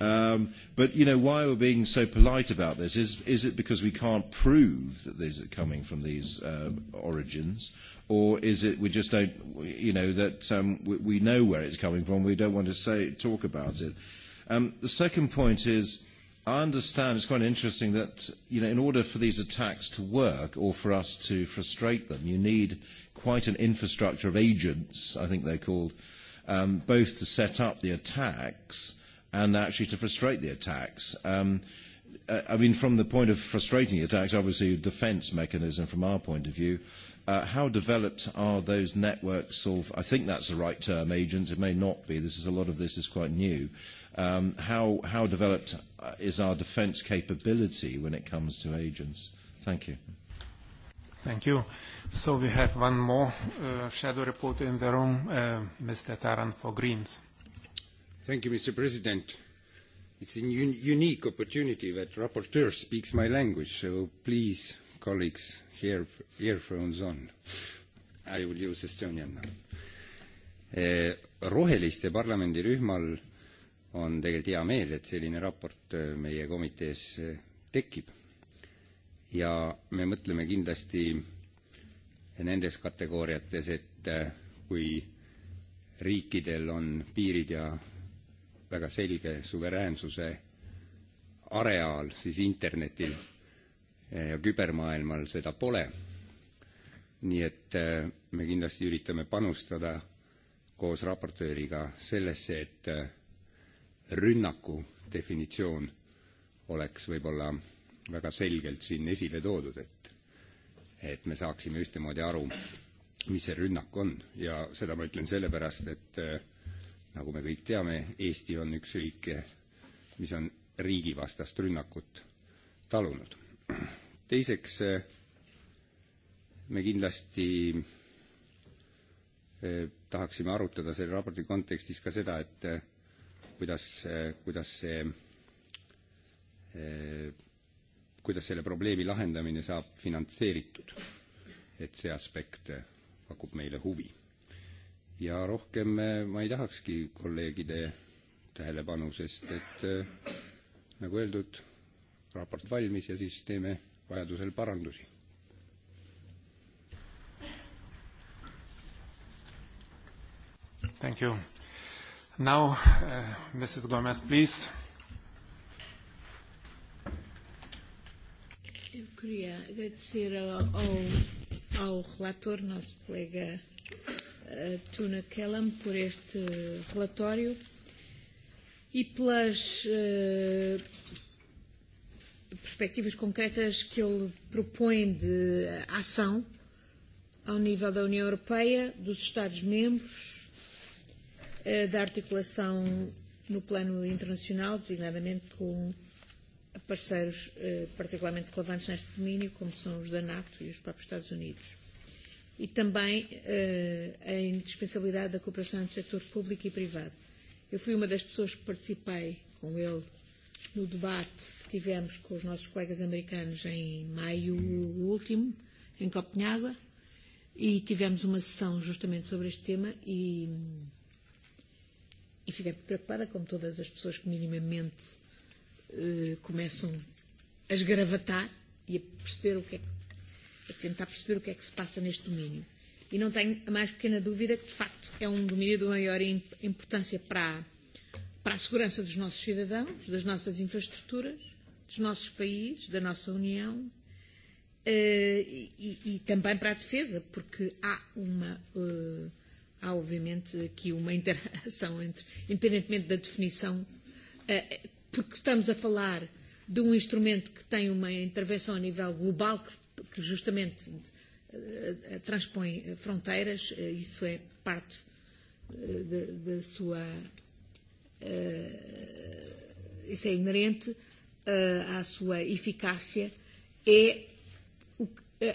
Um, but, you know, why are we being so polite about this? Is, is it because we can't prove that these are coming from these uh, origins? Or is it we just don't, you know, that um, we, we know where it's coming from, we don't want to say, talk about it? Um, the second point is, I understand it's quite interesting that you know, in order for these attacks to work or for us to frustrate them, you need quite an infrastructure of agents, I think they're called, um, both to set up the attacks and actually to frustrate the attacks. Um, uh, I mean, from the point of frustrating the attacks, obviously, a defense mechanism from our point of view. Uh, how developed are those networks of, I think that's the right term, agents? It may not be. This is, a lot of this is quite new um, how, how developed uh, is our defence capability when it comes to agents? Thank you. Thank you. So we have one more uh, shadow report in the room, uh, Mr. Taran for Greens. Thank you, Mr. President. It's a un- unique opportunity that rapporteur speaks my language, so please, colleagues, hear- earphones on. I will use Estonian now. Uh, roheliste parlamendirühmal on tegelikult hea meel, et selline raport äh, meie komitees äh, tekib. ja me mõtleme kindlasti nendes kategooriates, et äh, kui riikidel on piirid ja väga selge suveräänsuse areaal, siis internetil ja kübermaailmal seda pole. nii et me kindlasti üritame panustada koos raportööriga sellesse, et rünnaku definitsioon oleks võib-olla väga selgelt siin esile toodud, et et me saaksime ühtemoodi aru, mis see rünnak on ja seda ma ütlen sellepärast, et nagu me kõik teame, Eesti on üks riike, mis on riigivastast rünnakut talunud. teiseks, me kindlasti eh, tahaksime arutada selle raporti kontekstis ka seda, et kuidas, kuidas see, kuidas selle probleemi lahendamine saab finantseeritud. et see aspekt pakub meile huvi. ja rohkem äh, ma ei tahakski kolleegide tähelepanu, sest et äh, nagu öeldud, raport valmis ja siis teeme vajadusel parandusi. Thank you. Now, uh, Mrs. Gomez, please. Eu queria agradecer ao, ao relator, nosso colega uh, Tuna Kellam, por este relatório e pelas uh, perspectivas concretas que ele propõe de ação ao nível da União Europeia, dos Estados-membros, Eh, da articulação no plano internacional, designadamente com parceiros eh, particularmente relevantes neste domínio, como são os da NATO e os próprios Estados Unidos. E também eh, a indispensabilidade da cooperação entre o setor público e privado. Eu fui uma das pessoas que participei com ele no debate que tivemos com os nossos colegas americanos em maio último, em Copenhaga, e tivemos uma sessão justamente sobre este tema e e fiquei preocupada como todas as pessoas que minimamente uh, começam a esgravatar e a perceber o que é que, a tentar perceber o que é que se passa neste domínio. E não tenho a mais pequena dúvida que, de facto, é um domínio de maior importância para a, para a segurança dos nossos cidadãos, das nossas infraestruturas, dos nossos países, da nossa União uh, e, e, e também para a defesa, porque há uma. Uh, há obviamente aqui uma interação (laughs) entre, independentemente da definição, eh, eh, porque estamos a falar de um instrumento que tem uma intervenção a nível global, que justamente eh, transpõe fronteiras, isso é parte da sua. Isso é inerente à sua eficácia, é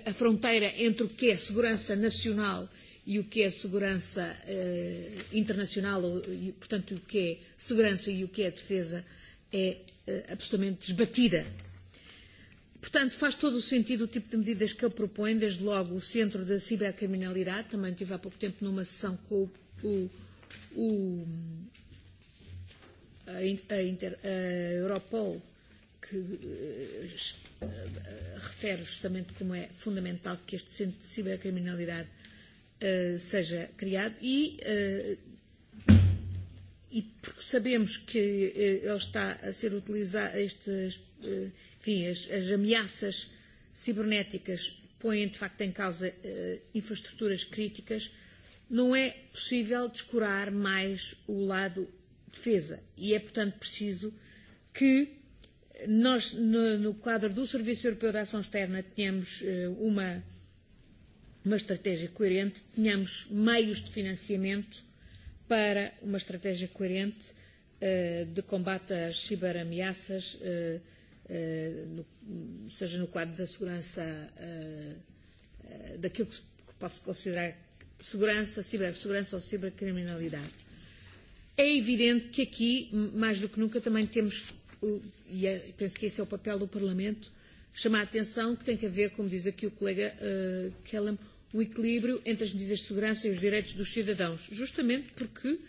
a fronteira entre o que é segurança nacional e o que é segurança eh, internacional, ou, e, portanto, o que é segurança e o que é defesa, é eh, absolutamente desbatida. Portanto, faz todo o sentido o tipo de medidas que ele propõe, desde logo o Centro da Cibercriminalidade, também tive há pouco tempo numa sessão com o, o, o, a, Inter, a Europol, que uh, uh, refere justamente como é fundamental que este Centro de Cibercriminalidade Eh, seja criado e, uh, e porque sabemos que uh, ele está a ser utilizado, estes, uh, enfim, as, as ameaças cibernéticas põem de facto em causa uh, infraestruturas críticas, não é possível descurar mais o lado defesa e é portanto preciso que nós no, no quadro do Serviço Europeu de Ação Externa tenhamos uh, uma uma estratégia coerente, tenhamos meios de financiamento para uma estratégia coerente eh, de combate às ciberameaças, eh, eh, no, seja no quadro da segurança, daquilo que se posso considerar segurança, cibersegurança ou cibercriminalidade. É evidente que aqui, mais do que nunca, também temos, e penso que esse é o papel do Parlamento, chamar a atenção que tem que haver, como diz aqui o colega Kellam, uh, o equilíbrio entre as medidas de segurança e os direitos dos cidadãos, justamente porque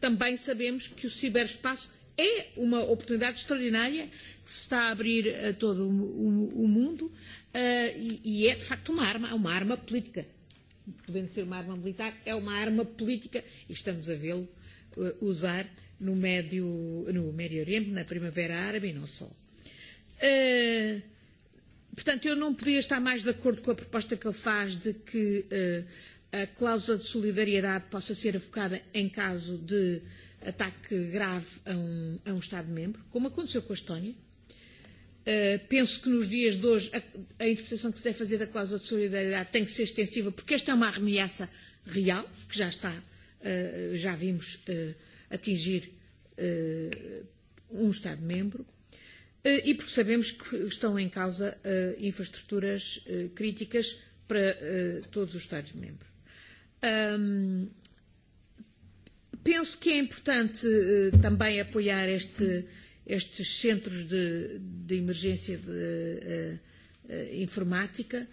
também sabemos que o ciberespaço é uma oportunidade extraordinária que se está a abrir a todo o, o, o mundo uh, e, e é, de facto, uma arma, uma arma política. Podendo ser uma arma militar, é uma arma política e estamos a vê-lo uh, usar no médio, no médio Oriente, na Primavera Árabe e não só. Uh, Portanto, eu não podia estar mais de acordo com a proposta que ele faz de que uh, a cláusula de solidariedade possa ser afocada em caso de ataque grave a um, a um Estado-membro, como aconteceu com a Estónia. Uh, penso que nos dias de hoje a, a interpretação que se deve fazer da cláusula de solidariedade tem que ser extensiva, porque esta é uma ameaça real, que já está, uh, já vimos uh, atingir uh, um Estado-membro. Eh, e porque sabemos que estão em causa uh, infraestruturas uh, críticas para uh, todos os Estados-membros. Um, penso que é importante uh, também apoiar este, estes centros de, de emergência de, uh, uh, informática.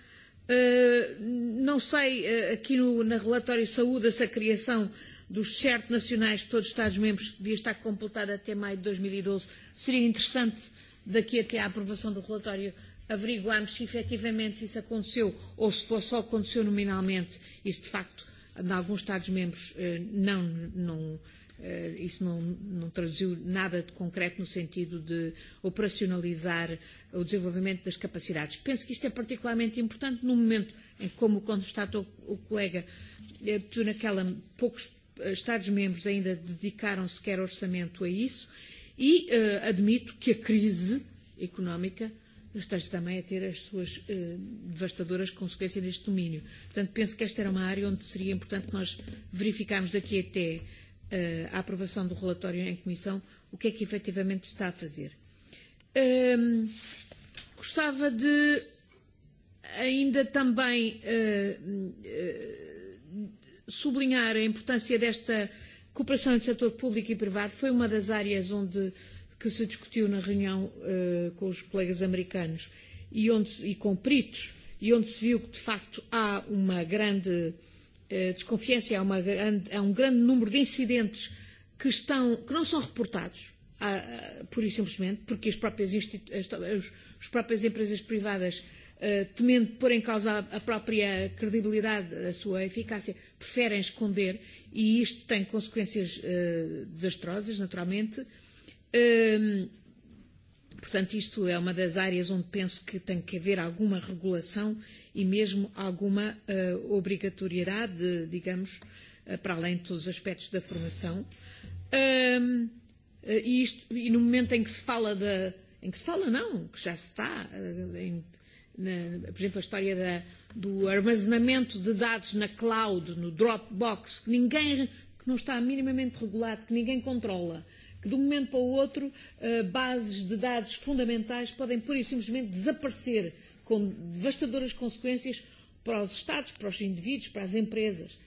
Uh, não sei, uh, aqui no, na relatório saúde, essa criação dos certos nacionais de todos os Estados-membros, que devia estar completada até maio de 2012, e seria interessante uh, daqui até à aprovação do relatório averiguarmos se efetivamente isso aconteceu ou se foi só aconteceu nominalmente e se de facto em alguns Estados-membros eh, não, não, eh, isso não, não traduziu nada de concreto no sentido de operacionalizar o desenvolvimento das capacidades. Penso que isto é particularmente importante no momento em que, como constatou o colega, eh, naquela, poucos Estados-membros ainda dedicaram sequer orçamento a isso E uh, admito que a crise económica esteja também a ter as suas uh, devastadoras consequências neste domínio. Portanto, penso que esta era uma área onde seria importante nós verificarmos daqui até uh, eh, à aprovação do relatório em comissão o que é que efetivamente está a fazer. Um, gostava de ainda também uh, uh, sublinhar a importância desta uh, cooperação entre o setor público e privado foi uma das áreas onde que se discutiu na reunião uh, com os colegas americanos e, onde, e com peritos, e onde se viu que, de facto, há uma grande uh, desconfiança, e há, uma grande, há um grande número de incidentes que, estão, que não são reportados, uh, uh, pura e simplesmente, porque as próprias, as, as próprias empresas privadas uh, Eh, temendo pôr em causa a própria credibilidade da sua eficácia, preferem esconder e isto tem consequências eh, desastrosas, naturalmente. Ehm, portanto, isto é uma das áreas onde penso que tem que haver alguma regulação e mesmo alguma uh, obrigatoriedade, digamos, uh, para além de todos os aspectos da formação. Um, uh, isto, e no momento em que se fala de, em que se fala, não, que já se está uh, em, uh, por exemplo, a história da, do armazenamento de dados na cloud, no Dropbox, que ninguém, que não está minimamente regulado, que ninguém controla, que de um momento para o outro eh, bases de dados fundamentais podem pura e simplesmente desaparecer, com devastadoras consequências para os Estados, para os indivíduos, para as empresas.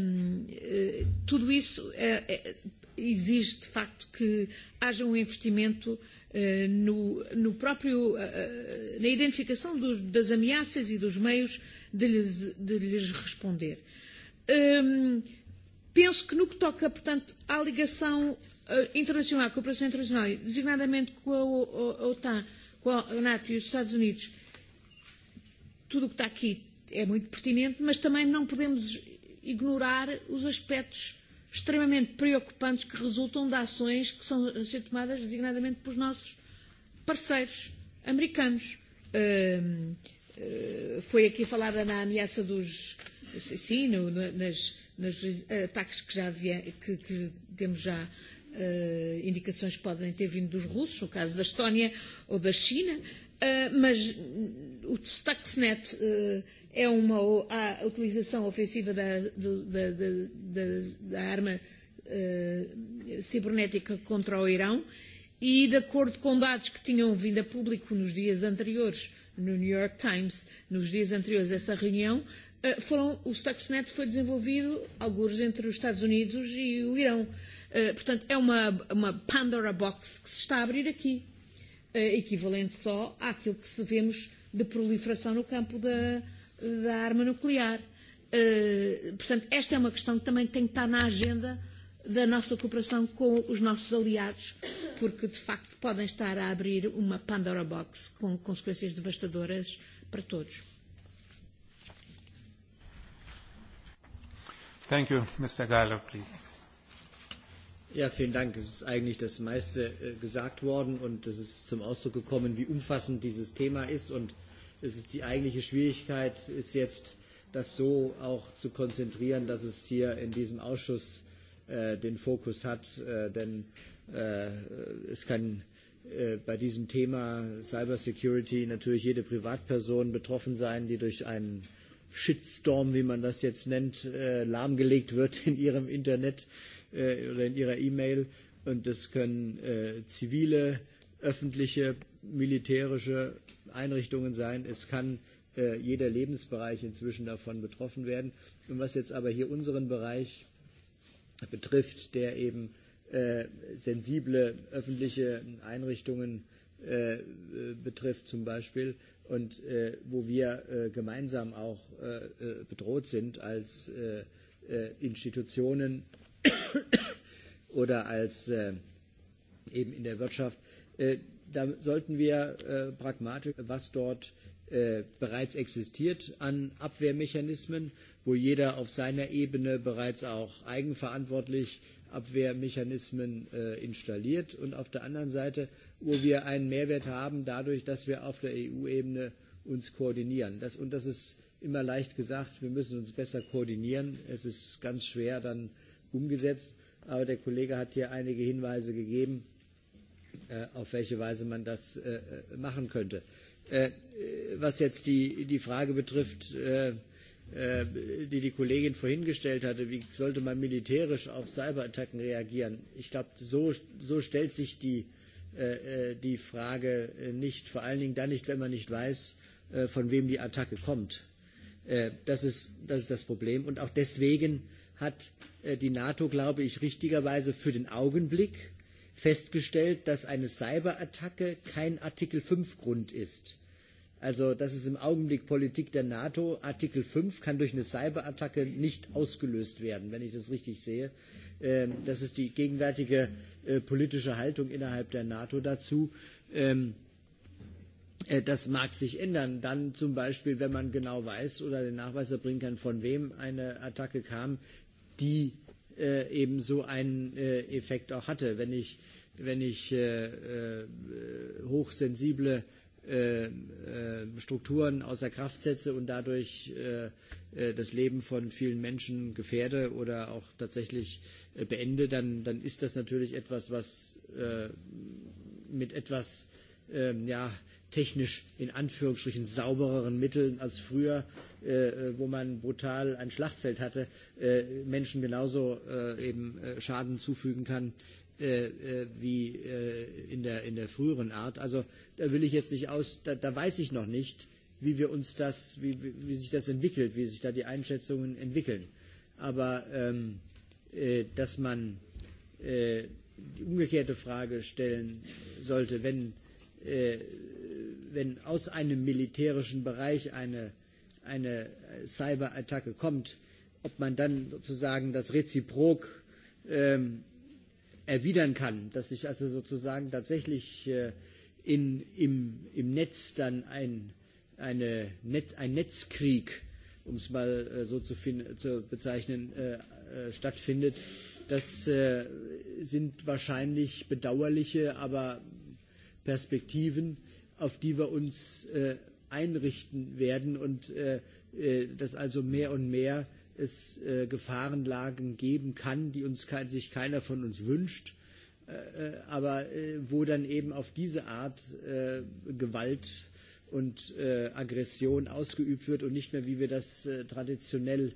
Hum, eh, tudo isso é, exige de facto que haja um investimento eh, no, no próprio, eh, eh, na identificação dos, das ameaças e dos meios de lhes, de lhes responder. Um, penso que no que toca, portanto, à ligação uh, internacional, à cooperação internacional, designadamente com a, o, a OTAN, com a NATO e os Estados Unidos, tudo o que está aqui é muito pertinente, mas também não podemos ignorar os aspectos uh, extremamente preocupantes que resultam de ações que são a ser tomadas designadamente pelos nossos parceiros americanos. Uh, uh, foi aqui falada na ameaça dos. Sim, no, no, nas, nos ataques que já havia, que, que temos já uh, indicações que podem ter vindo dos russos, no caso da Estónia ou da China, uh, mas o Stuxnet. Uh, eh, é uma a utilização ofensiva da, do, da, da, da, da arma uh, cibernética contra o Irão e de acordo com dados que tinham vindo a público nos dias anteriores no New York Times, nos dias anteriores a essa reunião, eh, foram, o Stuxnet foi desenvolvido, alguns entre os Estados Unidos e o Irão. Eh, portanto, é uma, uma Pandora Box que se está a abrir aqui, equivalente só àquilo que se vemos de proliferação no campo da, da arma nuclear. Uh, portanto, esta é uma questão que também tem que estar na agenda da nossa cooperação com os nossos aliados, porque de facto podem estar a abrir uma Pandora Box com consequências devastadoras para todos. Thank you, Mr. Geiler, please. Ja, vielen Dank. Es ist eigentlich das meiste äh, gesagt worden und es ist zum Ausdruck gekommen, wie umfassend dieses Thema ist und äh, ist es die eigentliche Schwierigkeit, ist jetzt das so auch zu konzentrieren, dass es hier in diesem Ausschuss äh, den Fokus hat, äh, denn äh, es kann äh, bei diesem Thema Cybersecurity natürlich jede Privatperson betroffen sein, die durch einen Shitstorm, wie man das jetzt nennt, äh, lahmgelegt wird (laughs) in ihrem Internet äh, oder in ihrer E-Mail. Und das können zivile, öffentliche, militärische Einrichtungen sein. Es kann äh, jeder Lebensbereich inzwischen davon betroffen werden. Und was jetzt aber hier unseren Bereich betrifft, der eben äh, sensible öffentliche Einrichtungen äh, äh betrifft zum Beispiel und äh, wo wir äh, gemeinsam auch äh, äh, bedroht sind als äh, äh, Institutionen oder als äh, eben in der Wirtschaft. Äh, da sollten wir äh, pragmatisch, was dort äh, bereits existiert an Abwehrmechanismen, wo jeder auf seiner Ebene bereits auch eigenverantwortlich Abwehrmechanismen äh, installiert und auf der anderen Seite, wo wir einen Mehrwert haben dadurch, dass wir auf der EU-Ebene uns koordinieren. Das, und das ist immer leicht gesagt, wir müssen uns besser koordinieren. Es ist ganz schwer dann umgesetzt. Aber der Kollege hat hier einige Hinweise gegeben. Äh, auf welche Weise man das äh, äh, machen könnte. Was jetzt die, die Frage betrifft, die die Kollegin vorhin gestellt hatte, wie sollte man militärisch auf Cyberattacken reagieren? Ich glaube, so, so stellt sich die, die Frage nicht, vor allen Dingen dann nicht, wenn man nicht weiß, von wem die Attacke kommt. Das ist, das ist das Problem. Und auch deswegen hat die NATO, glaube ich, richtigerweise für den Augenblick äh, festgestellt, dass eine Cyberattacke kein Artikel 5 Grund ist. Also das ist im Augenblick Politik der NATO. Artikel 5 kann durch eine Cyberattacke nicht ausgelöst werden, wenn ich das richtig sehe. Ähm, das ist die gegenwärtige äh, politische Haltung innerhalb der NATO dazu. Ähm, äh, das mag sich ändern. Dann zum Beispiel, wenn man genau weiß oder den Nachweis erbringen kann, von wem eine Attacke kam, die äh, eben so einen äh, Effekt auch hatte. Wenn ich, wenn ich äh, äh, hochsensible äh, äh, Strukturen außer Kraft setze und dadurch äh, äh, das Leben von vielen Menschen gefährde oder auch tatsächlich äh, beende, dann, dann ist das natürlich etwas, was äh, mit etwas, äh, ja, äh, technisch in Anführungsstrichen saubereren Mitteln als früher, äh, äh, wo man brutal ein Schlachtfeld hatte, äh, Menschen genauso äh, eben äh, Schaden zufügen kann äh, äh, wie äh, in, der, in der früheren Art. Also da will ich jetzt nicht aus, da, da weiß ich noch nicht, wie wir uns das, wie, wie, wie sich das entwickelt, wie sich da die Einschätzungen entwickeln. Aber ähm, äh, dass man äh, die umgekehrte Frage stellen sollte, wenn äh, wenn aus einem militärischen Bereich eine, eine Cyberattacke kommt, ob man dann sozusagen das Reziprok ähm, erwidern kann, dass sich also sozusagen tatsächlich äh, in, im, im Netz dann ein, eine Net, ein Netzkrieg, um es mal äh, so zu, zu bezeichnen, äh, äh, stattfindet. Das äh, sind wahrscheinlich bedauerliche, aber Perspektiven, äh, auf die wir uns äh, einrichten werden und äh, äh, dass also mehr und mehr es äh, Gefahrenlagen geben kann, die uns kein, sich keiner von uns wünscht, äh, äh, aber äh, wo dann eben auf diese Art äh, Gewalt und äh, Aggression ausgeübt wird und nicht mehr, wie wir das äh, traditionell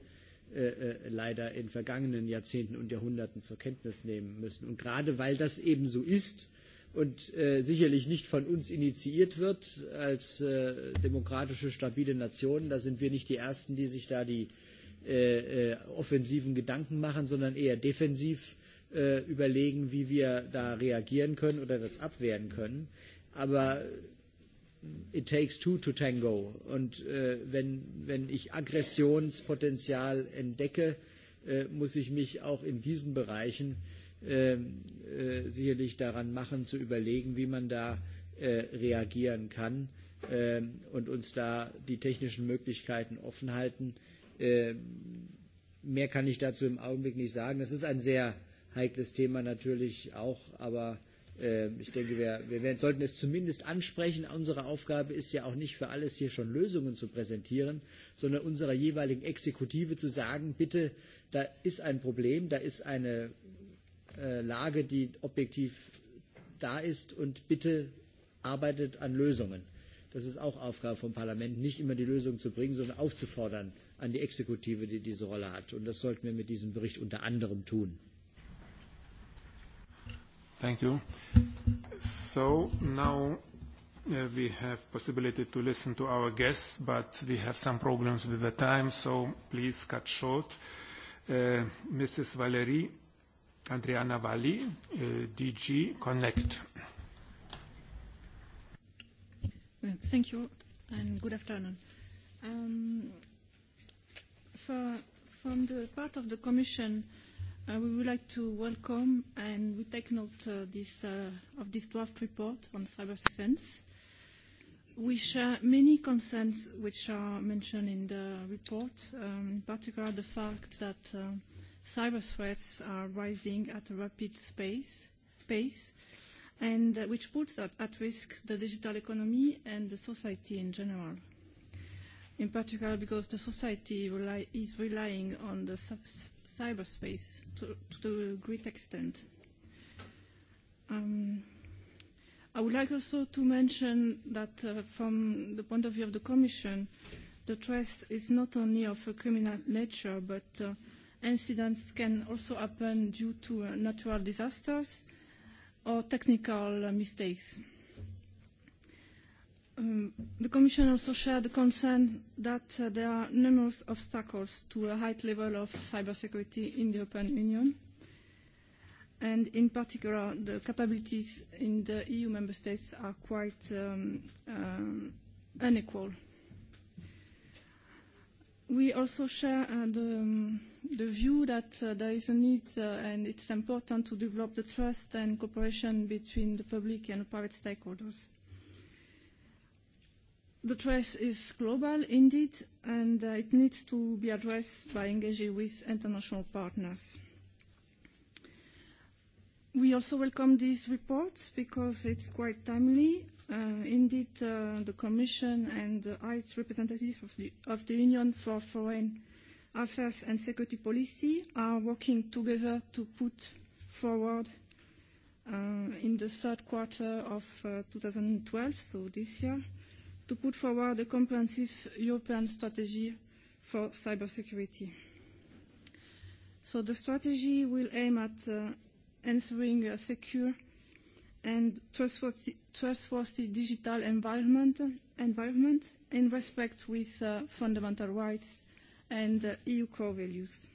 äh, äh, leider in vergangenen Jahrzehnten und Jahrhunderten zur Kenntnis nehmen müssen. Und gerade weil das eben so ist, äh, und äh, sicherlich nicht von uns initiiert wird als äh, demokratische, stabile Nation. Da sind wir nicht die Ersten, die sich da die äh, äh, offensiven Gedanken machen, sondern eher defensiv äh, überlegen, wie wir da reagieren können oder das abwehren können. Aber it takes two to tango. Und äh, wenn, wenn ich Aggressionspotenzial entdecke, äh, muss ich mich auch in diesen Bereichen äh, Ähm, äh, sicherlich daran machen, zu überlegen, wie man da äh, reagieren kann äh, und uns da die technischen Möglichkeiten offen halten. Äh, mehr kann ich dazu im Augenblick nicht sagen. Das ist ein sehr heikles Thema natürlich auch, aber äh, ich denke, wir, wir werden, sollten es zumindest ansprechen. Unsere Aufgabe ist ja auch nicht für alles hier schon Lösungen zu präsentieren, sondern unserer jeweiligen Exekutive zu sagen, bitte, da ist ein Problem, da ist eine Äh, Lage, die objektiv da ist und bitte arbeitet an Lösungen. Das ist auch Aufgabe vom Parlament, nicht immer die Lösung zu bringen, sondern aufzufordern an die Exekutive, die diese Rolle hat. Und das sollten wir mit diesem Bericht unter anderem tun. Thank you. So now uh, we have possibility to listen to our guests, but we have some problems with the time, so please cut short. Uh, Mrs. Valerie. Andrea Navalli, uh, eh, DG Connect. Mm, thank you and good afternoon. Um, for, from the part of the Commission, uh, we would like to welcome and we take note uh, this, uh, of this draft report on cyber defense. We share many concerns which are mentioned in the report, um, in particular the fact that uh, cyber threats are rising at a rapid space, pace, and uh, which puts at, at risk the digital economy and the society in general. In particular, because the society rely, is relying on the cyberspace to, to a great extent. Um, I would like also to mention that uh, from the point of view of the Commission, the trust is not only of a criminal nature, but uh, incidents can also happen due to uh, natural disasters or technical uh, mistakes. Um, the Commission also shared the concern that uh, there are numerous obstacles to a high level of cybersecurity in the European Union, and in particular, the capabilities in the EU member states are quite um, um, unequal we also share uh, the, um, the view that uh, there is a need uh, and it's important to develop the trust and cooperation between the public and the private stakeholders. The trust is global indeed and uh, it needs to be addressed by engaging with international partners. We also welcome this report because it's quite timely Uh, indeed, uh, the Commission and the ICE representatives of the, of the Union for Foreign Affairs and Security Policy are working together to put forward uh, in the third quarter of uh, 2012, so this year, to put forward a comprehensive European strategy for cybersecurity. So the strategy will aim at uh, answering a secure and trustworthy, trustworthy digital environment, environment in respect with uh, fundamental rights and uh, EU core values.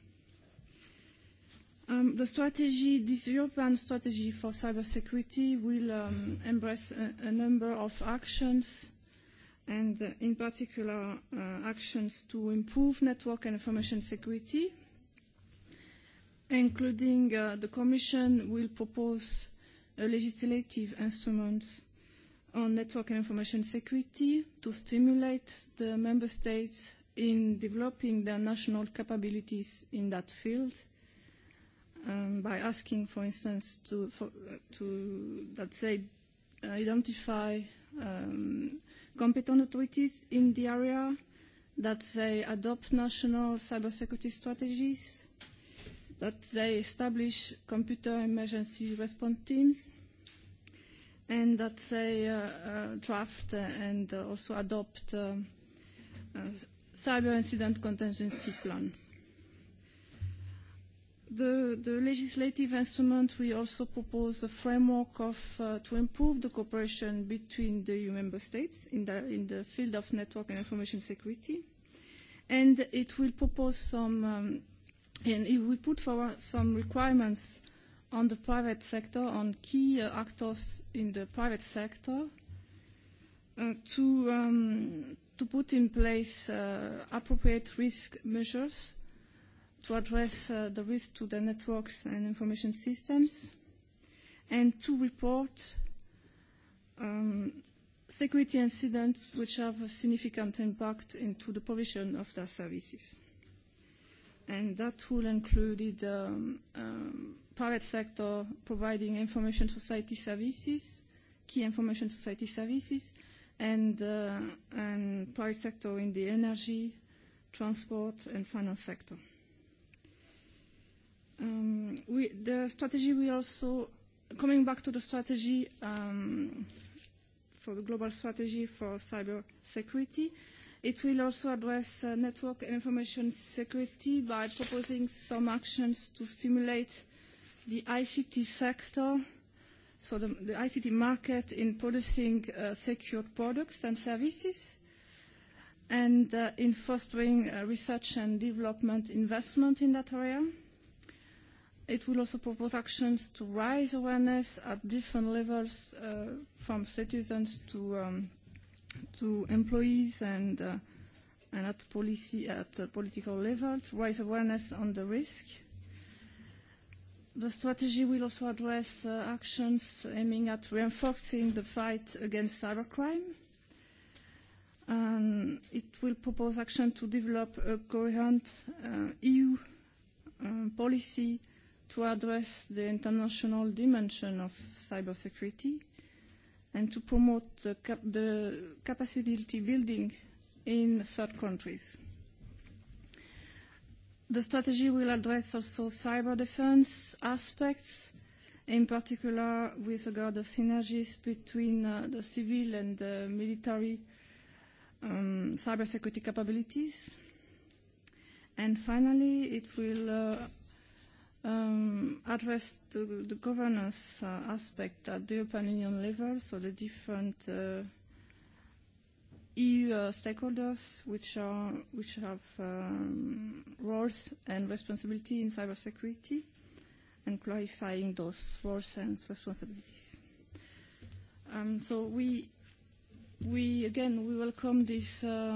Um, the strategy, this European strategy for cybersecurity will um, embrace a, a number of actions and uh, in particular uh, actions to improve network and information security including uh, the Commission will propose a legislative instrument on network and information security to stimulate the member states in developing their national capabilities in that field um, by asking, for instance, to, for, uh, to that say, identify um, competent authorities in the area that they adopt national cybersecurity strategies that they establish computer emergency response teams and that they uh, uh, draft and uh, also adopt uh, uh, cyber incident contingency plans. The, the legislative instrument, we also propose a framework of, uh, to improve the cooperation between the EU member states in the, in the field of network and information security. And it will propose some um, And if we put forward some requirements on the private sector, on key uh, actors in the private sector, uh, to, um, to put in place uh, appropriate risk measures to address uh, the risk to the networks and information systems, and to report um, security incidents which have a significant impact into the provision of their services and that tool included um, um, private sector providing information society services, key information society services, and, uh, and private sector in the energy, transport, and finance sector. Um, we, the strategy we also, coming back to the strategy, um, so the global strategy for cyber security, uh, It will also address uh, network and information security by proposing some actions to stimulate the ICT sector, so the, the ICT market in producing uh, secure products and services, and uh, in fostering uh, research and development investment in that area. It will also propose actions to raise awareness at different levels uh, from citizens to um, to employees and, uh, and at policy at a uh, political level to raise awareness on the risk. The strategy will also address uh, actions aiming at reinforcing the fight against cybercrime. Um, it will propose action to develop a coherent uh, EU um, policy to address the international dimension of cybersecurity. security and to promote the, cap the capacity building in third countries. The strategy will address also cyber defense aspects, in particular with regard to synergies between uh, the civil and uh, military um, cybersecurity capabilities. And finally, it will uh, um, address the, the governance uh, aspect at the European Union level, so the different uh, EU uh, stakeholders which, are, which have um, roles and responsibility in cybersecurity, and clarifying those roles and responsibilities. Um, so we We again we welcome this uh,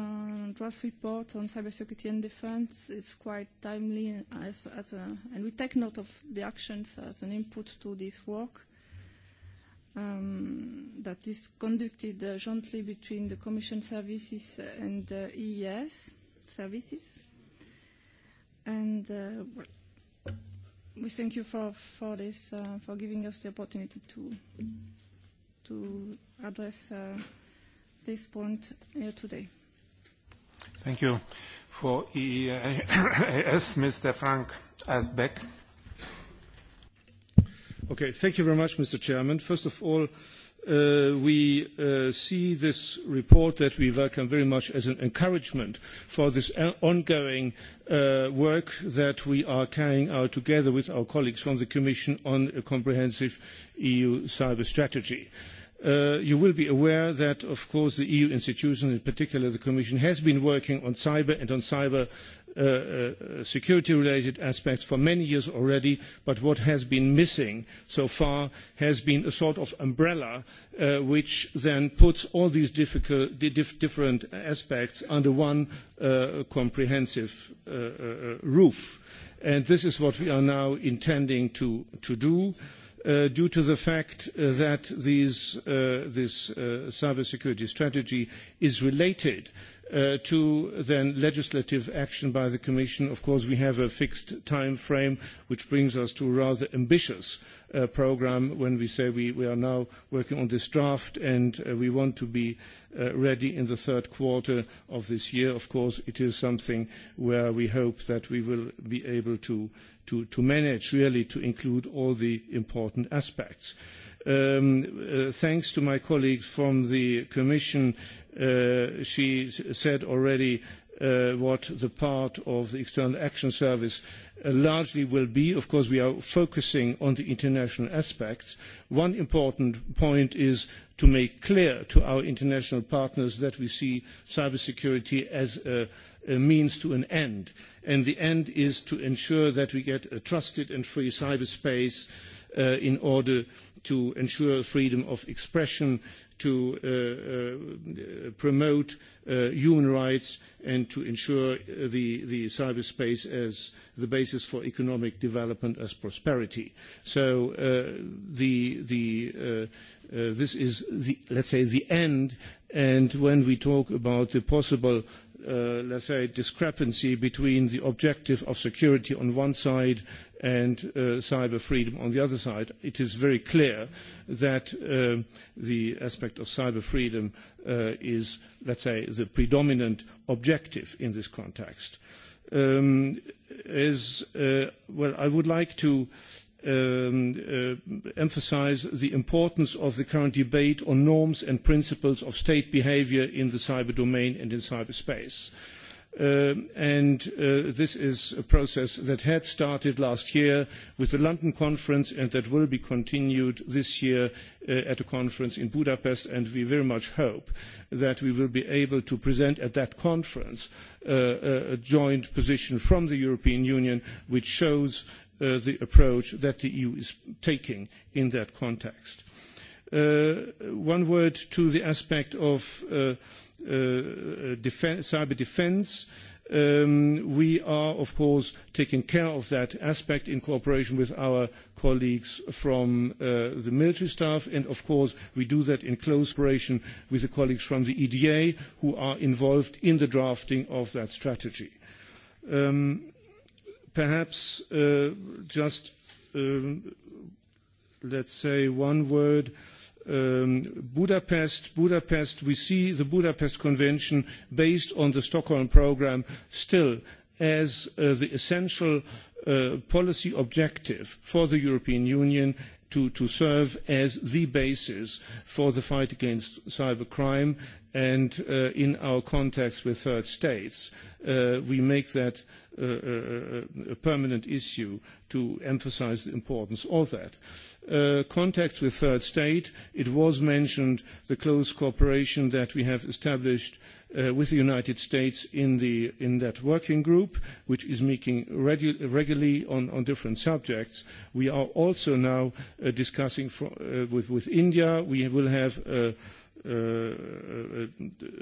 draft report on cybersecurity and defence. It's quite timely as, as a, and we take note of the actions as an input to this work um, that is conducted uh, jointly between the Commission services and uh, EES services. And uh, we thank you for for this uh, for giving us the opportunity to to address. Uh, this point here uh, today. Thank you. For EEAS, (laughs) Mr. Frank Asbeck. Okay, thank you very much, Mr. Chairman. First of all, uh, we uh, see this report that we welcome very much as an encouragement for this ongoing work that we are carrying out together with our colleagues from the Commission on a comprehensive EU cyber strategy. Uh, you will be aware that, of course, the EU institution, in particular the Commission, has been working on cyber and on cyber uh, uh, security related aspects for many years already. But what has been missing so far has been a sort of umbrella uh, which then puts all these difficult, diff- different aspects under one uh, comprehensive uh, uh, roof. And this is what we are now intending to, to do uh, due to the fact uh, that these, uh, this uh, cybersecurity strategy is related uh, to then legislative action by the Commission. Of course, we have a fixed time frame, which brings us to a rather ambitious uh, program when we say we, we are now working on this draft and uh, we want to be uh, ready in the third quarter of this year. Of course, it is something where we hope that we will be able to to manage, really, to include all the important aspects. Um, uh, thanks to my colleague from the commission, uh, she said already uh, what the part of the external action service largely will be. Of course, we are focusing on the international aspects. One important point is to make clear to our international partners that we see cybersecurity as a, a means to an end. And the end is to ensure that we get a trusted and free cyberspace uh, in order uh, to ensure freedom of expression, to uh, uh, promote uh, human rights, and to ensure uh, the, the cyberspace as the basis for economic development as prosperity. So uh, the, the, uh, uh, this is, the, let's say, the end, and when we talk about the possible uh, let's say discrepancy between the objective of security on one side and uh, cyber freedom on the other side, it is very clear that um, the aspect of cyber freedom uh, is, let's say, the predominant objective in this context. Um, as, uh, well, I would like to um, uh, emphasize the importance of the current debate on norms and principles of state behavior in the cyber domain and in cyberspace. space. Uh, and uh, this is a process that had started last year with the London conference and that will be continued this year uh, at a conference in Budapest. And we very much hope that we will be able to present at that conference uh, uh a joint position from the European Union which shows uh, the approach that the EU is taking in that context. Uh, one word to the aspect of uh, Uh, uh, cyber defense. Um, we are, of course, taking care of that aspect in cooperation with our colleagues from uh, the military staff, and of course, we do that in close cooperation with the colleagues from the EDA who are involved in the drafting of that strategy. Um, perhaps just um, let us say one word about um, Budapest. Budapest, we see the Budapest Convention based on the Stockholm Programme still as uh, the essential uh, policy objective for the European Union to, to serve as the basis for the fight against cybercrime and uh, in our contacts with third states, uh, we make that uh, uh, uh, a permanent issue to emphasize the importance of that. Uh, contacts with third state, it was mentioned the close cooperation that we have established uh, with the United States in, the, in that working group, which is meeting regu- regularly on, on different subjects. We are also now uh, discussing for, uh, with, with India. We will have uh, Uh, uh,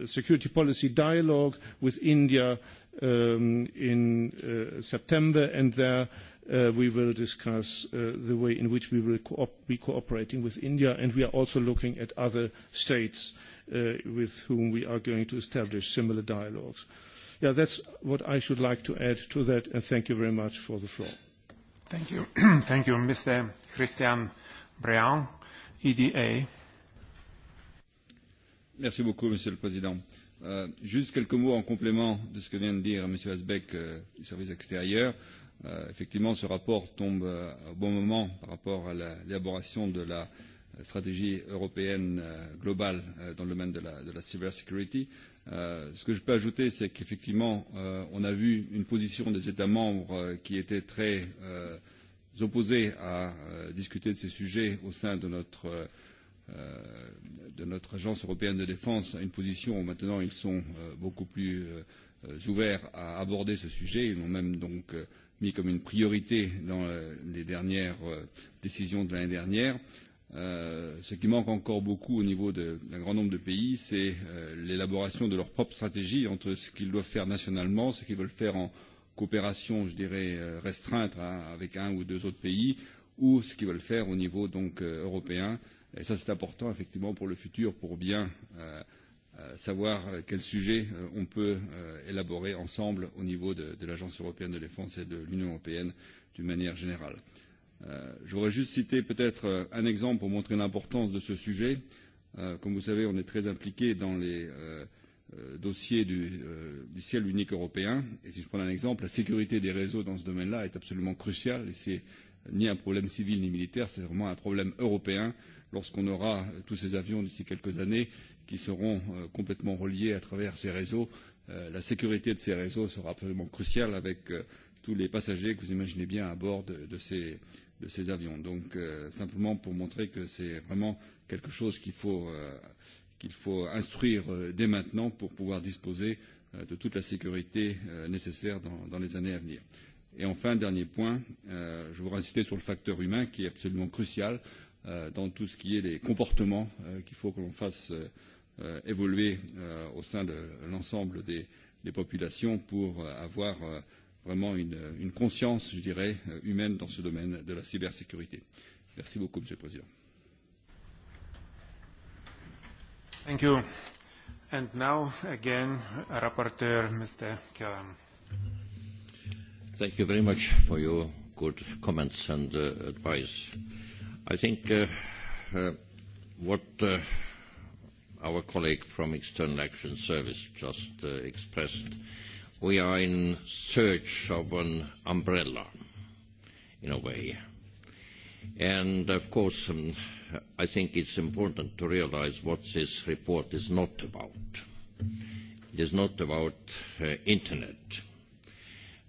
uh, security policy dialogue with India um, in uh, September, and there uh, we will discuss uh, the way in which we will co be cooperating with India, and we are also looking at other states uh, with whom we are going to establish similar dialogues. Yeah, that's what I should like to add to that, and thank you very much for the floor. Thank you. (clears throat) thank you, Mr. Christian Breaun, EDA. Merci beaucoup, Monsieur le Président. Euh, juste quelques mots en complément de ce que vient de dire Monsieur Asbeck euh, du service extérieur. Euh, effectivement, ce rapport tombe euh, au bon moment par rapport à l'élaboration de la euh, stratégie européenne euh, globale euh, dans le domaine de la, de la cyber security. Euh, ce que je peux ajouter, c'est qu'effectivement, euh, on a vu une position des États membres euh, qui était très euh, opposée à euh, discuter de ces sujets au sein de notre euh, Euh, de notre agence européenne de défense à une position où maintenant ils sont euh, beaucoup plus euh, euh ouverts à aborder ce sujet. Ils l'ont même donc euh, mis comme une priorité dans euh, les dernières euh, décisions de l'année dernière. Euh, ce qui manque encore beaucoup au niveau d'un grand nombre de pays, c'est euh, l'élaboration de leur propre stratégie entre ce qu'ils doivent faire nationalement, ce qu'ils veulent faire en coopération, je dirais, euh, restreinte hein, avec un ou deux autres pays, ou ce qu'ils veulent faire au niveau donc, européen euh, Et ça, c'est important, effectivement, pour le futur, pour bien euh, euh savoir quel sujet euh, on peut euh, élaborer ensemble au niveau de, de l'Agence européenne de défense et de l'Union européenne d'une manière générale. Euh, je voudrais juste citer peut-être euh, un exemple pour montrer l'importance de ce sujet. Euh, comme vous savez, on est très impliqué dans les euh, dossiers du, euh, du ciel unique européen. Et si je prends un exemple, la sécurité des réseaux dans ce domaine-là est absolument cruciale. Et c'est ni un problème civil ni militaire, c'est vraiment un problème européen. Euh, lorsqu'on aura euh, tous ces avions d'ici quelques années qui seront euh, complètement reliés à travers ces réseaux. Euh, la sécurité de ces réseaux sera absolument cruciale avec euh, tous les passagers que vous imaginez bien à bord de, de, ces, de ces avions. Donc euh, simplement pour montrer que c'est vraiment quelque chose qu'il faut, euh, qu'il faut instruire euh, dès maintenant pour pouvoir disposer euh, de toute la sécurité euh, nécessaire dans, dans les années à venir. Et enfin, dernier point, euh, je voudrais insister sur le facteur humain qui est absolument crucial. Euh, Euh, dans tout ce qui est les comportements euh, qu'il faut que l'on fasse euh, euh, évoluer euh, au sein de l'ensemble des, des populations pour euh, avoir euh, vraiment une, une conscience, je dirais, euh, humaine dans ce domaine de la cybersécurité. Merci beaucoup, Monsieur le Président. Thank you. And now again, rapporteur Mr. Kellam. Thank you very much for your good comments and uh, advice. I think uh, uh, what uh, our colleague from External Action Service just uh, expressed, we are in search of an umbrella, in a way. And of course, um, I think it's important to realize what this report is not about. It is not about uh, Internet.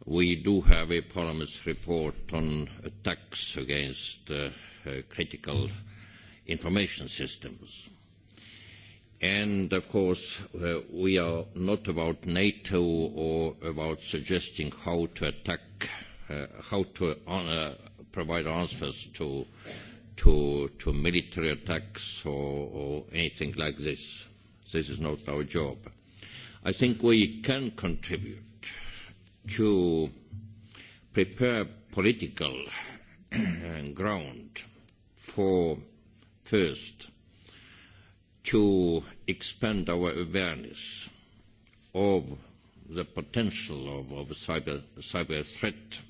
We do have a parliament's report on attacks against uh, Uh, critical information systems. And of course, uh, we are not about NATO or about suggesting how to attack, uh, how to honor, provide answers to, to, to military attacks or, or anything like this. This is not our job. I think we can contribute to prepare political (clears throat) ground for first to expand our awareness of the potential of, of cyber, cyber threat.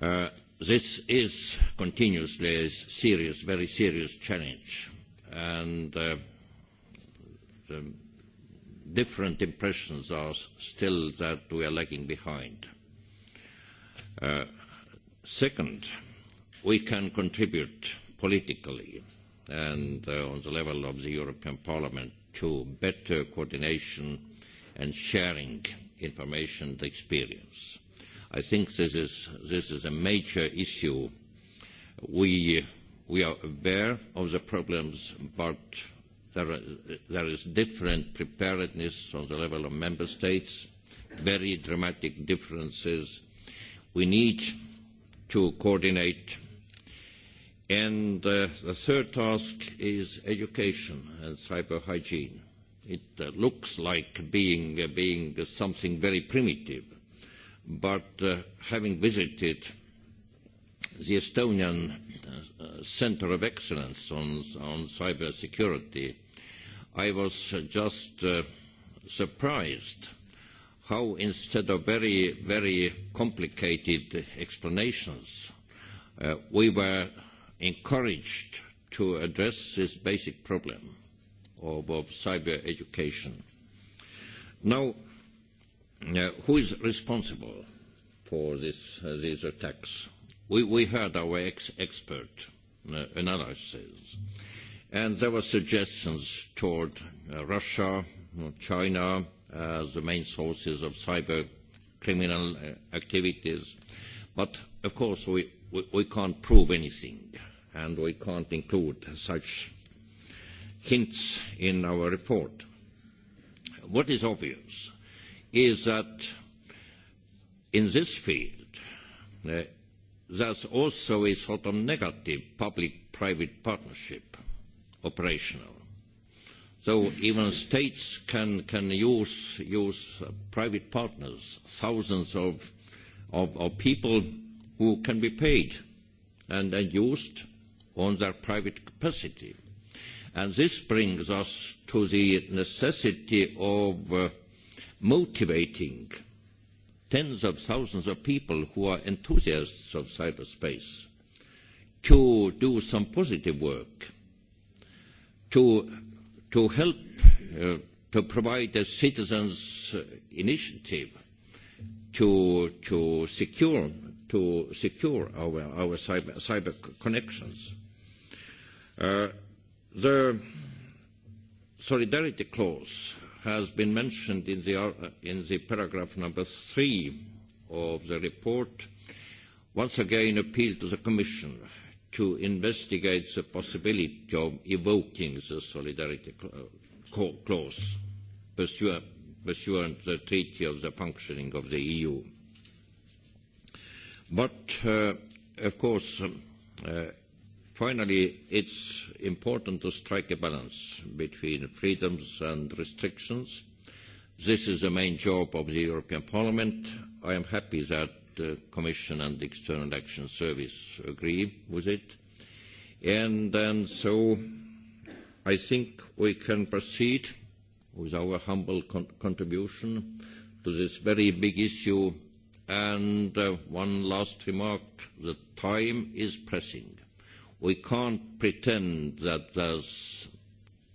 Uh, this is continuously a serious, very serious challenge, and uh, the different impressions are still that we are lagging behind. Uh, Second, we can contribute politically and uh, on the level of the European Parliament to better coordination and sharing information and experience. I think this is, this is a major issue. We, we are aware of the problems, but there, are, there is different preparedness on the level of member states, very dramatic differences. We need to coordinate. And uh, the third task is education and cyber hygiene. It uh, looks like being, uh, being something very primitive, but uh, having visited the Estonian uh, Center of Excellence on, on cyber security, I was just uh, surprised how instead of very, very complicated explanations, uh, we were encouraged to address this basic problem of, of cyber education. Now, uh, who is responsible for this, uh, these attacks? We, we heard our ex expert uh, analysis, and there were suggestions toward uh, Russia, China, uh, the main sources of cyber criminal uh, activities. But of course, we, we, we can't prove anything and we can't include such hints in our report. What is obvious is that in this field, uh, there's also a sort of negative public-private partnership operational. So even states can, can use, use uh, private partners, thousands of, of, of people who can be paid and, and used on their private capacity. And this brings us to the necessity of uh, motivating tens of thousands of people who are enthusiasts of cyberspace to do some positive work, to to help uh, to provide a citizens' initiative to, to, secure, to secure our, our cyber, cyber connections. Uh, the solidarity clause has been mentioned in the, in the paragraph number three of the report. Once again, appeal to the Commission to investigate the possibility of evoking the solidarity clause pursuant to the Treaty of the Functioning of the EU. But, uh, of course, um, uh, finally, it's important to strike a balance between freedoms and restrictions. This is the main job of the European Parliament. I am happy that the Commission and the External Action Service agree with it. And then so I think we can proceed with our humble con contribution to this very big issue. And uh, one last remark, the time is pressing. We can't pretend that there's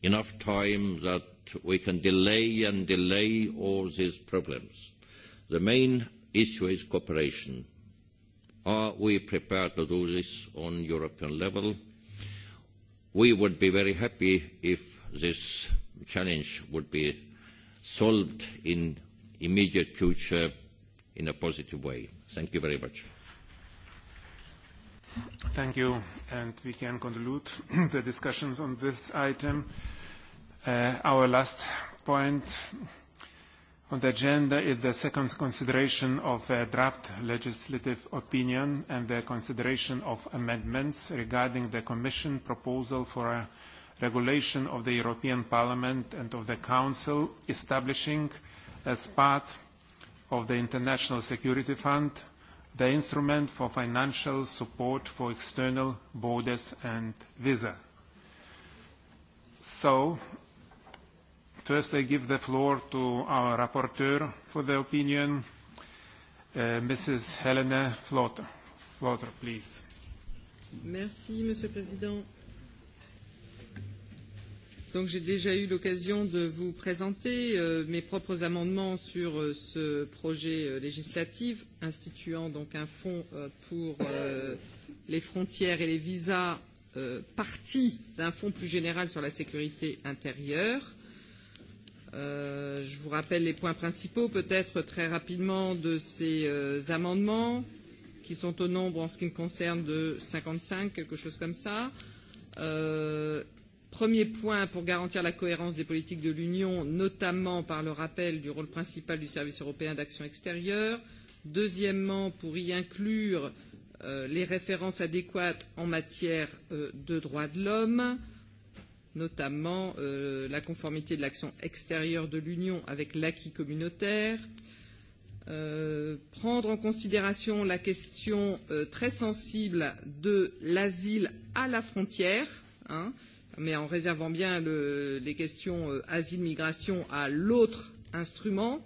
enough time that we can delay and delay all these problems. The main issue is cooperation. Are we prepared to do this on European level? We would be very happy if this challenge would be solved in immediate future in a positive way. Thank you very much. Thank you. And we can conclude (clears throat) the discussions on this item. Uh, our last point. On the agenda is the second consideration of a draft legislative opinion and the consideration of amendments regarding the Commission proposal for a regulation of the European Parliament and of the Council establishing as part of the International Security Fund the instrument for financial support for external borders and visa. So First, I give the floor to our rapporteur for the opinion, uh, Mrs. Helena Flotter. Flotter, please. Merci, Monsieur le Président. Donc, j'ai déjà eu l'occasion de vous présenter euh, mes propres amendements sur euh, ce projet euh, législatif, instituant donc un fonds euh, pour euh, les frontières et les visas, euh, partie d'un fonds plus général sur la sécurité intérieure. Euh, Euh, je vous rappelle les points principaux, peut-être très rapidement, de ces euh, amendements, qui sont au nombre, en ce qui me concerne, de 55, quelque chose comme ça. Euh, premier point pour garantir la cohérence des politiques de l'Union, notamment par le rappel du rôle principal du Service européen d'action extérieure. Deuxièmement, pour y inclure euh, les références adéquates en matière euh, de droits de l'homme. Euh, notamment euh, la conformité de l'action extérieure de l'Union avec l'acquis communautaire, euh, prendre en considération la question euh, très sensible de l'asile à la frontière, hein, mais en réservant bien le, les questions euh, asile-migration à l'autre instrument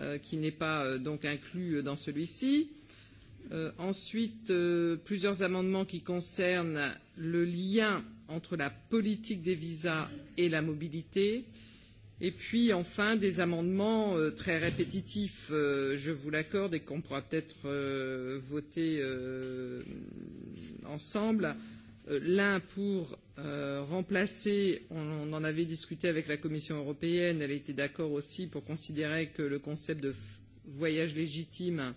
euh, qui n'est pas euh, donc inclus euh, dans celui-ci. Euh, ensuite, euh, plusieurs amendements qui concernent le lien entre la politique des visas et la mobilité. Et puis enfin, des amendements euh, très répétitifs, euh, je vous l'accorde, et qu'on pourra peut-être euh, voter euh, ensemble. Euh, l'un pour euh, remplacer, on, on en avait discuté avec la Commission européenne, elle était d'accord aussi pour considérer que le concept de voyage légitime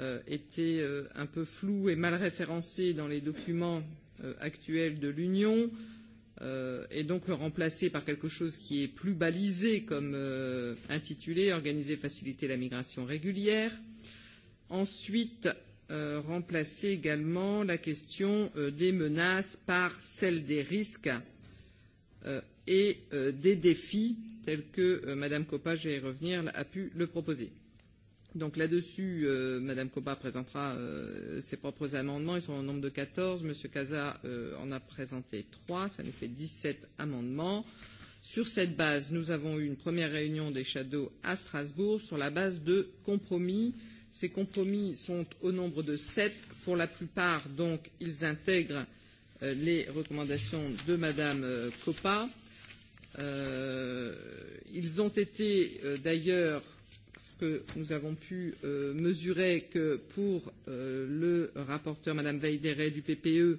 euh, était euh, un peu flou et mal référencé dans les documents Euh, actuelle de l'Union euh, et donc le remplacer par quelque chose qui est plus balisé comme euh, intitulé Organiser, faciliter la migration régulière. Ensuite, euh, remplacer également la question euh, des menaces par celle des risques euh, et euh, des défis tels que euh, Madame Coppa, je vais y revenir, a pu le proposer. Donc là-dessus, euh, Madame Copa présentera euh, ses propres amendements. Ils sont au nombre de 14. Monsieur Casa euh, en a présenté 3. Ça nous fait 17 amendements. Sur cette base, nous avons eu une première réunion des Shadows à Strasbourg sur la base de compromis. Ces compromis sont au nombre de 7. Pour la plupart, donc, ils intègrent euh, les recommandations de Madame euh, Copa. Euh, ils ont été euh, d'ailleurs ce que nous avons pu euh, mesurer que pour euh, le rapporteur Madame Veideret du PPE,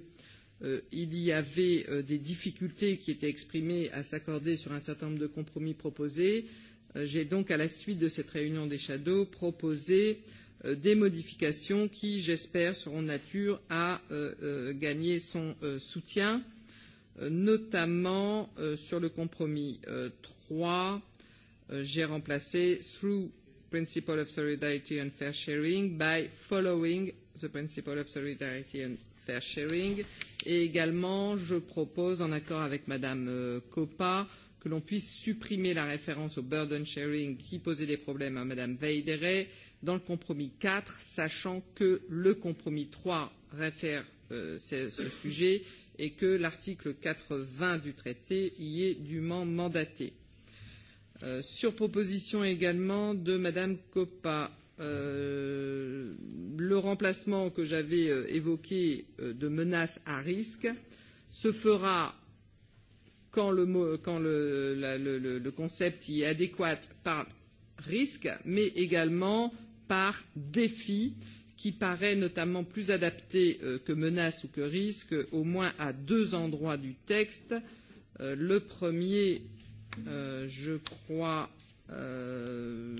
euh, il y avait euh, des difficultés qui étaient exprimées à s'accorder sur un certain nombre de compromis proposés. Euh, J'ai donc, à la suite de cette réunion des shadows, proposé euh, des modifications qui, j'espère, seront nature à euh, euh, gagner son euh, soutien, euh, notamment euh, sur le compromis euh, 3. Euh, j'ai remplacé through principle of solidarity and fair sharing by following the principle of solidarity and fair sharing. Et également, je propose, en accord avec Madame euh, Coppa, que l'on puisse supprimer la référence au burden sharing qui posait des problèmes à Madame Veidere dans le compromis 4, sachant que le compromis 3 réfère euh, ce sujet et que l'article 80 du traité y est dûment mandaté. Euh, sur proposition également de Madame Coppa, euh, le remplacement que j'avais euh, évoqué euh, de menace à risque se fera quand le, quand le, la, le, le, le concept y est adéquat par risque, mais également par défi qui paraît notamment plus adapté euh, que menace ou que risque au moins à deux endroits du texte. Euh, le premier Euh, je crois, euh,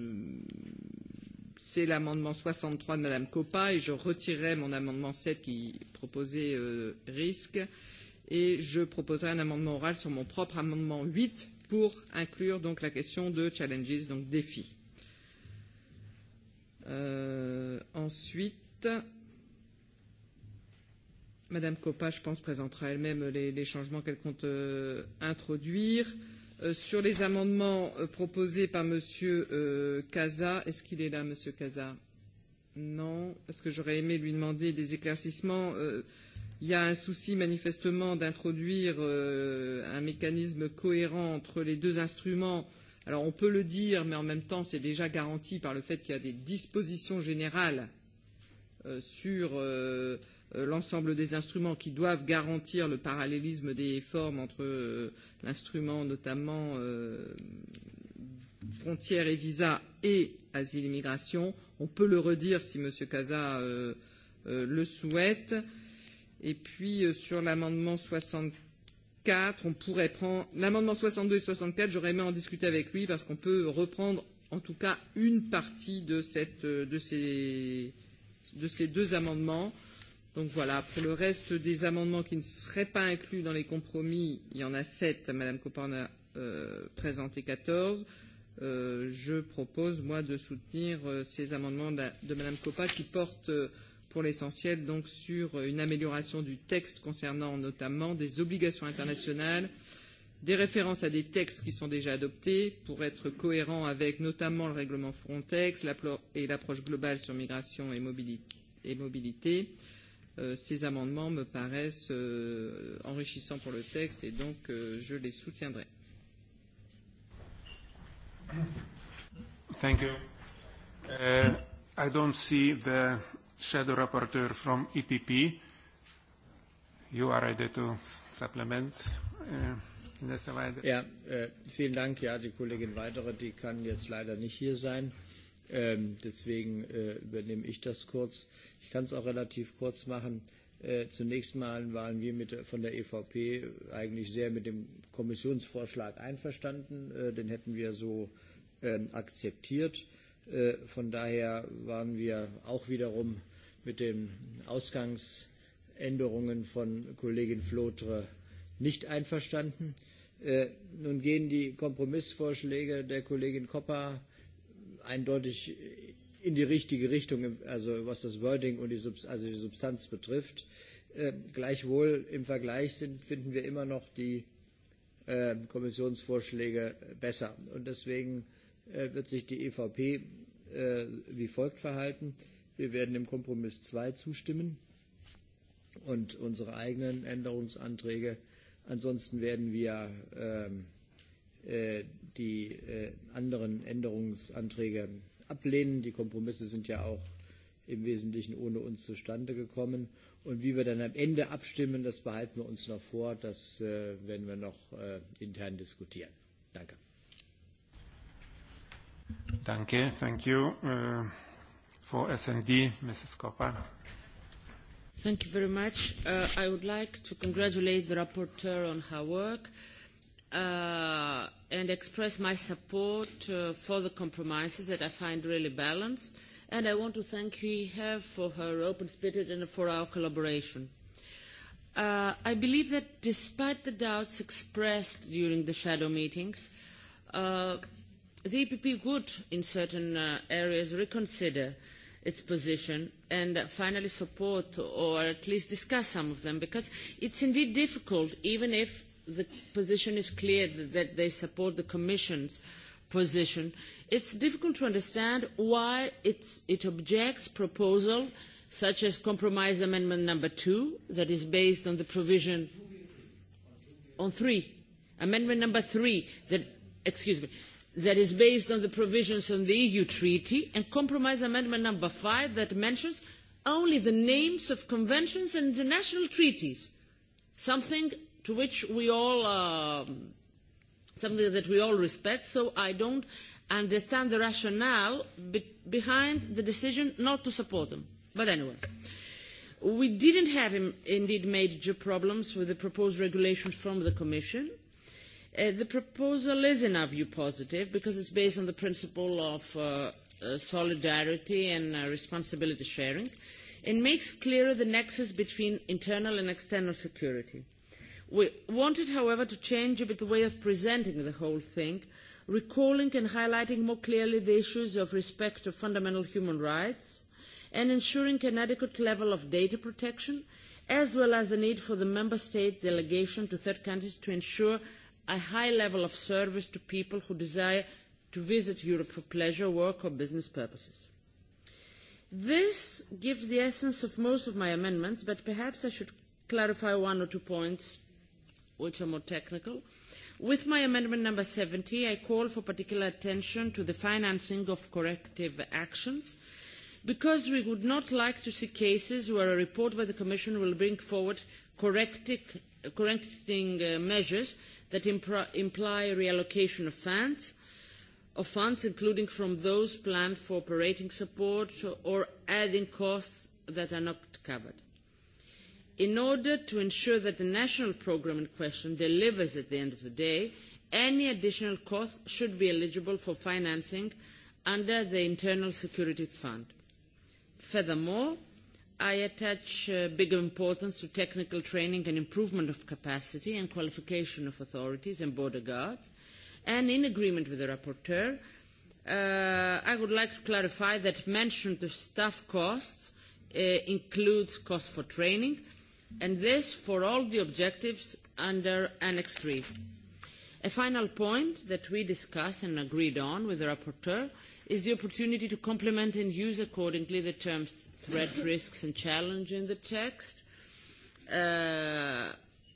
c'est l'amendement 63 de Madame Coppa et je retirerai mon amendement 7 qui proposait euh, risque et je proposerai un amendement oral sur mon propre amendement 8 pour inclure donc la question de challenges, donc défis. Euh, ensuite, Madame Coppa, je pense, présentera elle-même les, les changements qu'elle compte euh, introduire. Euh, Euh, sur les amendements euh, proposés par Monsieur euh, Casa, euh, est-ce qu'il est là, Monsieur Casa Non, parce que j'aurais aimé lui demander des éclaircissements. Euh, il euh, y a un souci manifestement d'introduire euh, un mécanisme cohérent entre les deux instruments. Alors on peut le dire, mais en même temps, c'est déjà garanti par le fait qu'il y a des dispositions générales euh, sur euh, Euh, l'ensemble des instruments qui doivent garantir le parallélisme des formes entre euh, l'instrument notamment euh, frontières et visa et asile immigration. On peut le redire si Monsieur Casa euh, euh, le souhaite. Et puis euh, sur l'amendement 64, on pourrait prendre l'amendement 62 et 64. J'aurais aimé en discuter avec lui parce qu'on peut reprendre en tout cas une partie de, cette, euh, de, ces, de ces deux amendements. Donc voilà, pour le reste des amendements qui ne seraient pas inclus dans les compromis, il y en a 7, Madame Copin a euh, présenté 14. Euh, je propose, moi, de soutenir euh, ces amendements de, de Madame Coppa qui portent, euh, pour l'essentiel, donc sur euh, une amélioration du texte concernant notamment des obligations internationales, des références à des textes qui sont déjà adoptés pour être cohérents avec notamment le règlement Frontex et l'approche globale sur migration et mobilité. Et mobilité. Euh, ces amendements me paraissent euh, enrichissants pour le texte et donc euh, je les soutiendrai. Thank you. Uh, I don't see the shadow rapporteur from EPP. You are ready to supplement. Uh, Ja, äh, vielen Dank. Ja, die Kollegin Weitere, die kann jetzt leider nicht hier sein. Ähm, deswegen äh, übernehme ich das kurz. Ich kann es auch relativ kurz machen. Äh, zunächst mal waren wir mit, von der EVP eigentlich sehr mit dem Kommissionsvorschlag einverstanden. Äh, den hätten wir so äh, akzeptiert. Äh, von daher waren wir auch wiederum mit den Ausgangsänderungen von Kollegin Flotre nicht einverstanden. Äh, nun gehen die Kompromissvorschläge der Kollegin Kopper äh, eindeutig in die richtige Richtung, also was das Wording und die Substanz, also die Substanz betrifft. Äh, gleichwohl im Vergleich sind, finden wir immer noch die äh, Kommissionsvorschläge besser. Und deswegen äh, wird sich die EVP äh, wie folgt verhalten. Wir werden dem Kompromiss 2 zustimmen und unsere eigenen Änderungsanträge. Ansonsten werden wir ähm, äh, äh, die äh, anderen Änderungsanträge ablehnen. Die Kompromisse sind ja auch im Wesentlichen ohne uns zustande gekommen. Und wie wir dann am Ende abstimmen, das behalten wir uns noch vor. Das äh, werden wir noch äh, intern diskutieren. Danke. Danke, thank you. Uh, for SND, Mrs. Koppa. Thank you very much. Uh, I would like to congratulate the rapporteur on her work. Uh, and express my support uh, for the compromises that I find really balanced. And I want to thank her for her open spirit and for our collaboration. Uh, I believe that despite the doubts expressed during the shadow meetings, uh, the EPP would, in certain uh, areas, reconsider its position and uh, finally support or at least discuss some of them because it's indeed difficult, even if the position is clear that they support the Commission's position, it's difficult to understand why it's, it objects proposal such as compromise amendment number two that is based on the provision on three. Amendment number three that, excuse me, that is based on the provisions on the EU treaty and compromise amendment number five that mentions only the names of conventions and international treaties, something to which we all uh, something that we all respect. So I don't understand the rationale be- behind the decision not to support them. But anyway, we didn't have Im- indeed major problems with the proposed regulations from the Commission. Uh, the proposal is, in our view, positive because it's based on the principle of uh, uh, solidarity and uh, responsibility sharing. It makes clearer the nexus between internal and external security. We wanted, however, to change a bit the way of presenting the whole thing, recalling and highlighting more clearly the issues of respect of fundamental human rights and ensuring an adequate level of data protection, as well as the need for the member state delegation to third countries to ensure a high level of service to people who desire to visit Europe for pleasure, work or business purposes. This gives the essence of most of my amendments, but perhaps I should clarify one or two points which are more technical. With my amendment number 70, I call for particular attention to the financing of corrective actions because we would not like to see cases where a report by the Commission will bring forward correcting uh, measures that impri- imply reallocation of funds, of funds, including from those planned for operating support or adding costs that are not covered. In order to ensure that the national program in question delivers at the end of the day, any additional cost should be eligible for financing under the Internal Security Fund. Furthermore, I attach uh, bigger importance to technical training and improvement of capacity and qualification of authorities and border guards. And in agreement with the rapporteur, uh, I would like to clarify that mention of staff costs uh, includes costs for training, and this for all the objectives under Annex 3. A final point that we discussed and agreed on with the rapporteur is the opportunity to complement and use accordingly the terms threat, (laughs) risks and challenge in the text. Uh,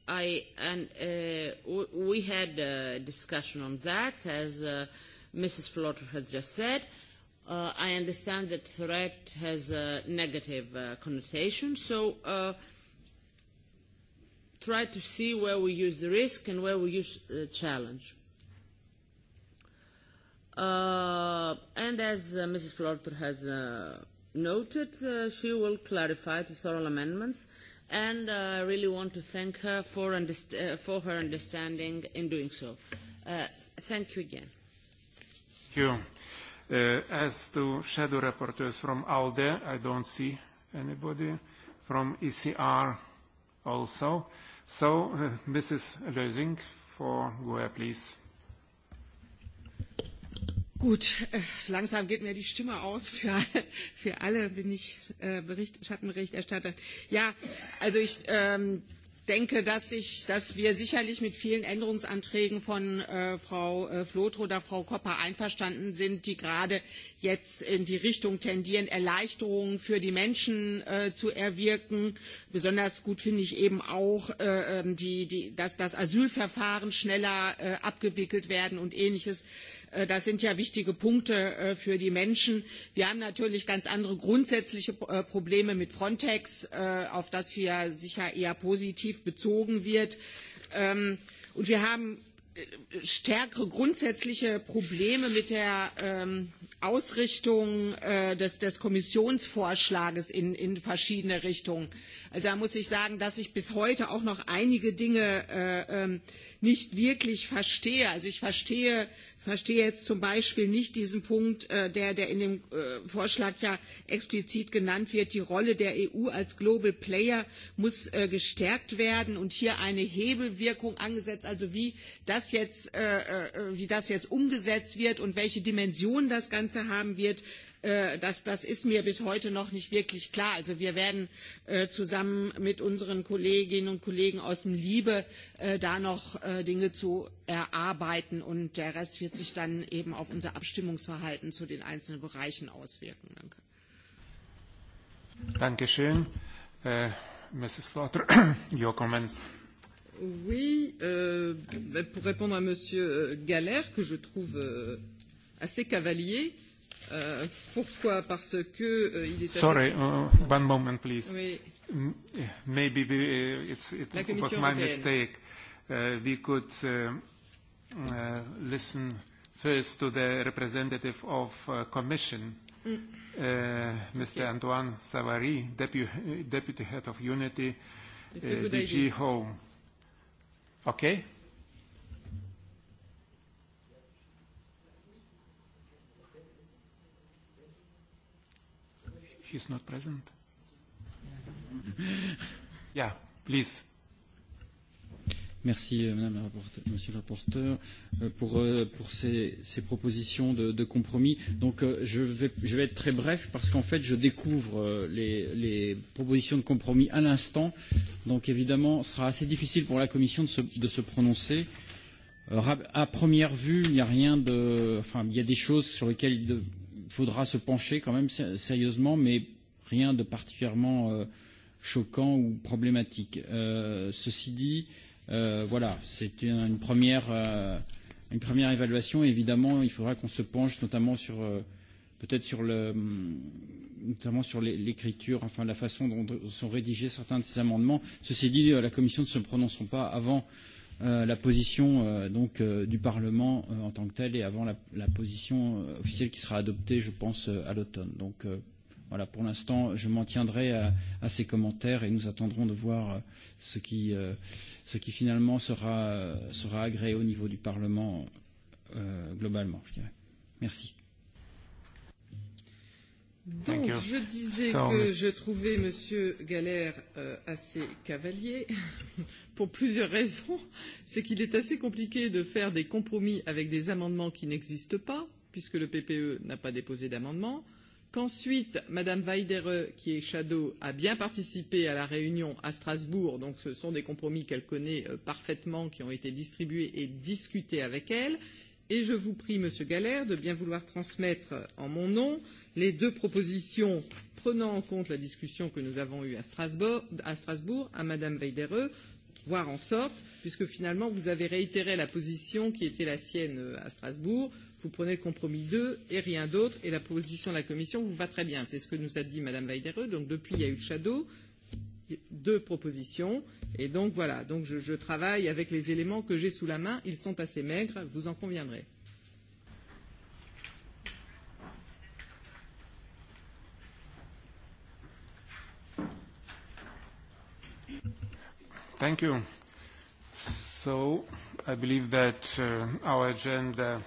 I, and, uh, w we had a discussion on that, as uh, Mrs. Flotter has just said. Uh, I understand that threat has a negative uh, connotation, so uh, try to see where we use the risk and where we use the challenge. Uh, and as uh, Mrs. Flotter has uh, noted, uh, she will clarify the thorough amendments, and uh, I really want to thank her for, underst- uh, for her understanding in doing so. Uh, thank you again. Thank you. Uh, as to shadow reporters from ALDE, I don't see anybody. From ECR also. Uh, Lösing for Goa, please. Gut, äh, so langsam geht mir die Stimme aus. Für, für alle bin ich äh, Bericht, Schattenberichterstatter. Ja, also ich. Ähm, denke, dass, ich, dass wir sicherlich mit vielen Änderungsanträgen von äh, Frau äh, Flotro oder Frau Kopper einverstanden sind, die gerade jetzt in die Richtung tendieren, Erleichterungen für die Menschen äh, zu erwirken. Besonders gut finde ich eben auch, äh, ähm, die, die, dass das Asylverfahren schneller äh, abgewickelt werden und ähnliches. Äh, Äh, das sind ja wichtige Punkte äh, für die Menschen. Wir haben natürlich ganz andere grundsätzliche äh, Probleme mit Frontex, auf das hier sicher eher positiv bezogen wird. Ähm, und wir haben stärkere grundsätzliche Probleme mit der ähm, Ausrichtung äh, des, des Kommissionsvorschlages in, in verschiedene Richtungen. Äh, Also da muss ich sagen, dass ich bis heute auch noch einige Dinge äh, ähm, nicht wirklich verstehe. Also ich verstehe, verstehe jetzt zum Beispiel nicht diesen Punkt, äh, der, der in dem äh, Vorschlag ja explizit genannt wird. Die Rolle der EU als Global Player muss äh, gestärkt werden und hier eine Hebelwirkung angesetzt. Also wie das jetzt, äh, äh, wie das jetzt umgesetzt wird und welche Dimensionen das Ganze haben wird, äh, Äh, das, das ist mir bis heute noch nicht wirklich klar. Also wir werden äh, zusammen mit unseren Kolleginnen und Kollegen aus dem Liebe äh, da noch Dinge zu erarbeiten und der Rest wird sich dann eben auf unser Abstimmungsverhalten zu den einzelnen Bereichen auswirken. Danke. Dankeschön. Äh, Mrs. Slaughter, (coughs) your comments. Oui, euh, pour répondre à Monsieur euh, Galère, que je trouve euh, assez cavalier, euh, Euh, pourquoi parce que euh, il est Sorry, assez... uh, one moment please. Oui. Eh, maybe we, eh, it's, it was my européenne. mistake. Uh, we could uh, uh, listen first to the representative of uh, Commission, mm. uh, Mr. Okay. Antoine Savary, Depu Deputy Head of Unity, uh, DG idea. Home. Okay? He's not present. (laughs) yeah, please. Merci, euh, Madame la rapporteure, Monsieur le rapporteur, euh, pour, euh, pour ces, ces propositions de, de compromis. Donc, je vais, je vais être très bref parce qu'en fait, je découvre les, les propositions de compromis à l'instant. Donc, évidemment, ce sera assez difficile pour la Commission de se, de se prononcer. À première vue, il n'y a rien de, enfin, il y a des choses sur lesquelles faudra se pencher quand même sérieusement, mais rien de particulièrement euh, choquant ou problématique. Euh, ceci dit, euh, voilà, c'est une, une, euh, une première évaluation. Évidemment, il faudra qu'on se penche notamment sur euh, peut-être sur le notamment sur l'écriture, enfin la façon dont sont rédigés certains de ces amendements. Ceci dit, euh, la Commission ne se prononceront pas avant euh, Euh, la position euh, donc euh, du Parlement euh, en tant que tel et avant la, la position euh, officielle qui sera adoptée, je pense, euh, à l'automne. Donc euh, voilà, pour l'instant, je m'en tiendrai à, à ces commentaires et nous attendrons de voir euh, ce qui, euh, ce qui finalement sera, sera agréé au niveau du Parlement euh, globalement, je dirais. Merci. Donc, Thank you. je disais so, que Ms. je trouvais M. Galère euh, assez cavalier (laughs) pour plusieurs raisons. C'est qu'il est assez compliqué de faire des compromis avec des amendements qui n'existent pas, puisque le PPE n'a pas déposé d'amendement. Qu'ensuite, Mme Weidere, qui est Shadow, a bien participé à la réunion à Strasbourg, donc ce sont des compromis qu'elle connaît euh, parfaitement, qui ont été distribués et discutés avec elle. Et je vous prie, Monsieur Galère, de bien vouloir transmettre euh, en mon nom euh, les deux propositions prenant en compte la discussion que nous avons eue à Strasbourg à, Strasbourg, à Madame Weidereux, voire en sorte, puisque finalement vous avez réitéré la position qui était la sienne euh, à Strasbourg, vous prenez le compromis 2 et rien d'autre, et la position de la Commission vous va très bien. C'est ce que nous a dit Madame Weidereux. Donc depuis, il y a eu le shadow, deux propositions, et donc voilà. Donc je, je travaille avec les éléments que j'ai sous la main. Ils sont assez maigres, vous en conviendrez. Thank you. I believe that uh, our agenda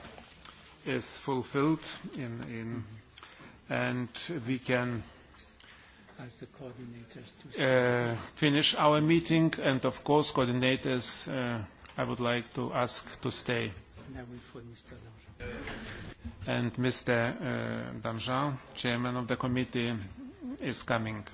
is fulfilled in. Mm-hmm. We can. As the coordinators to say. Uh, finish our meeting. Of course, coordinators, uh, I would like to ask to stay. Now for Mr. Dangean. Mr. Dangean, Chairman of the Committee, is coming.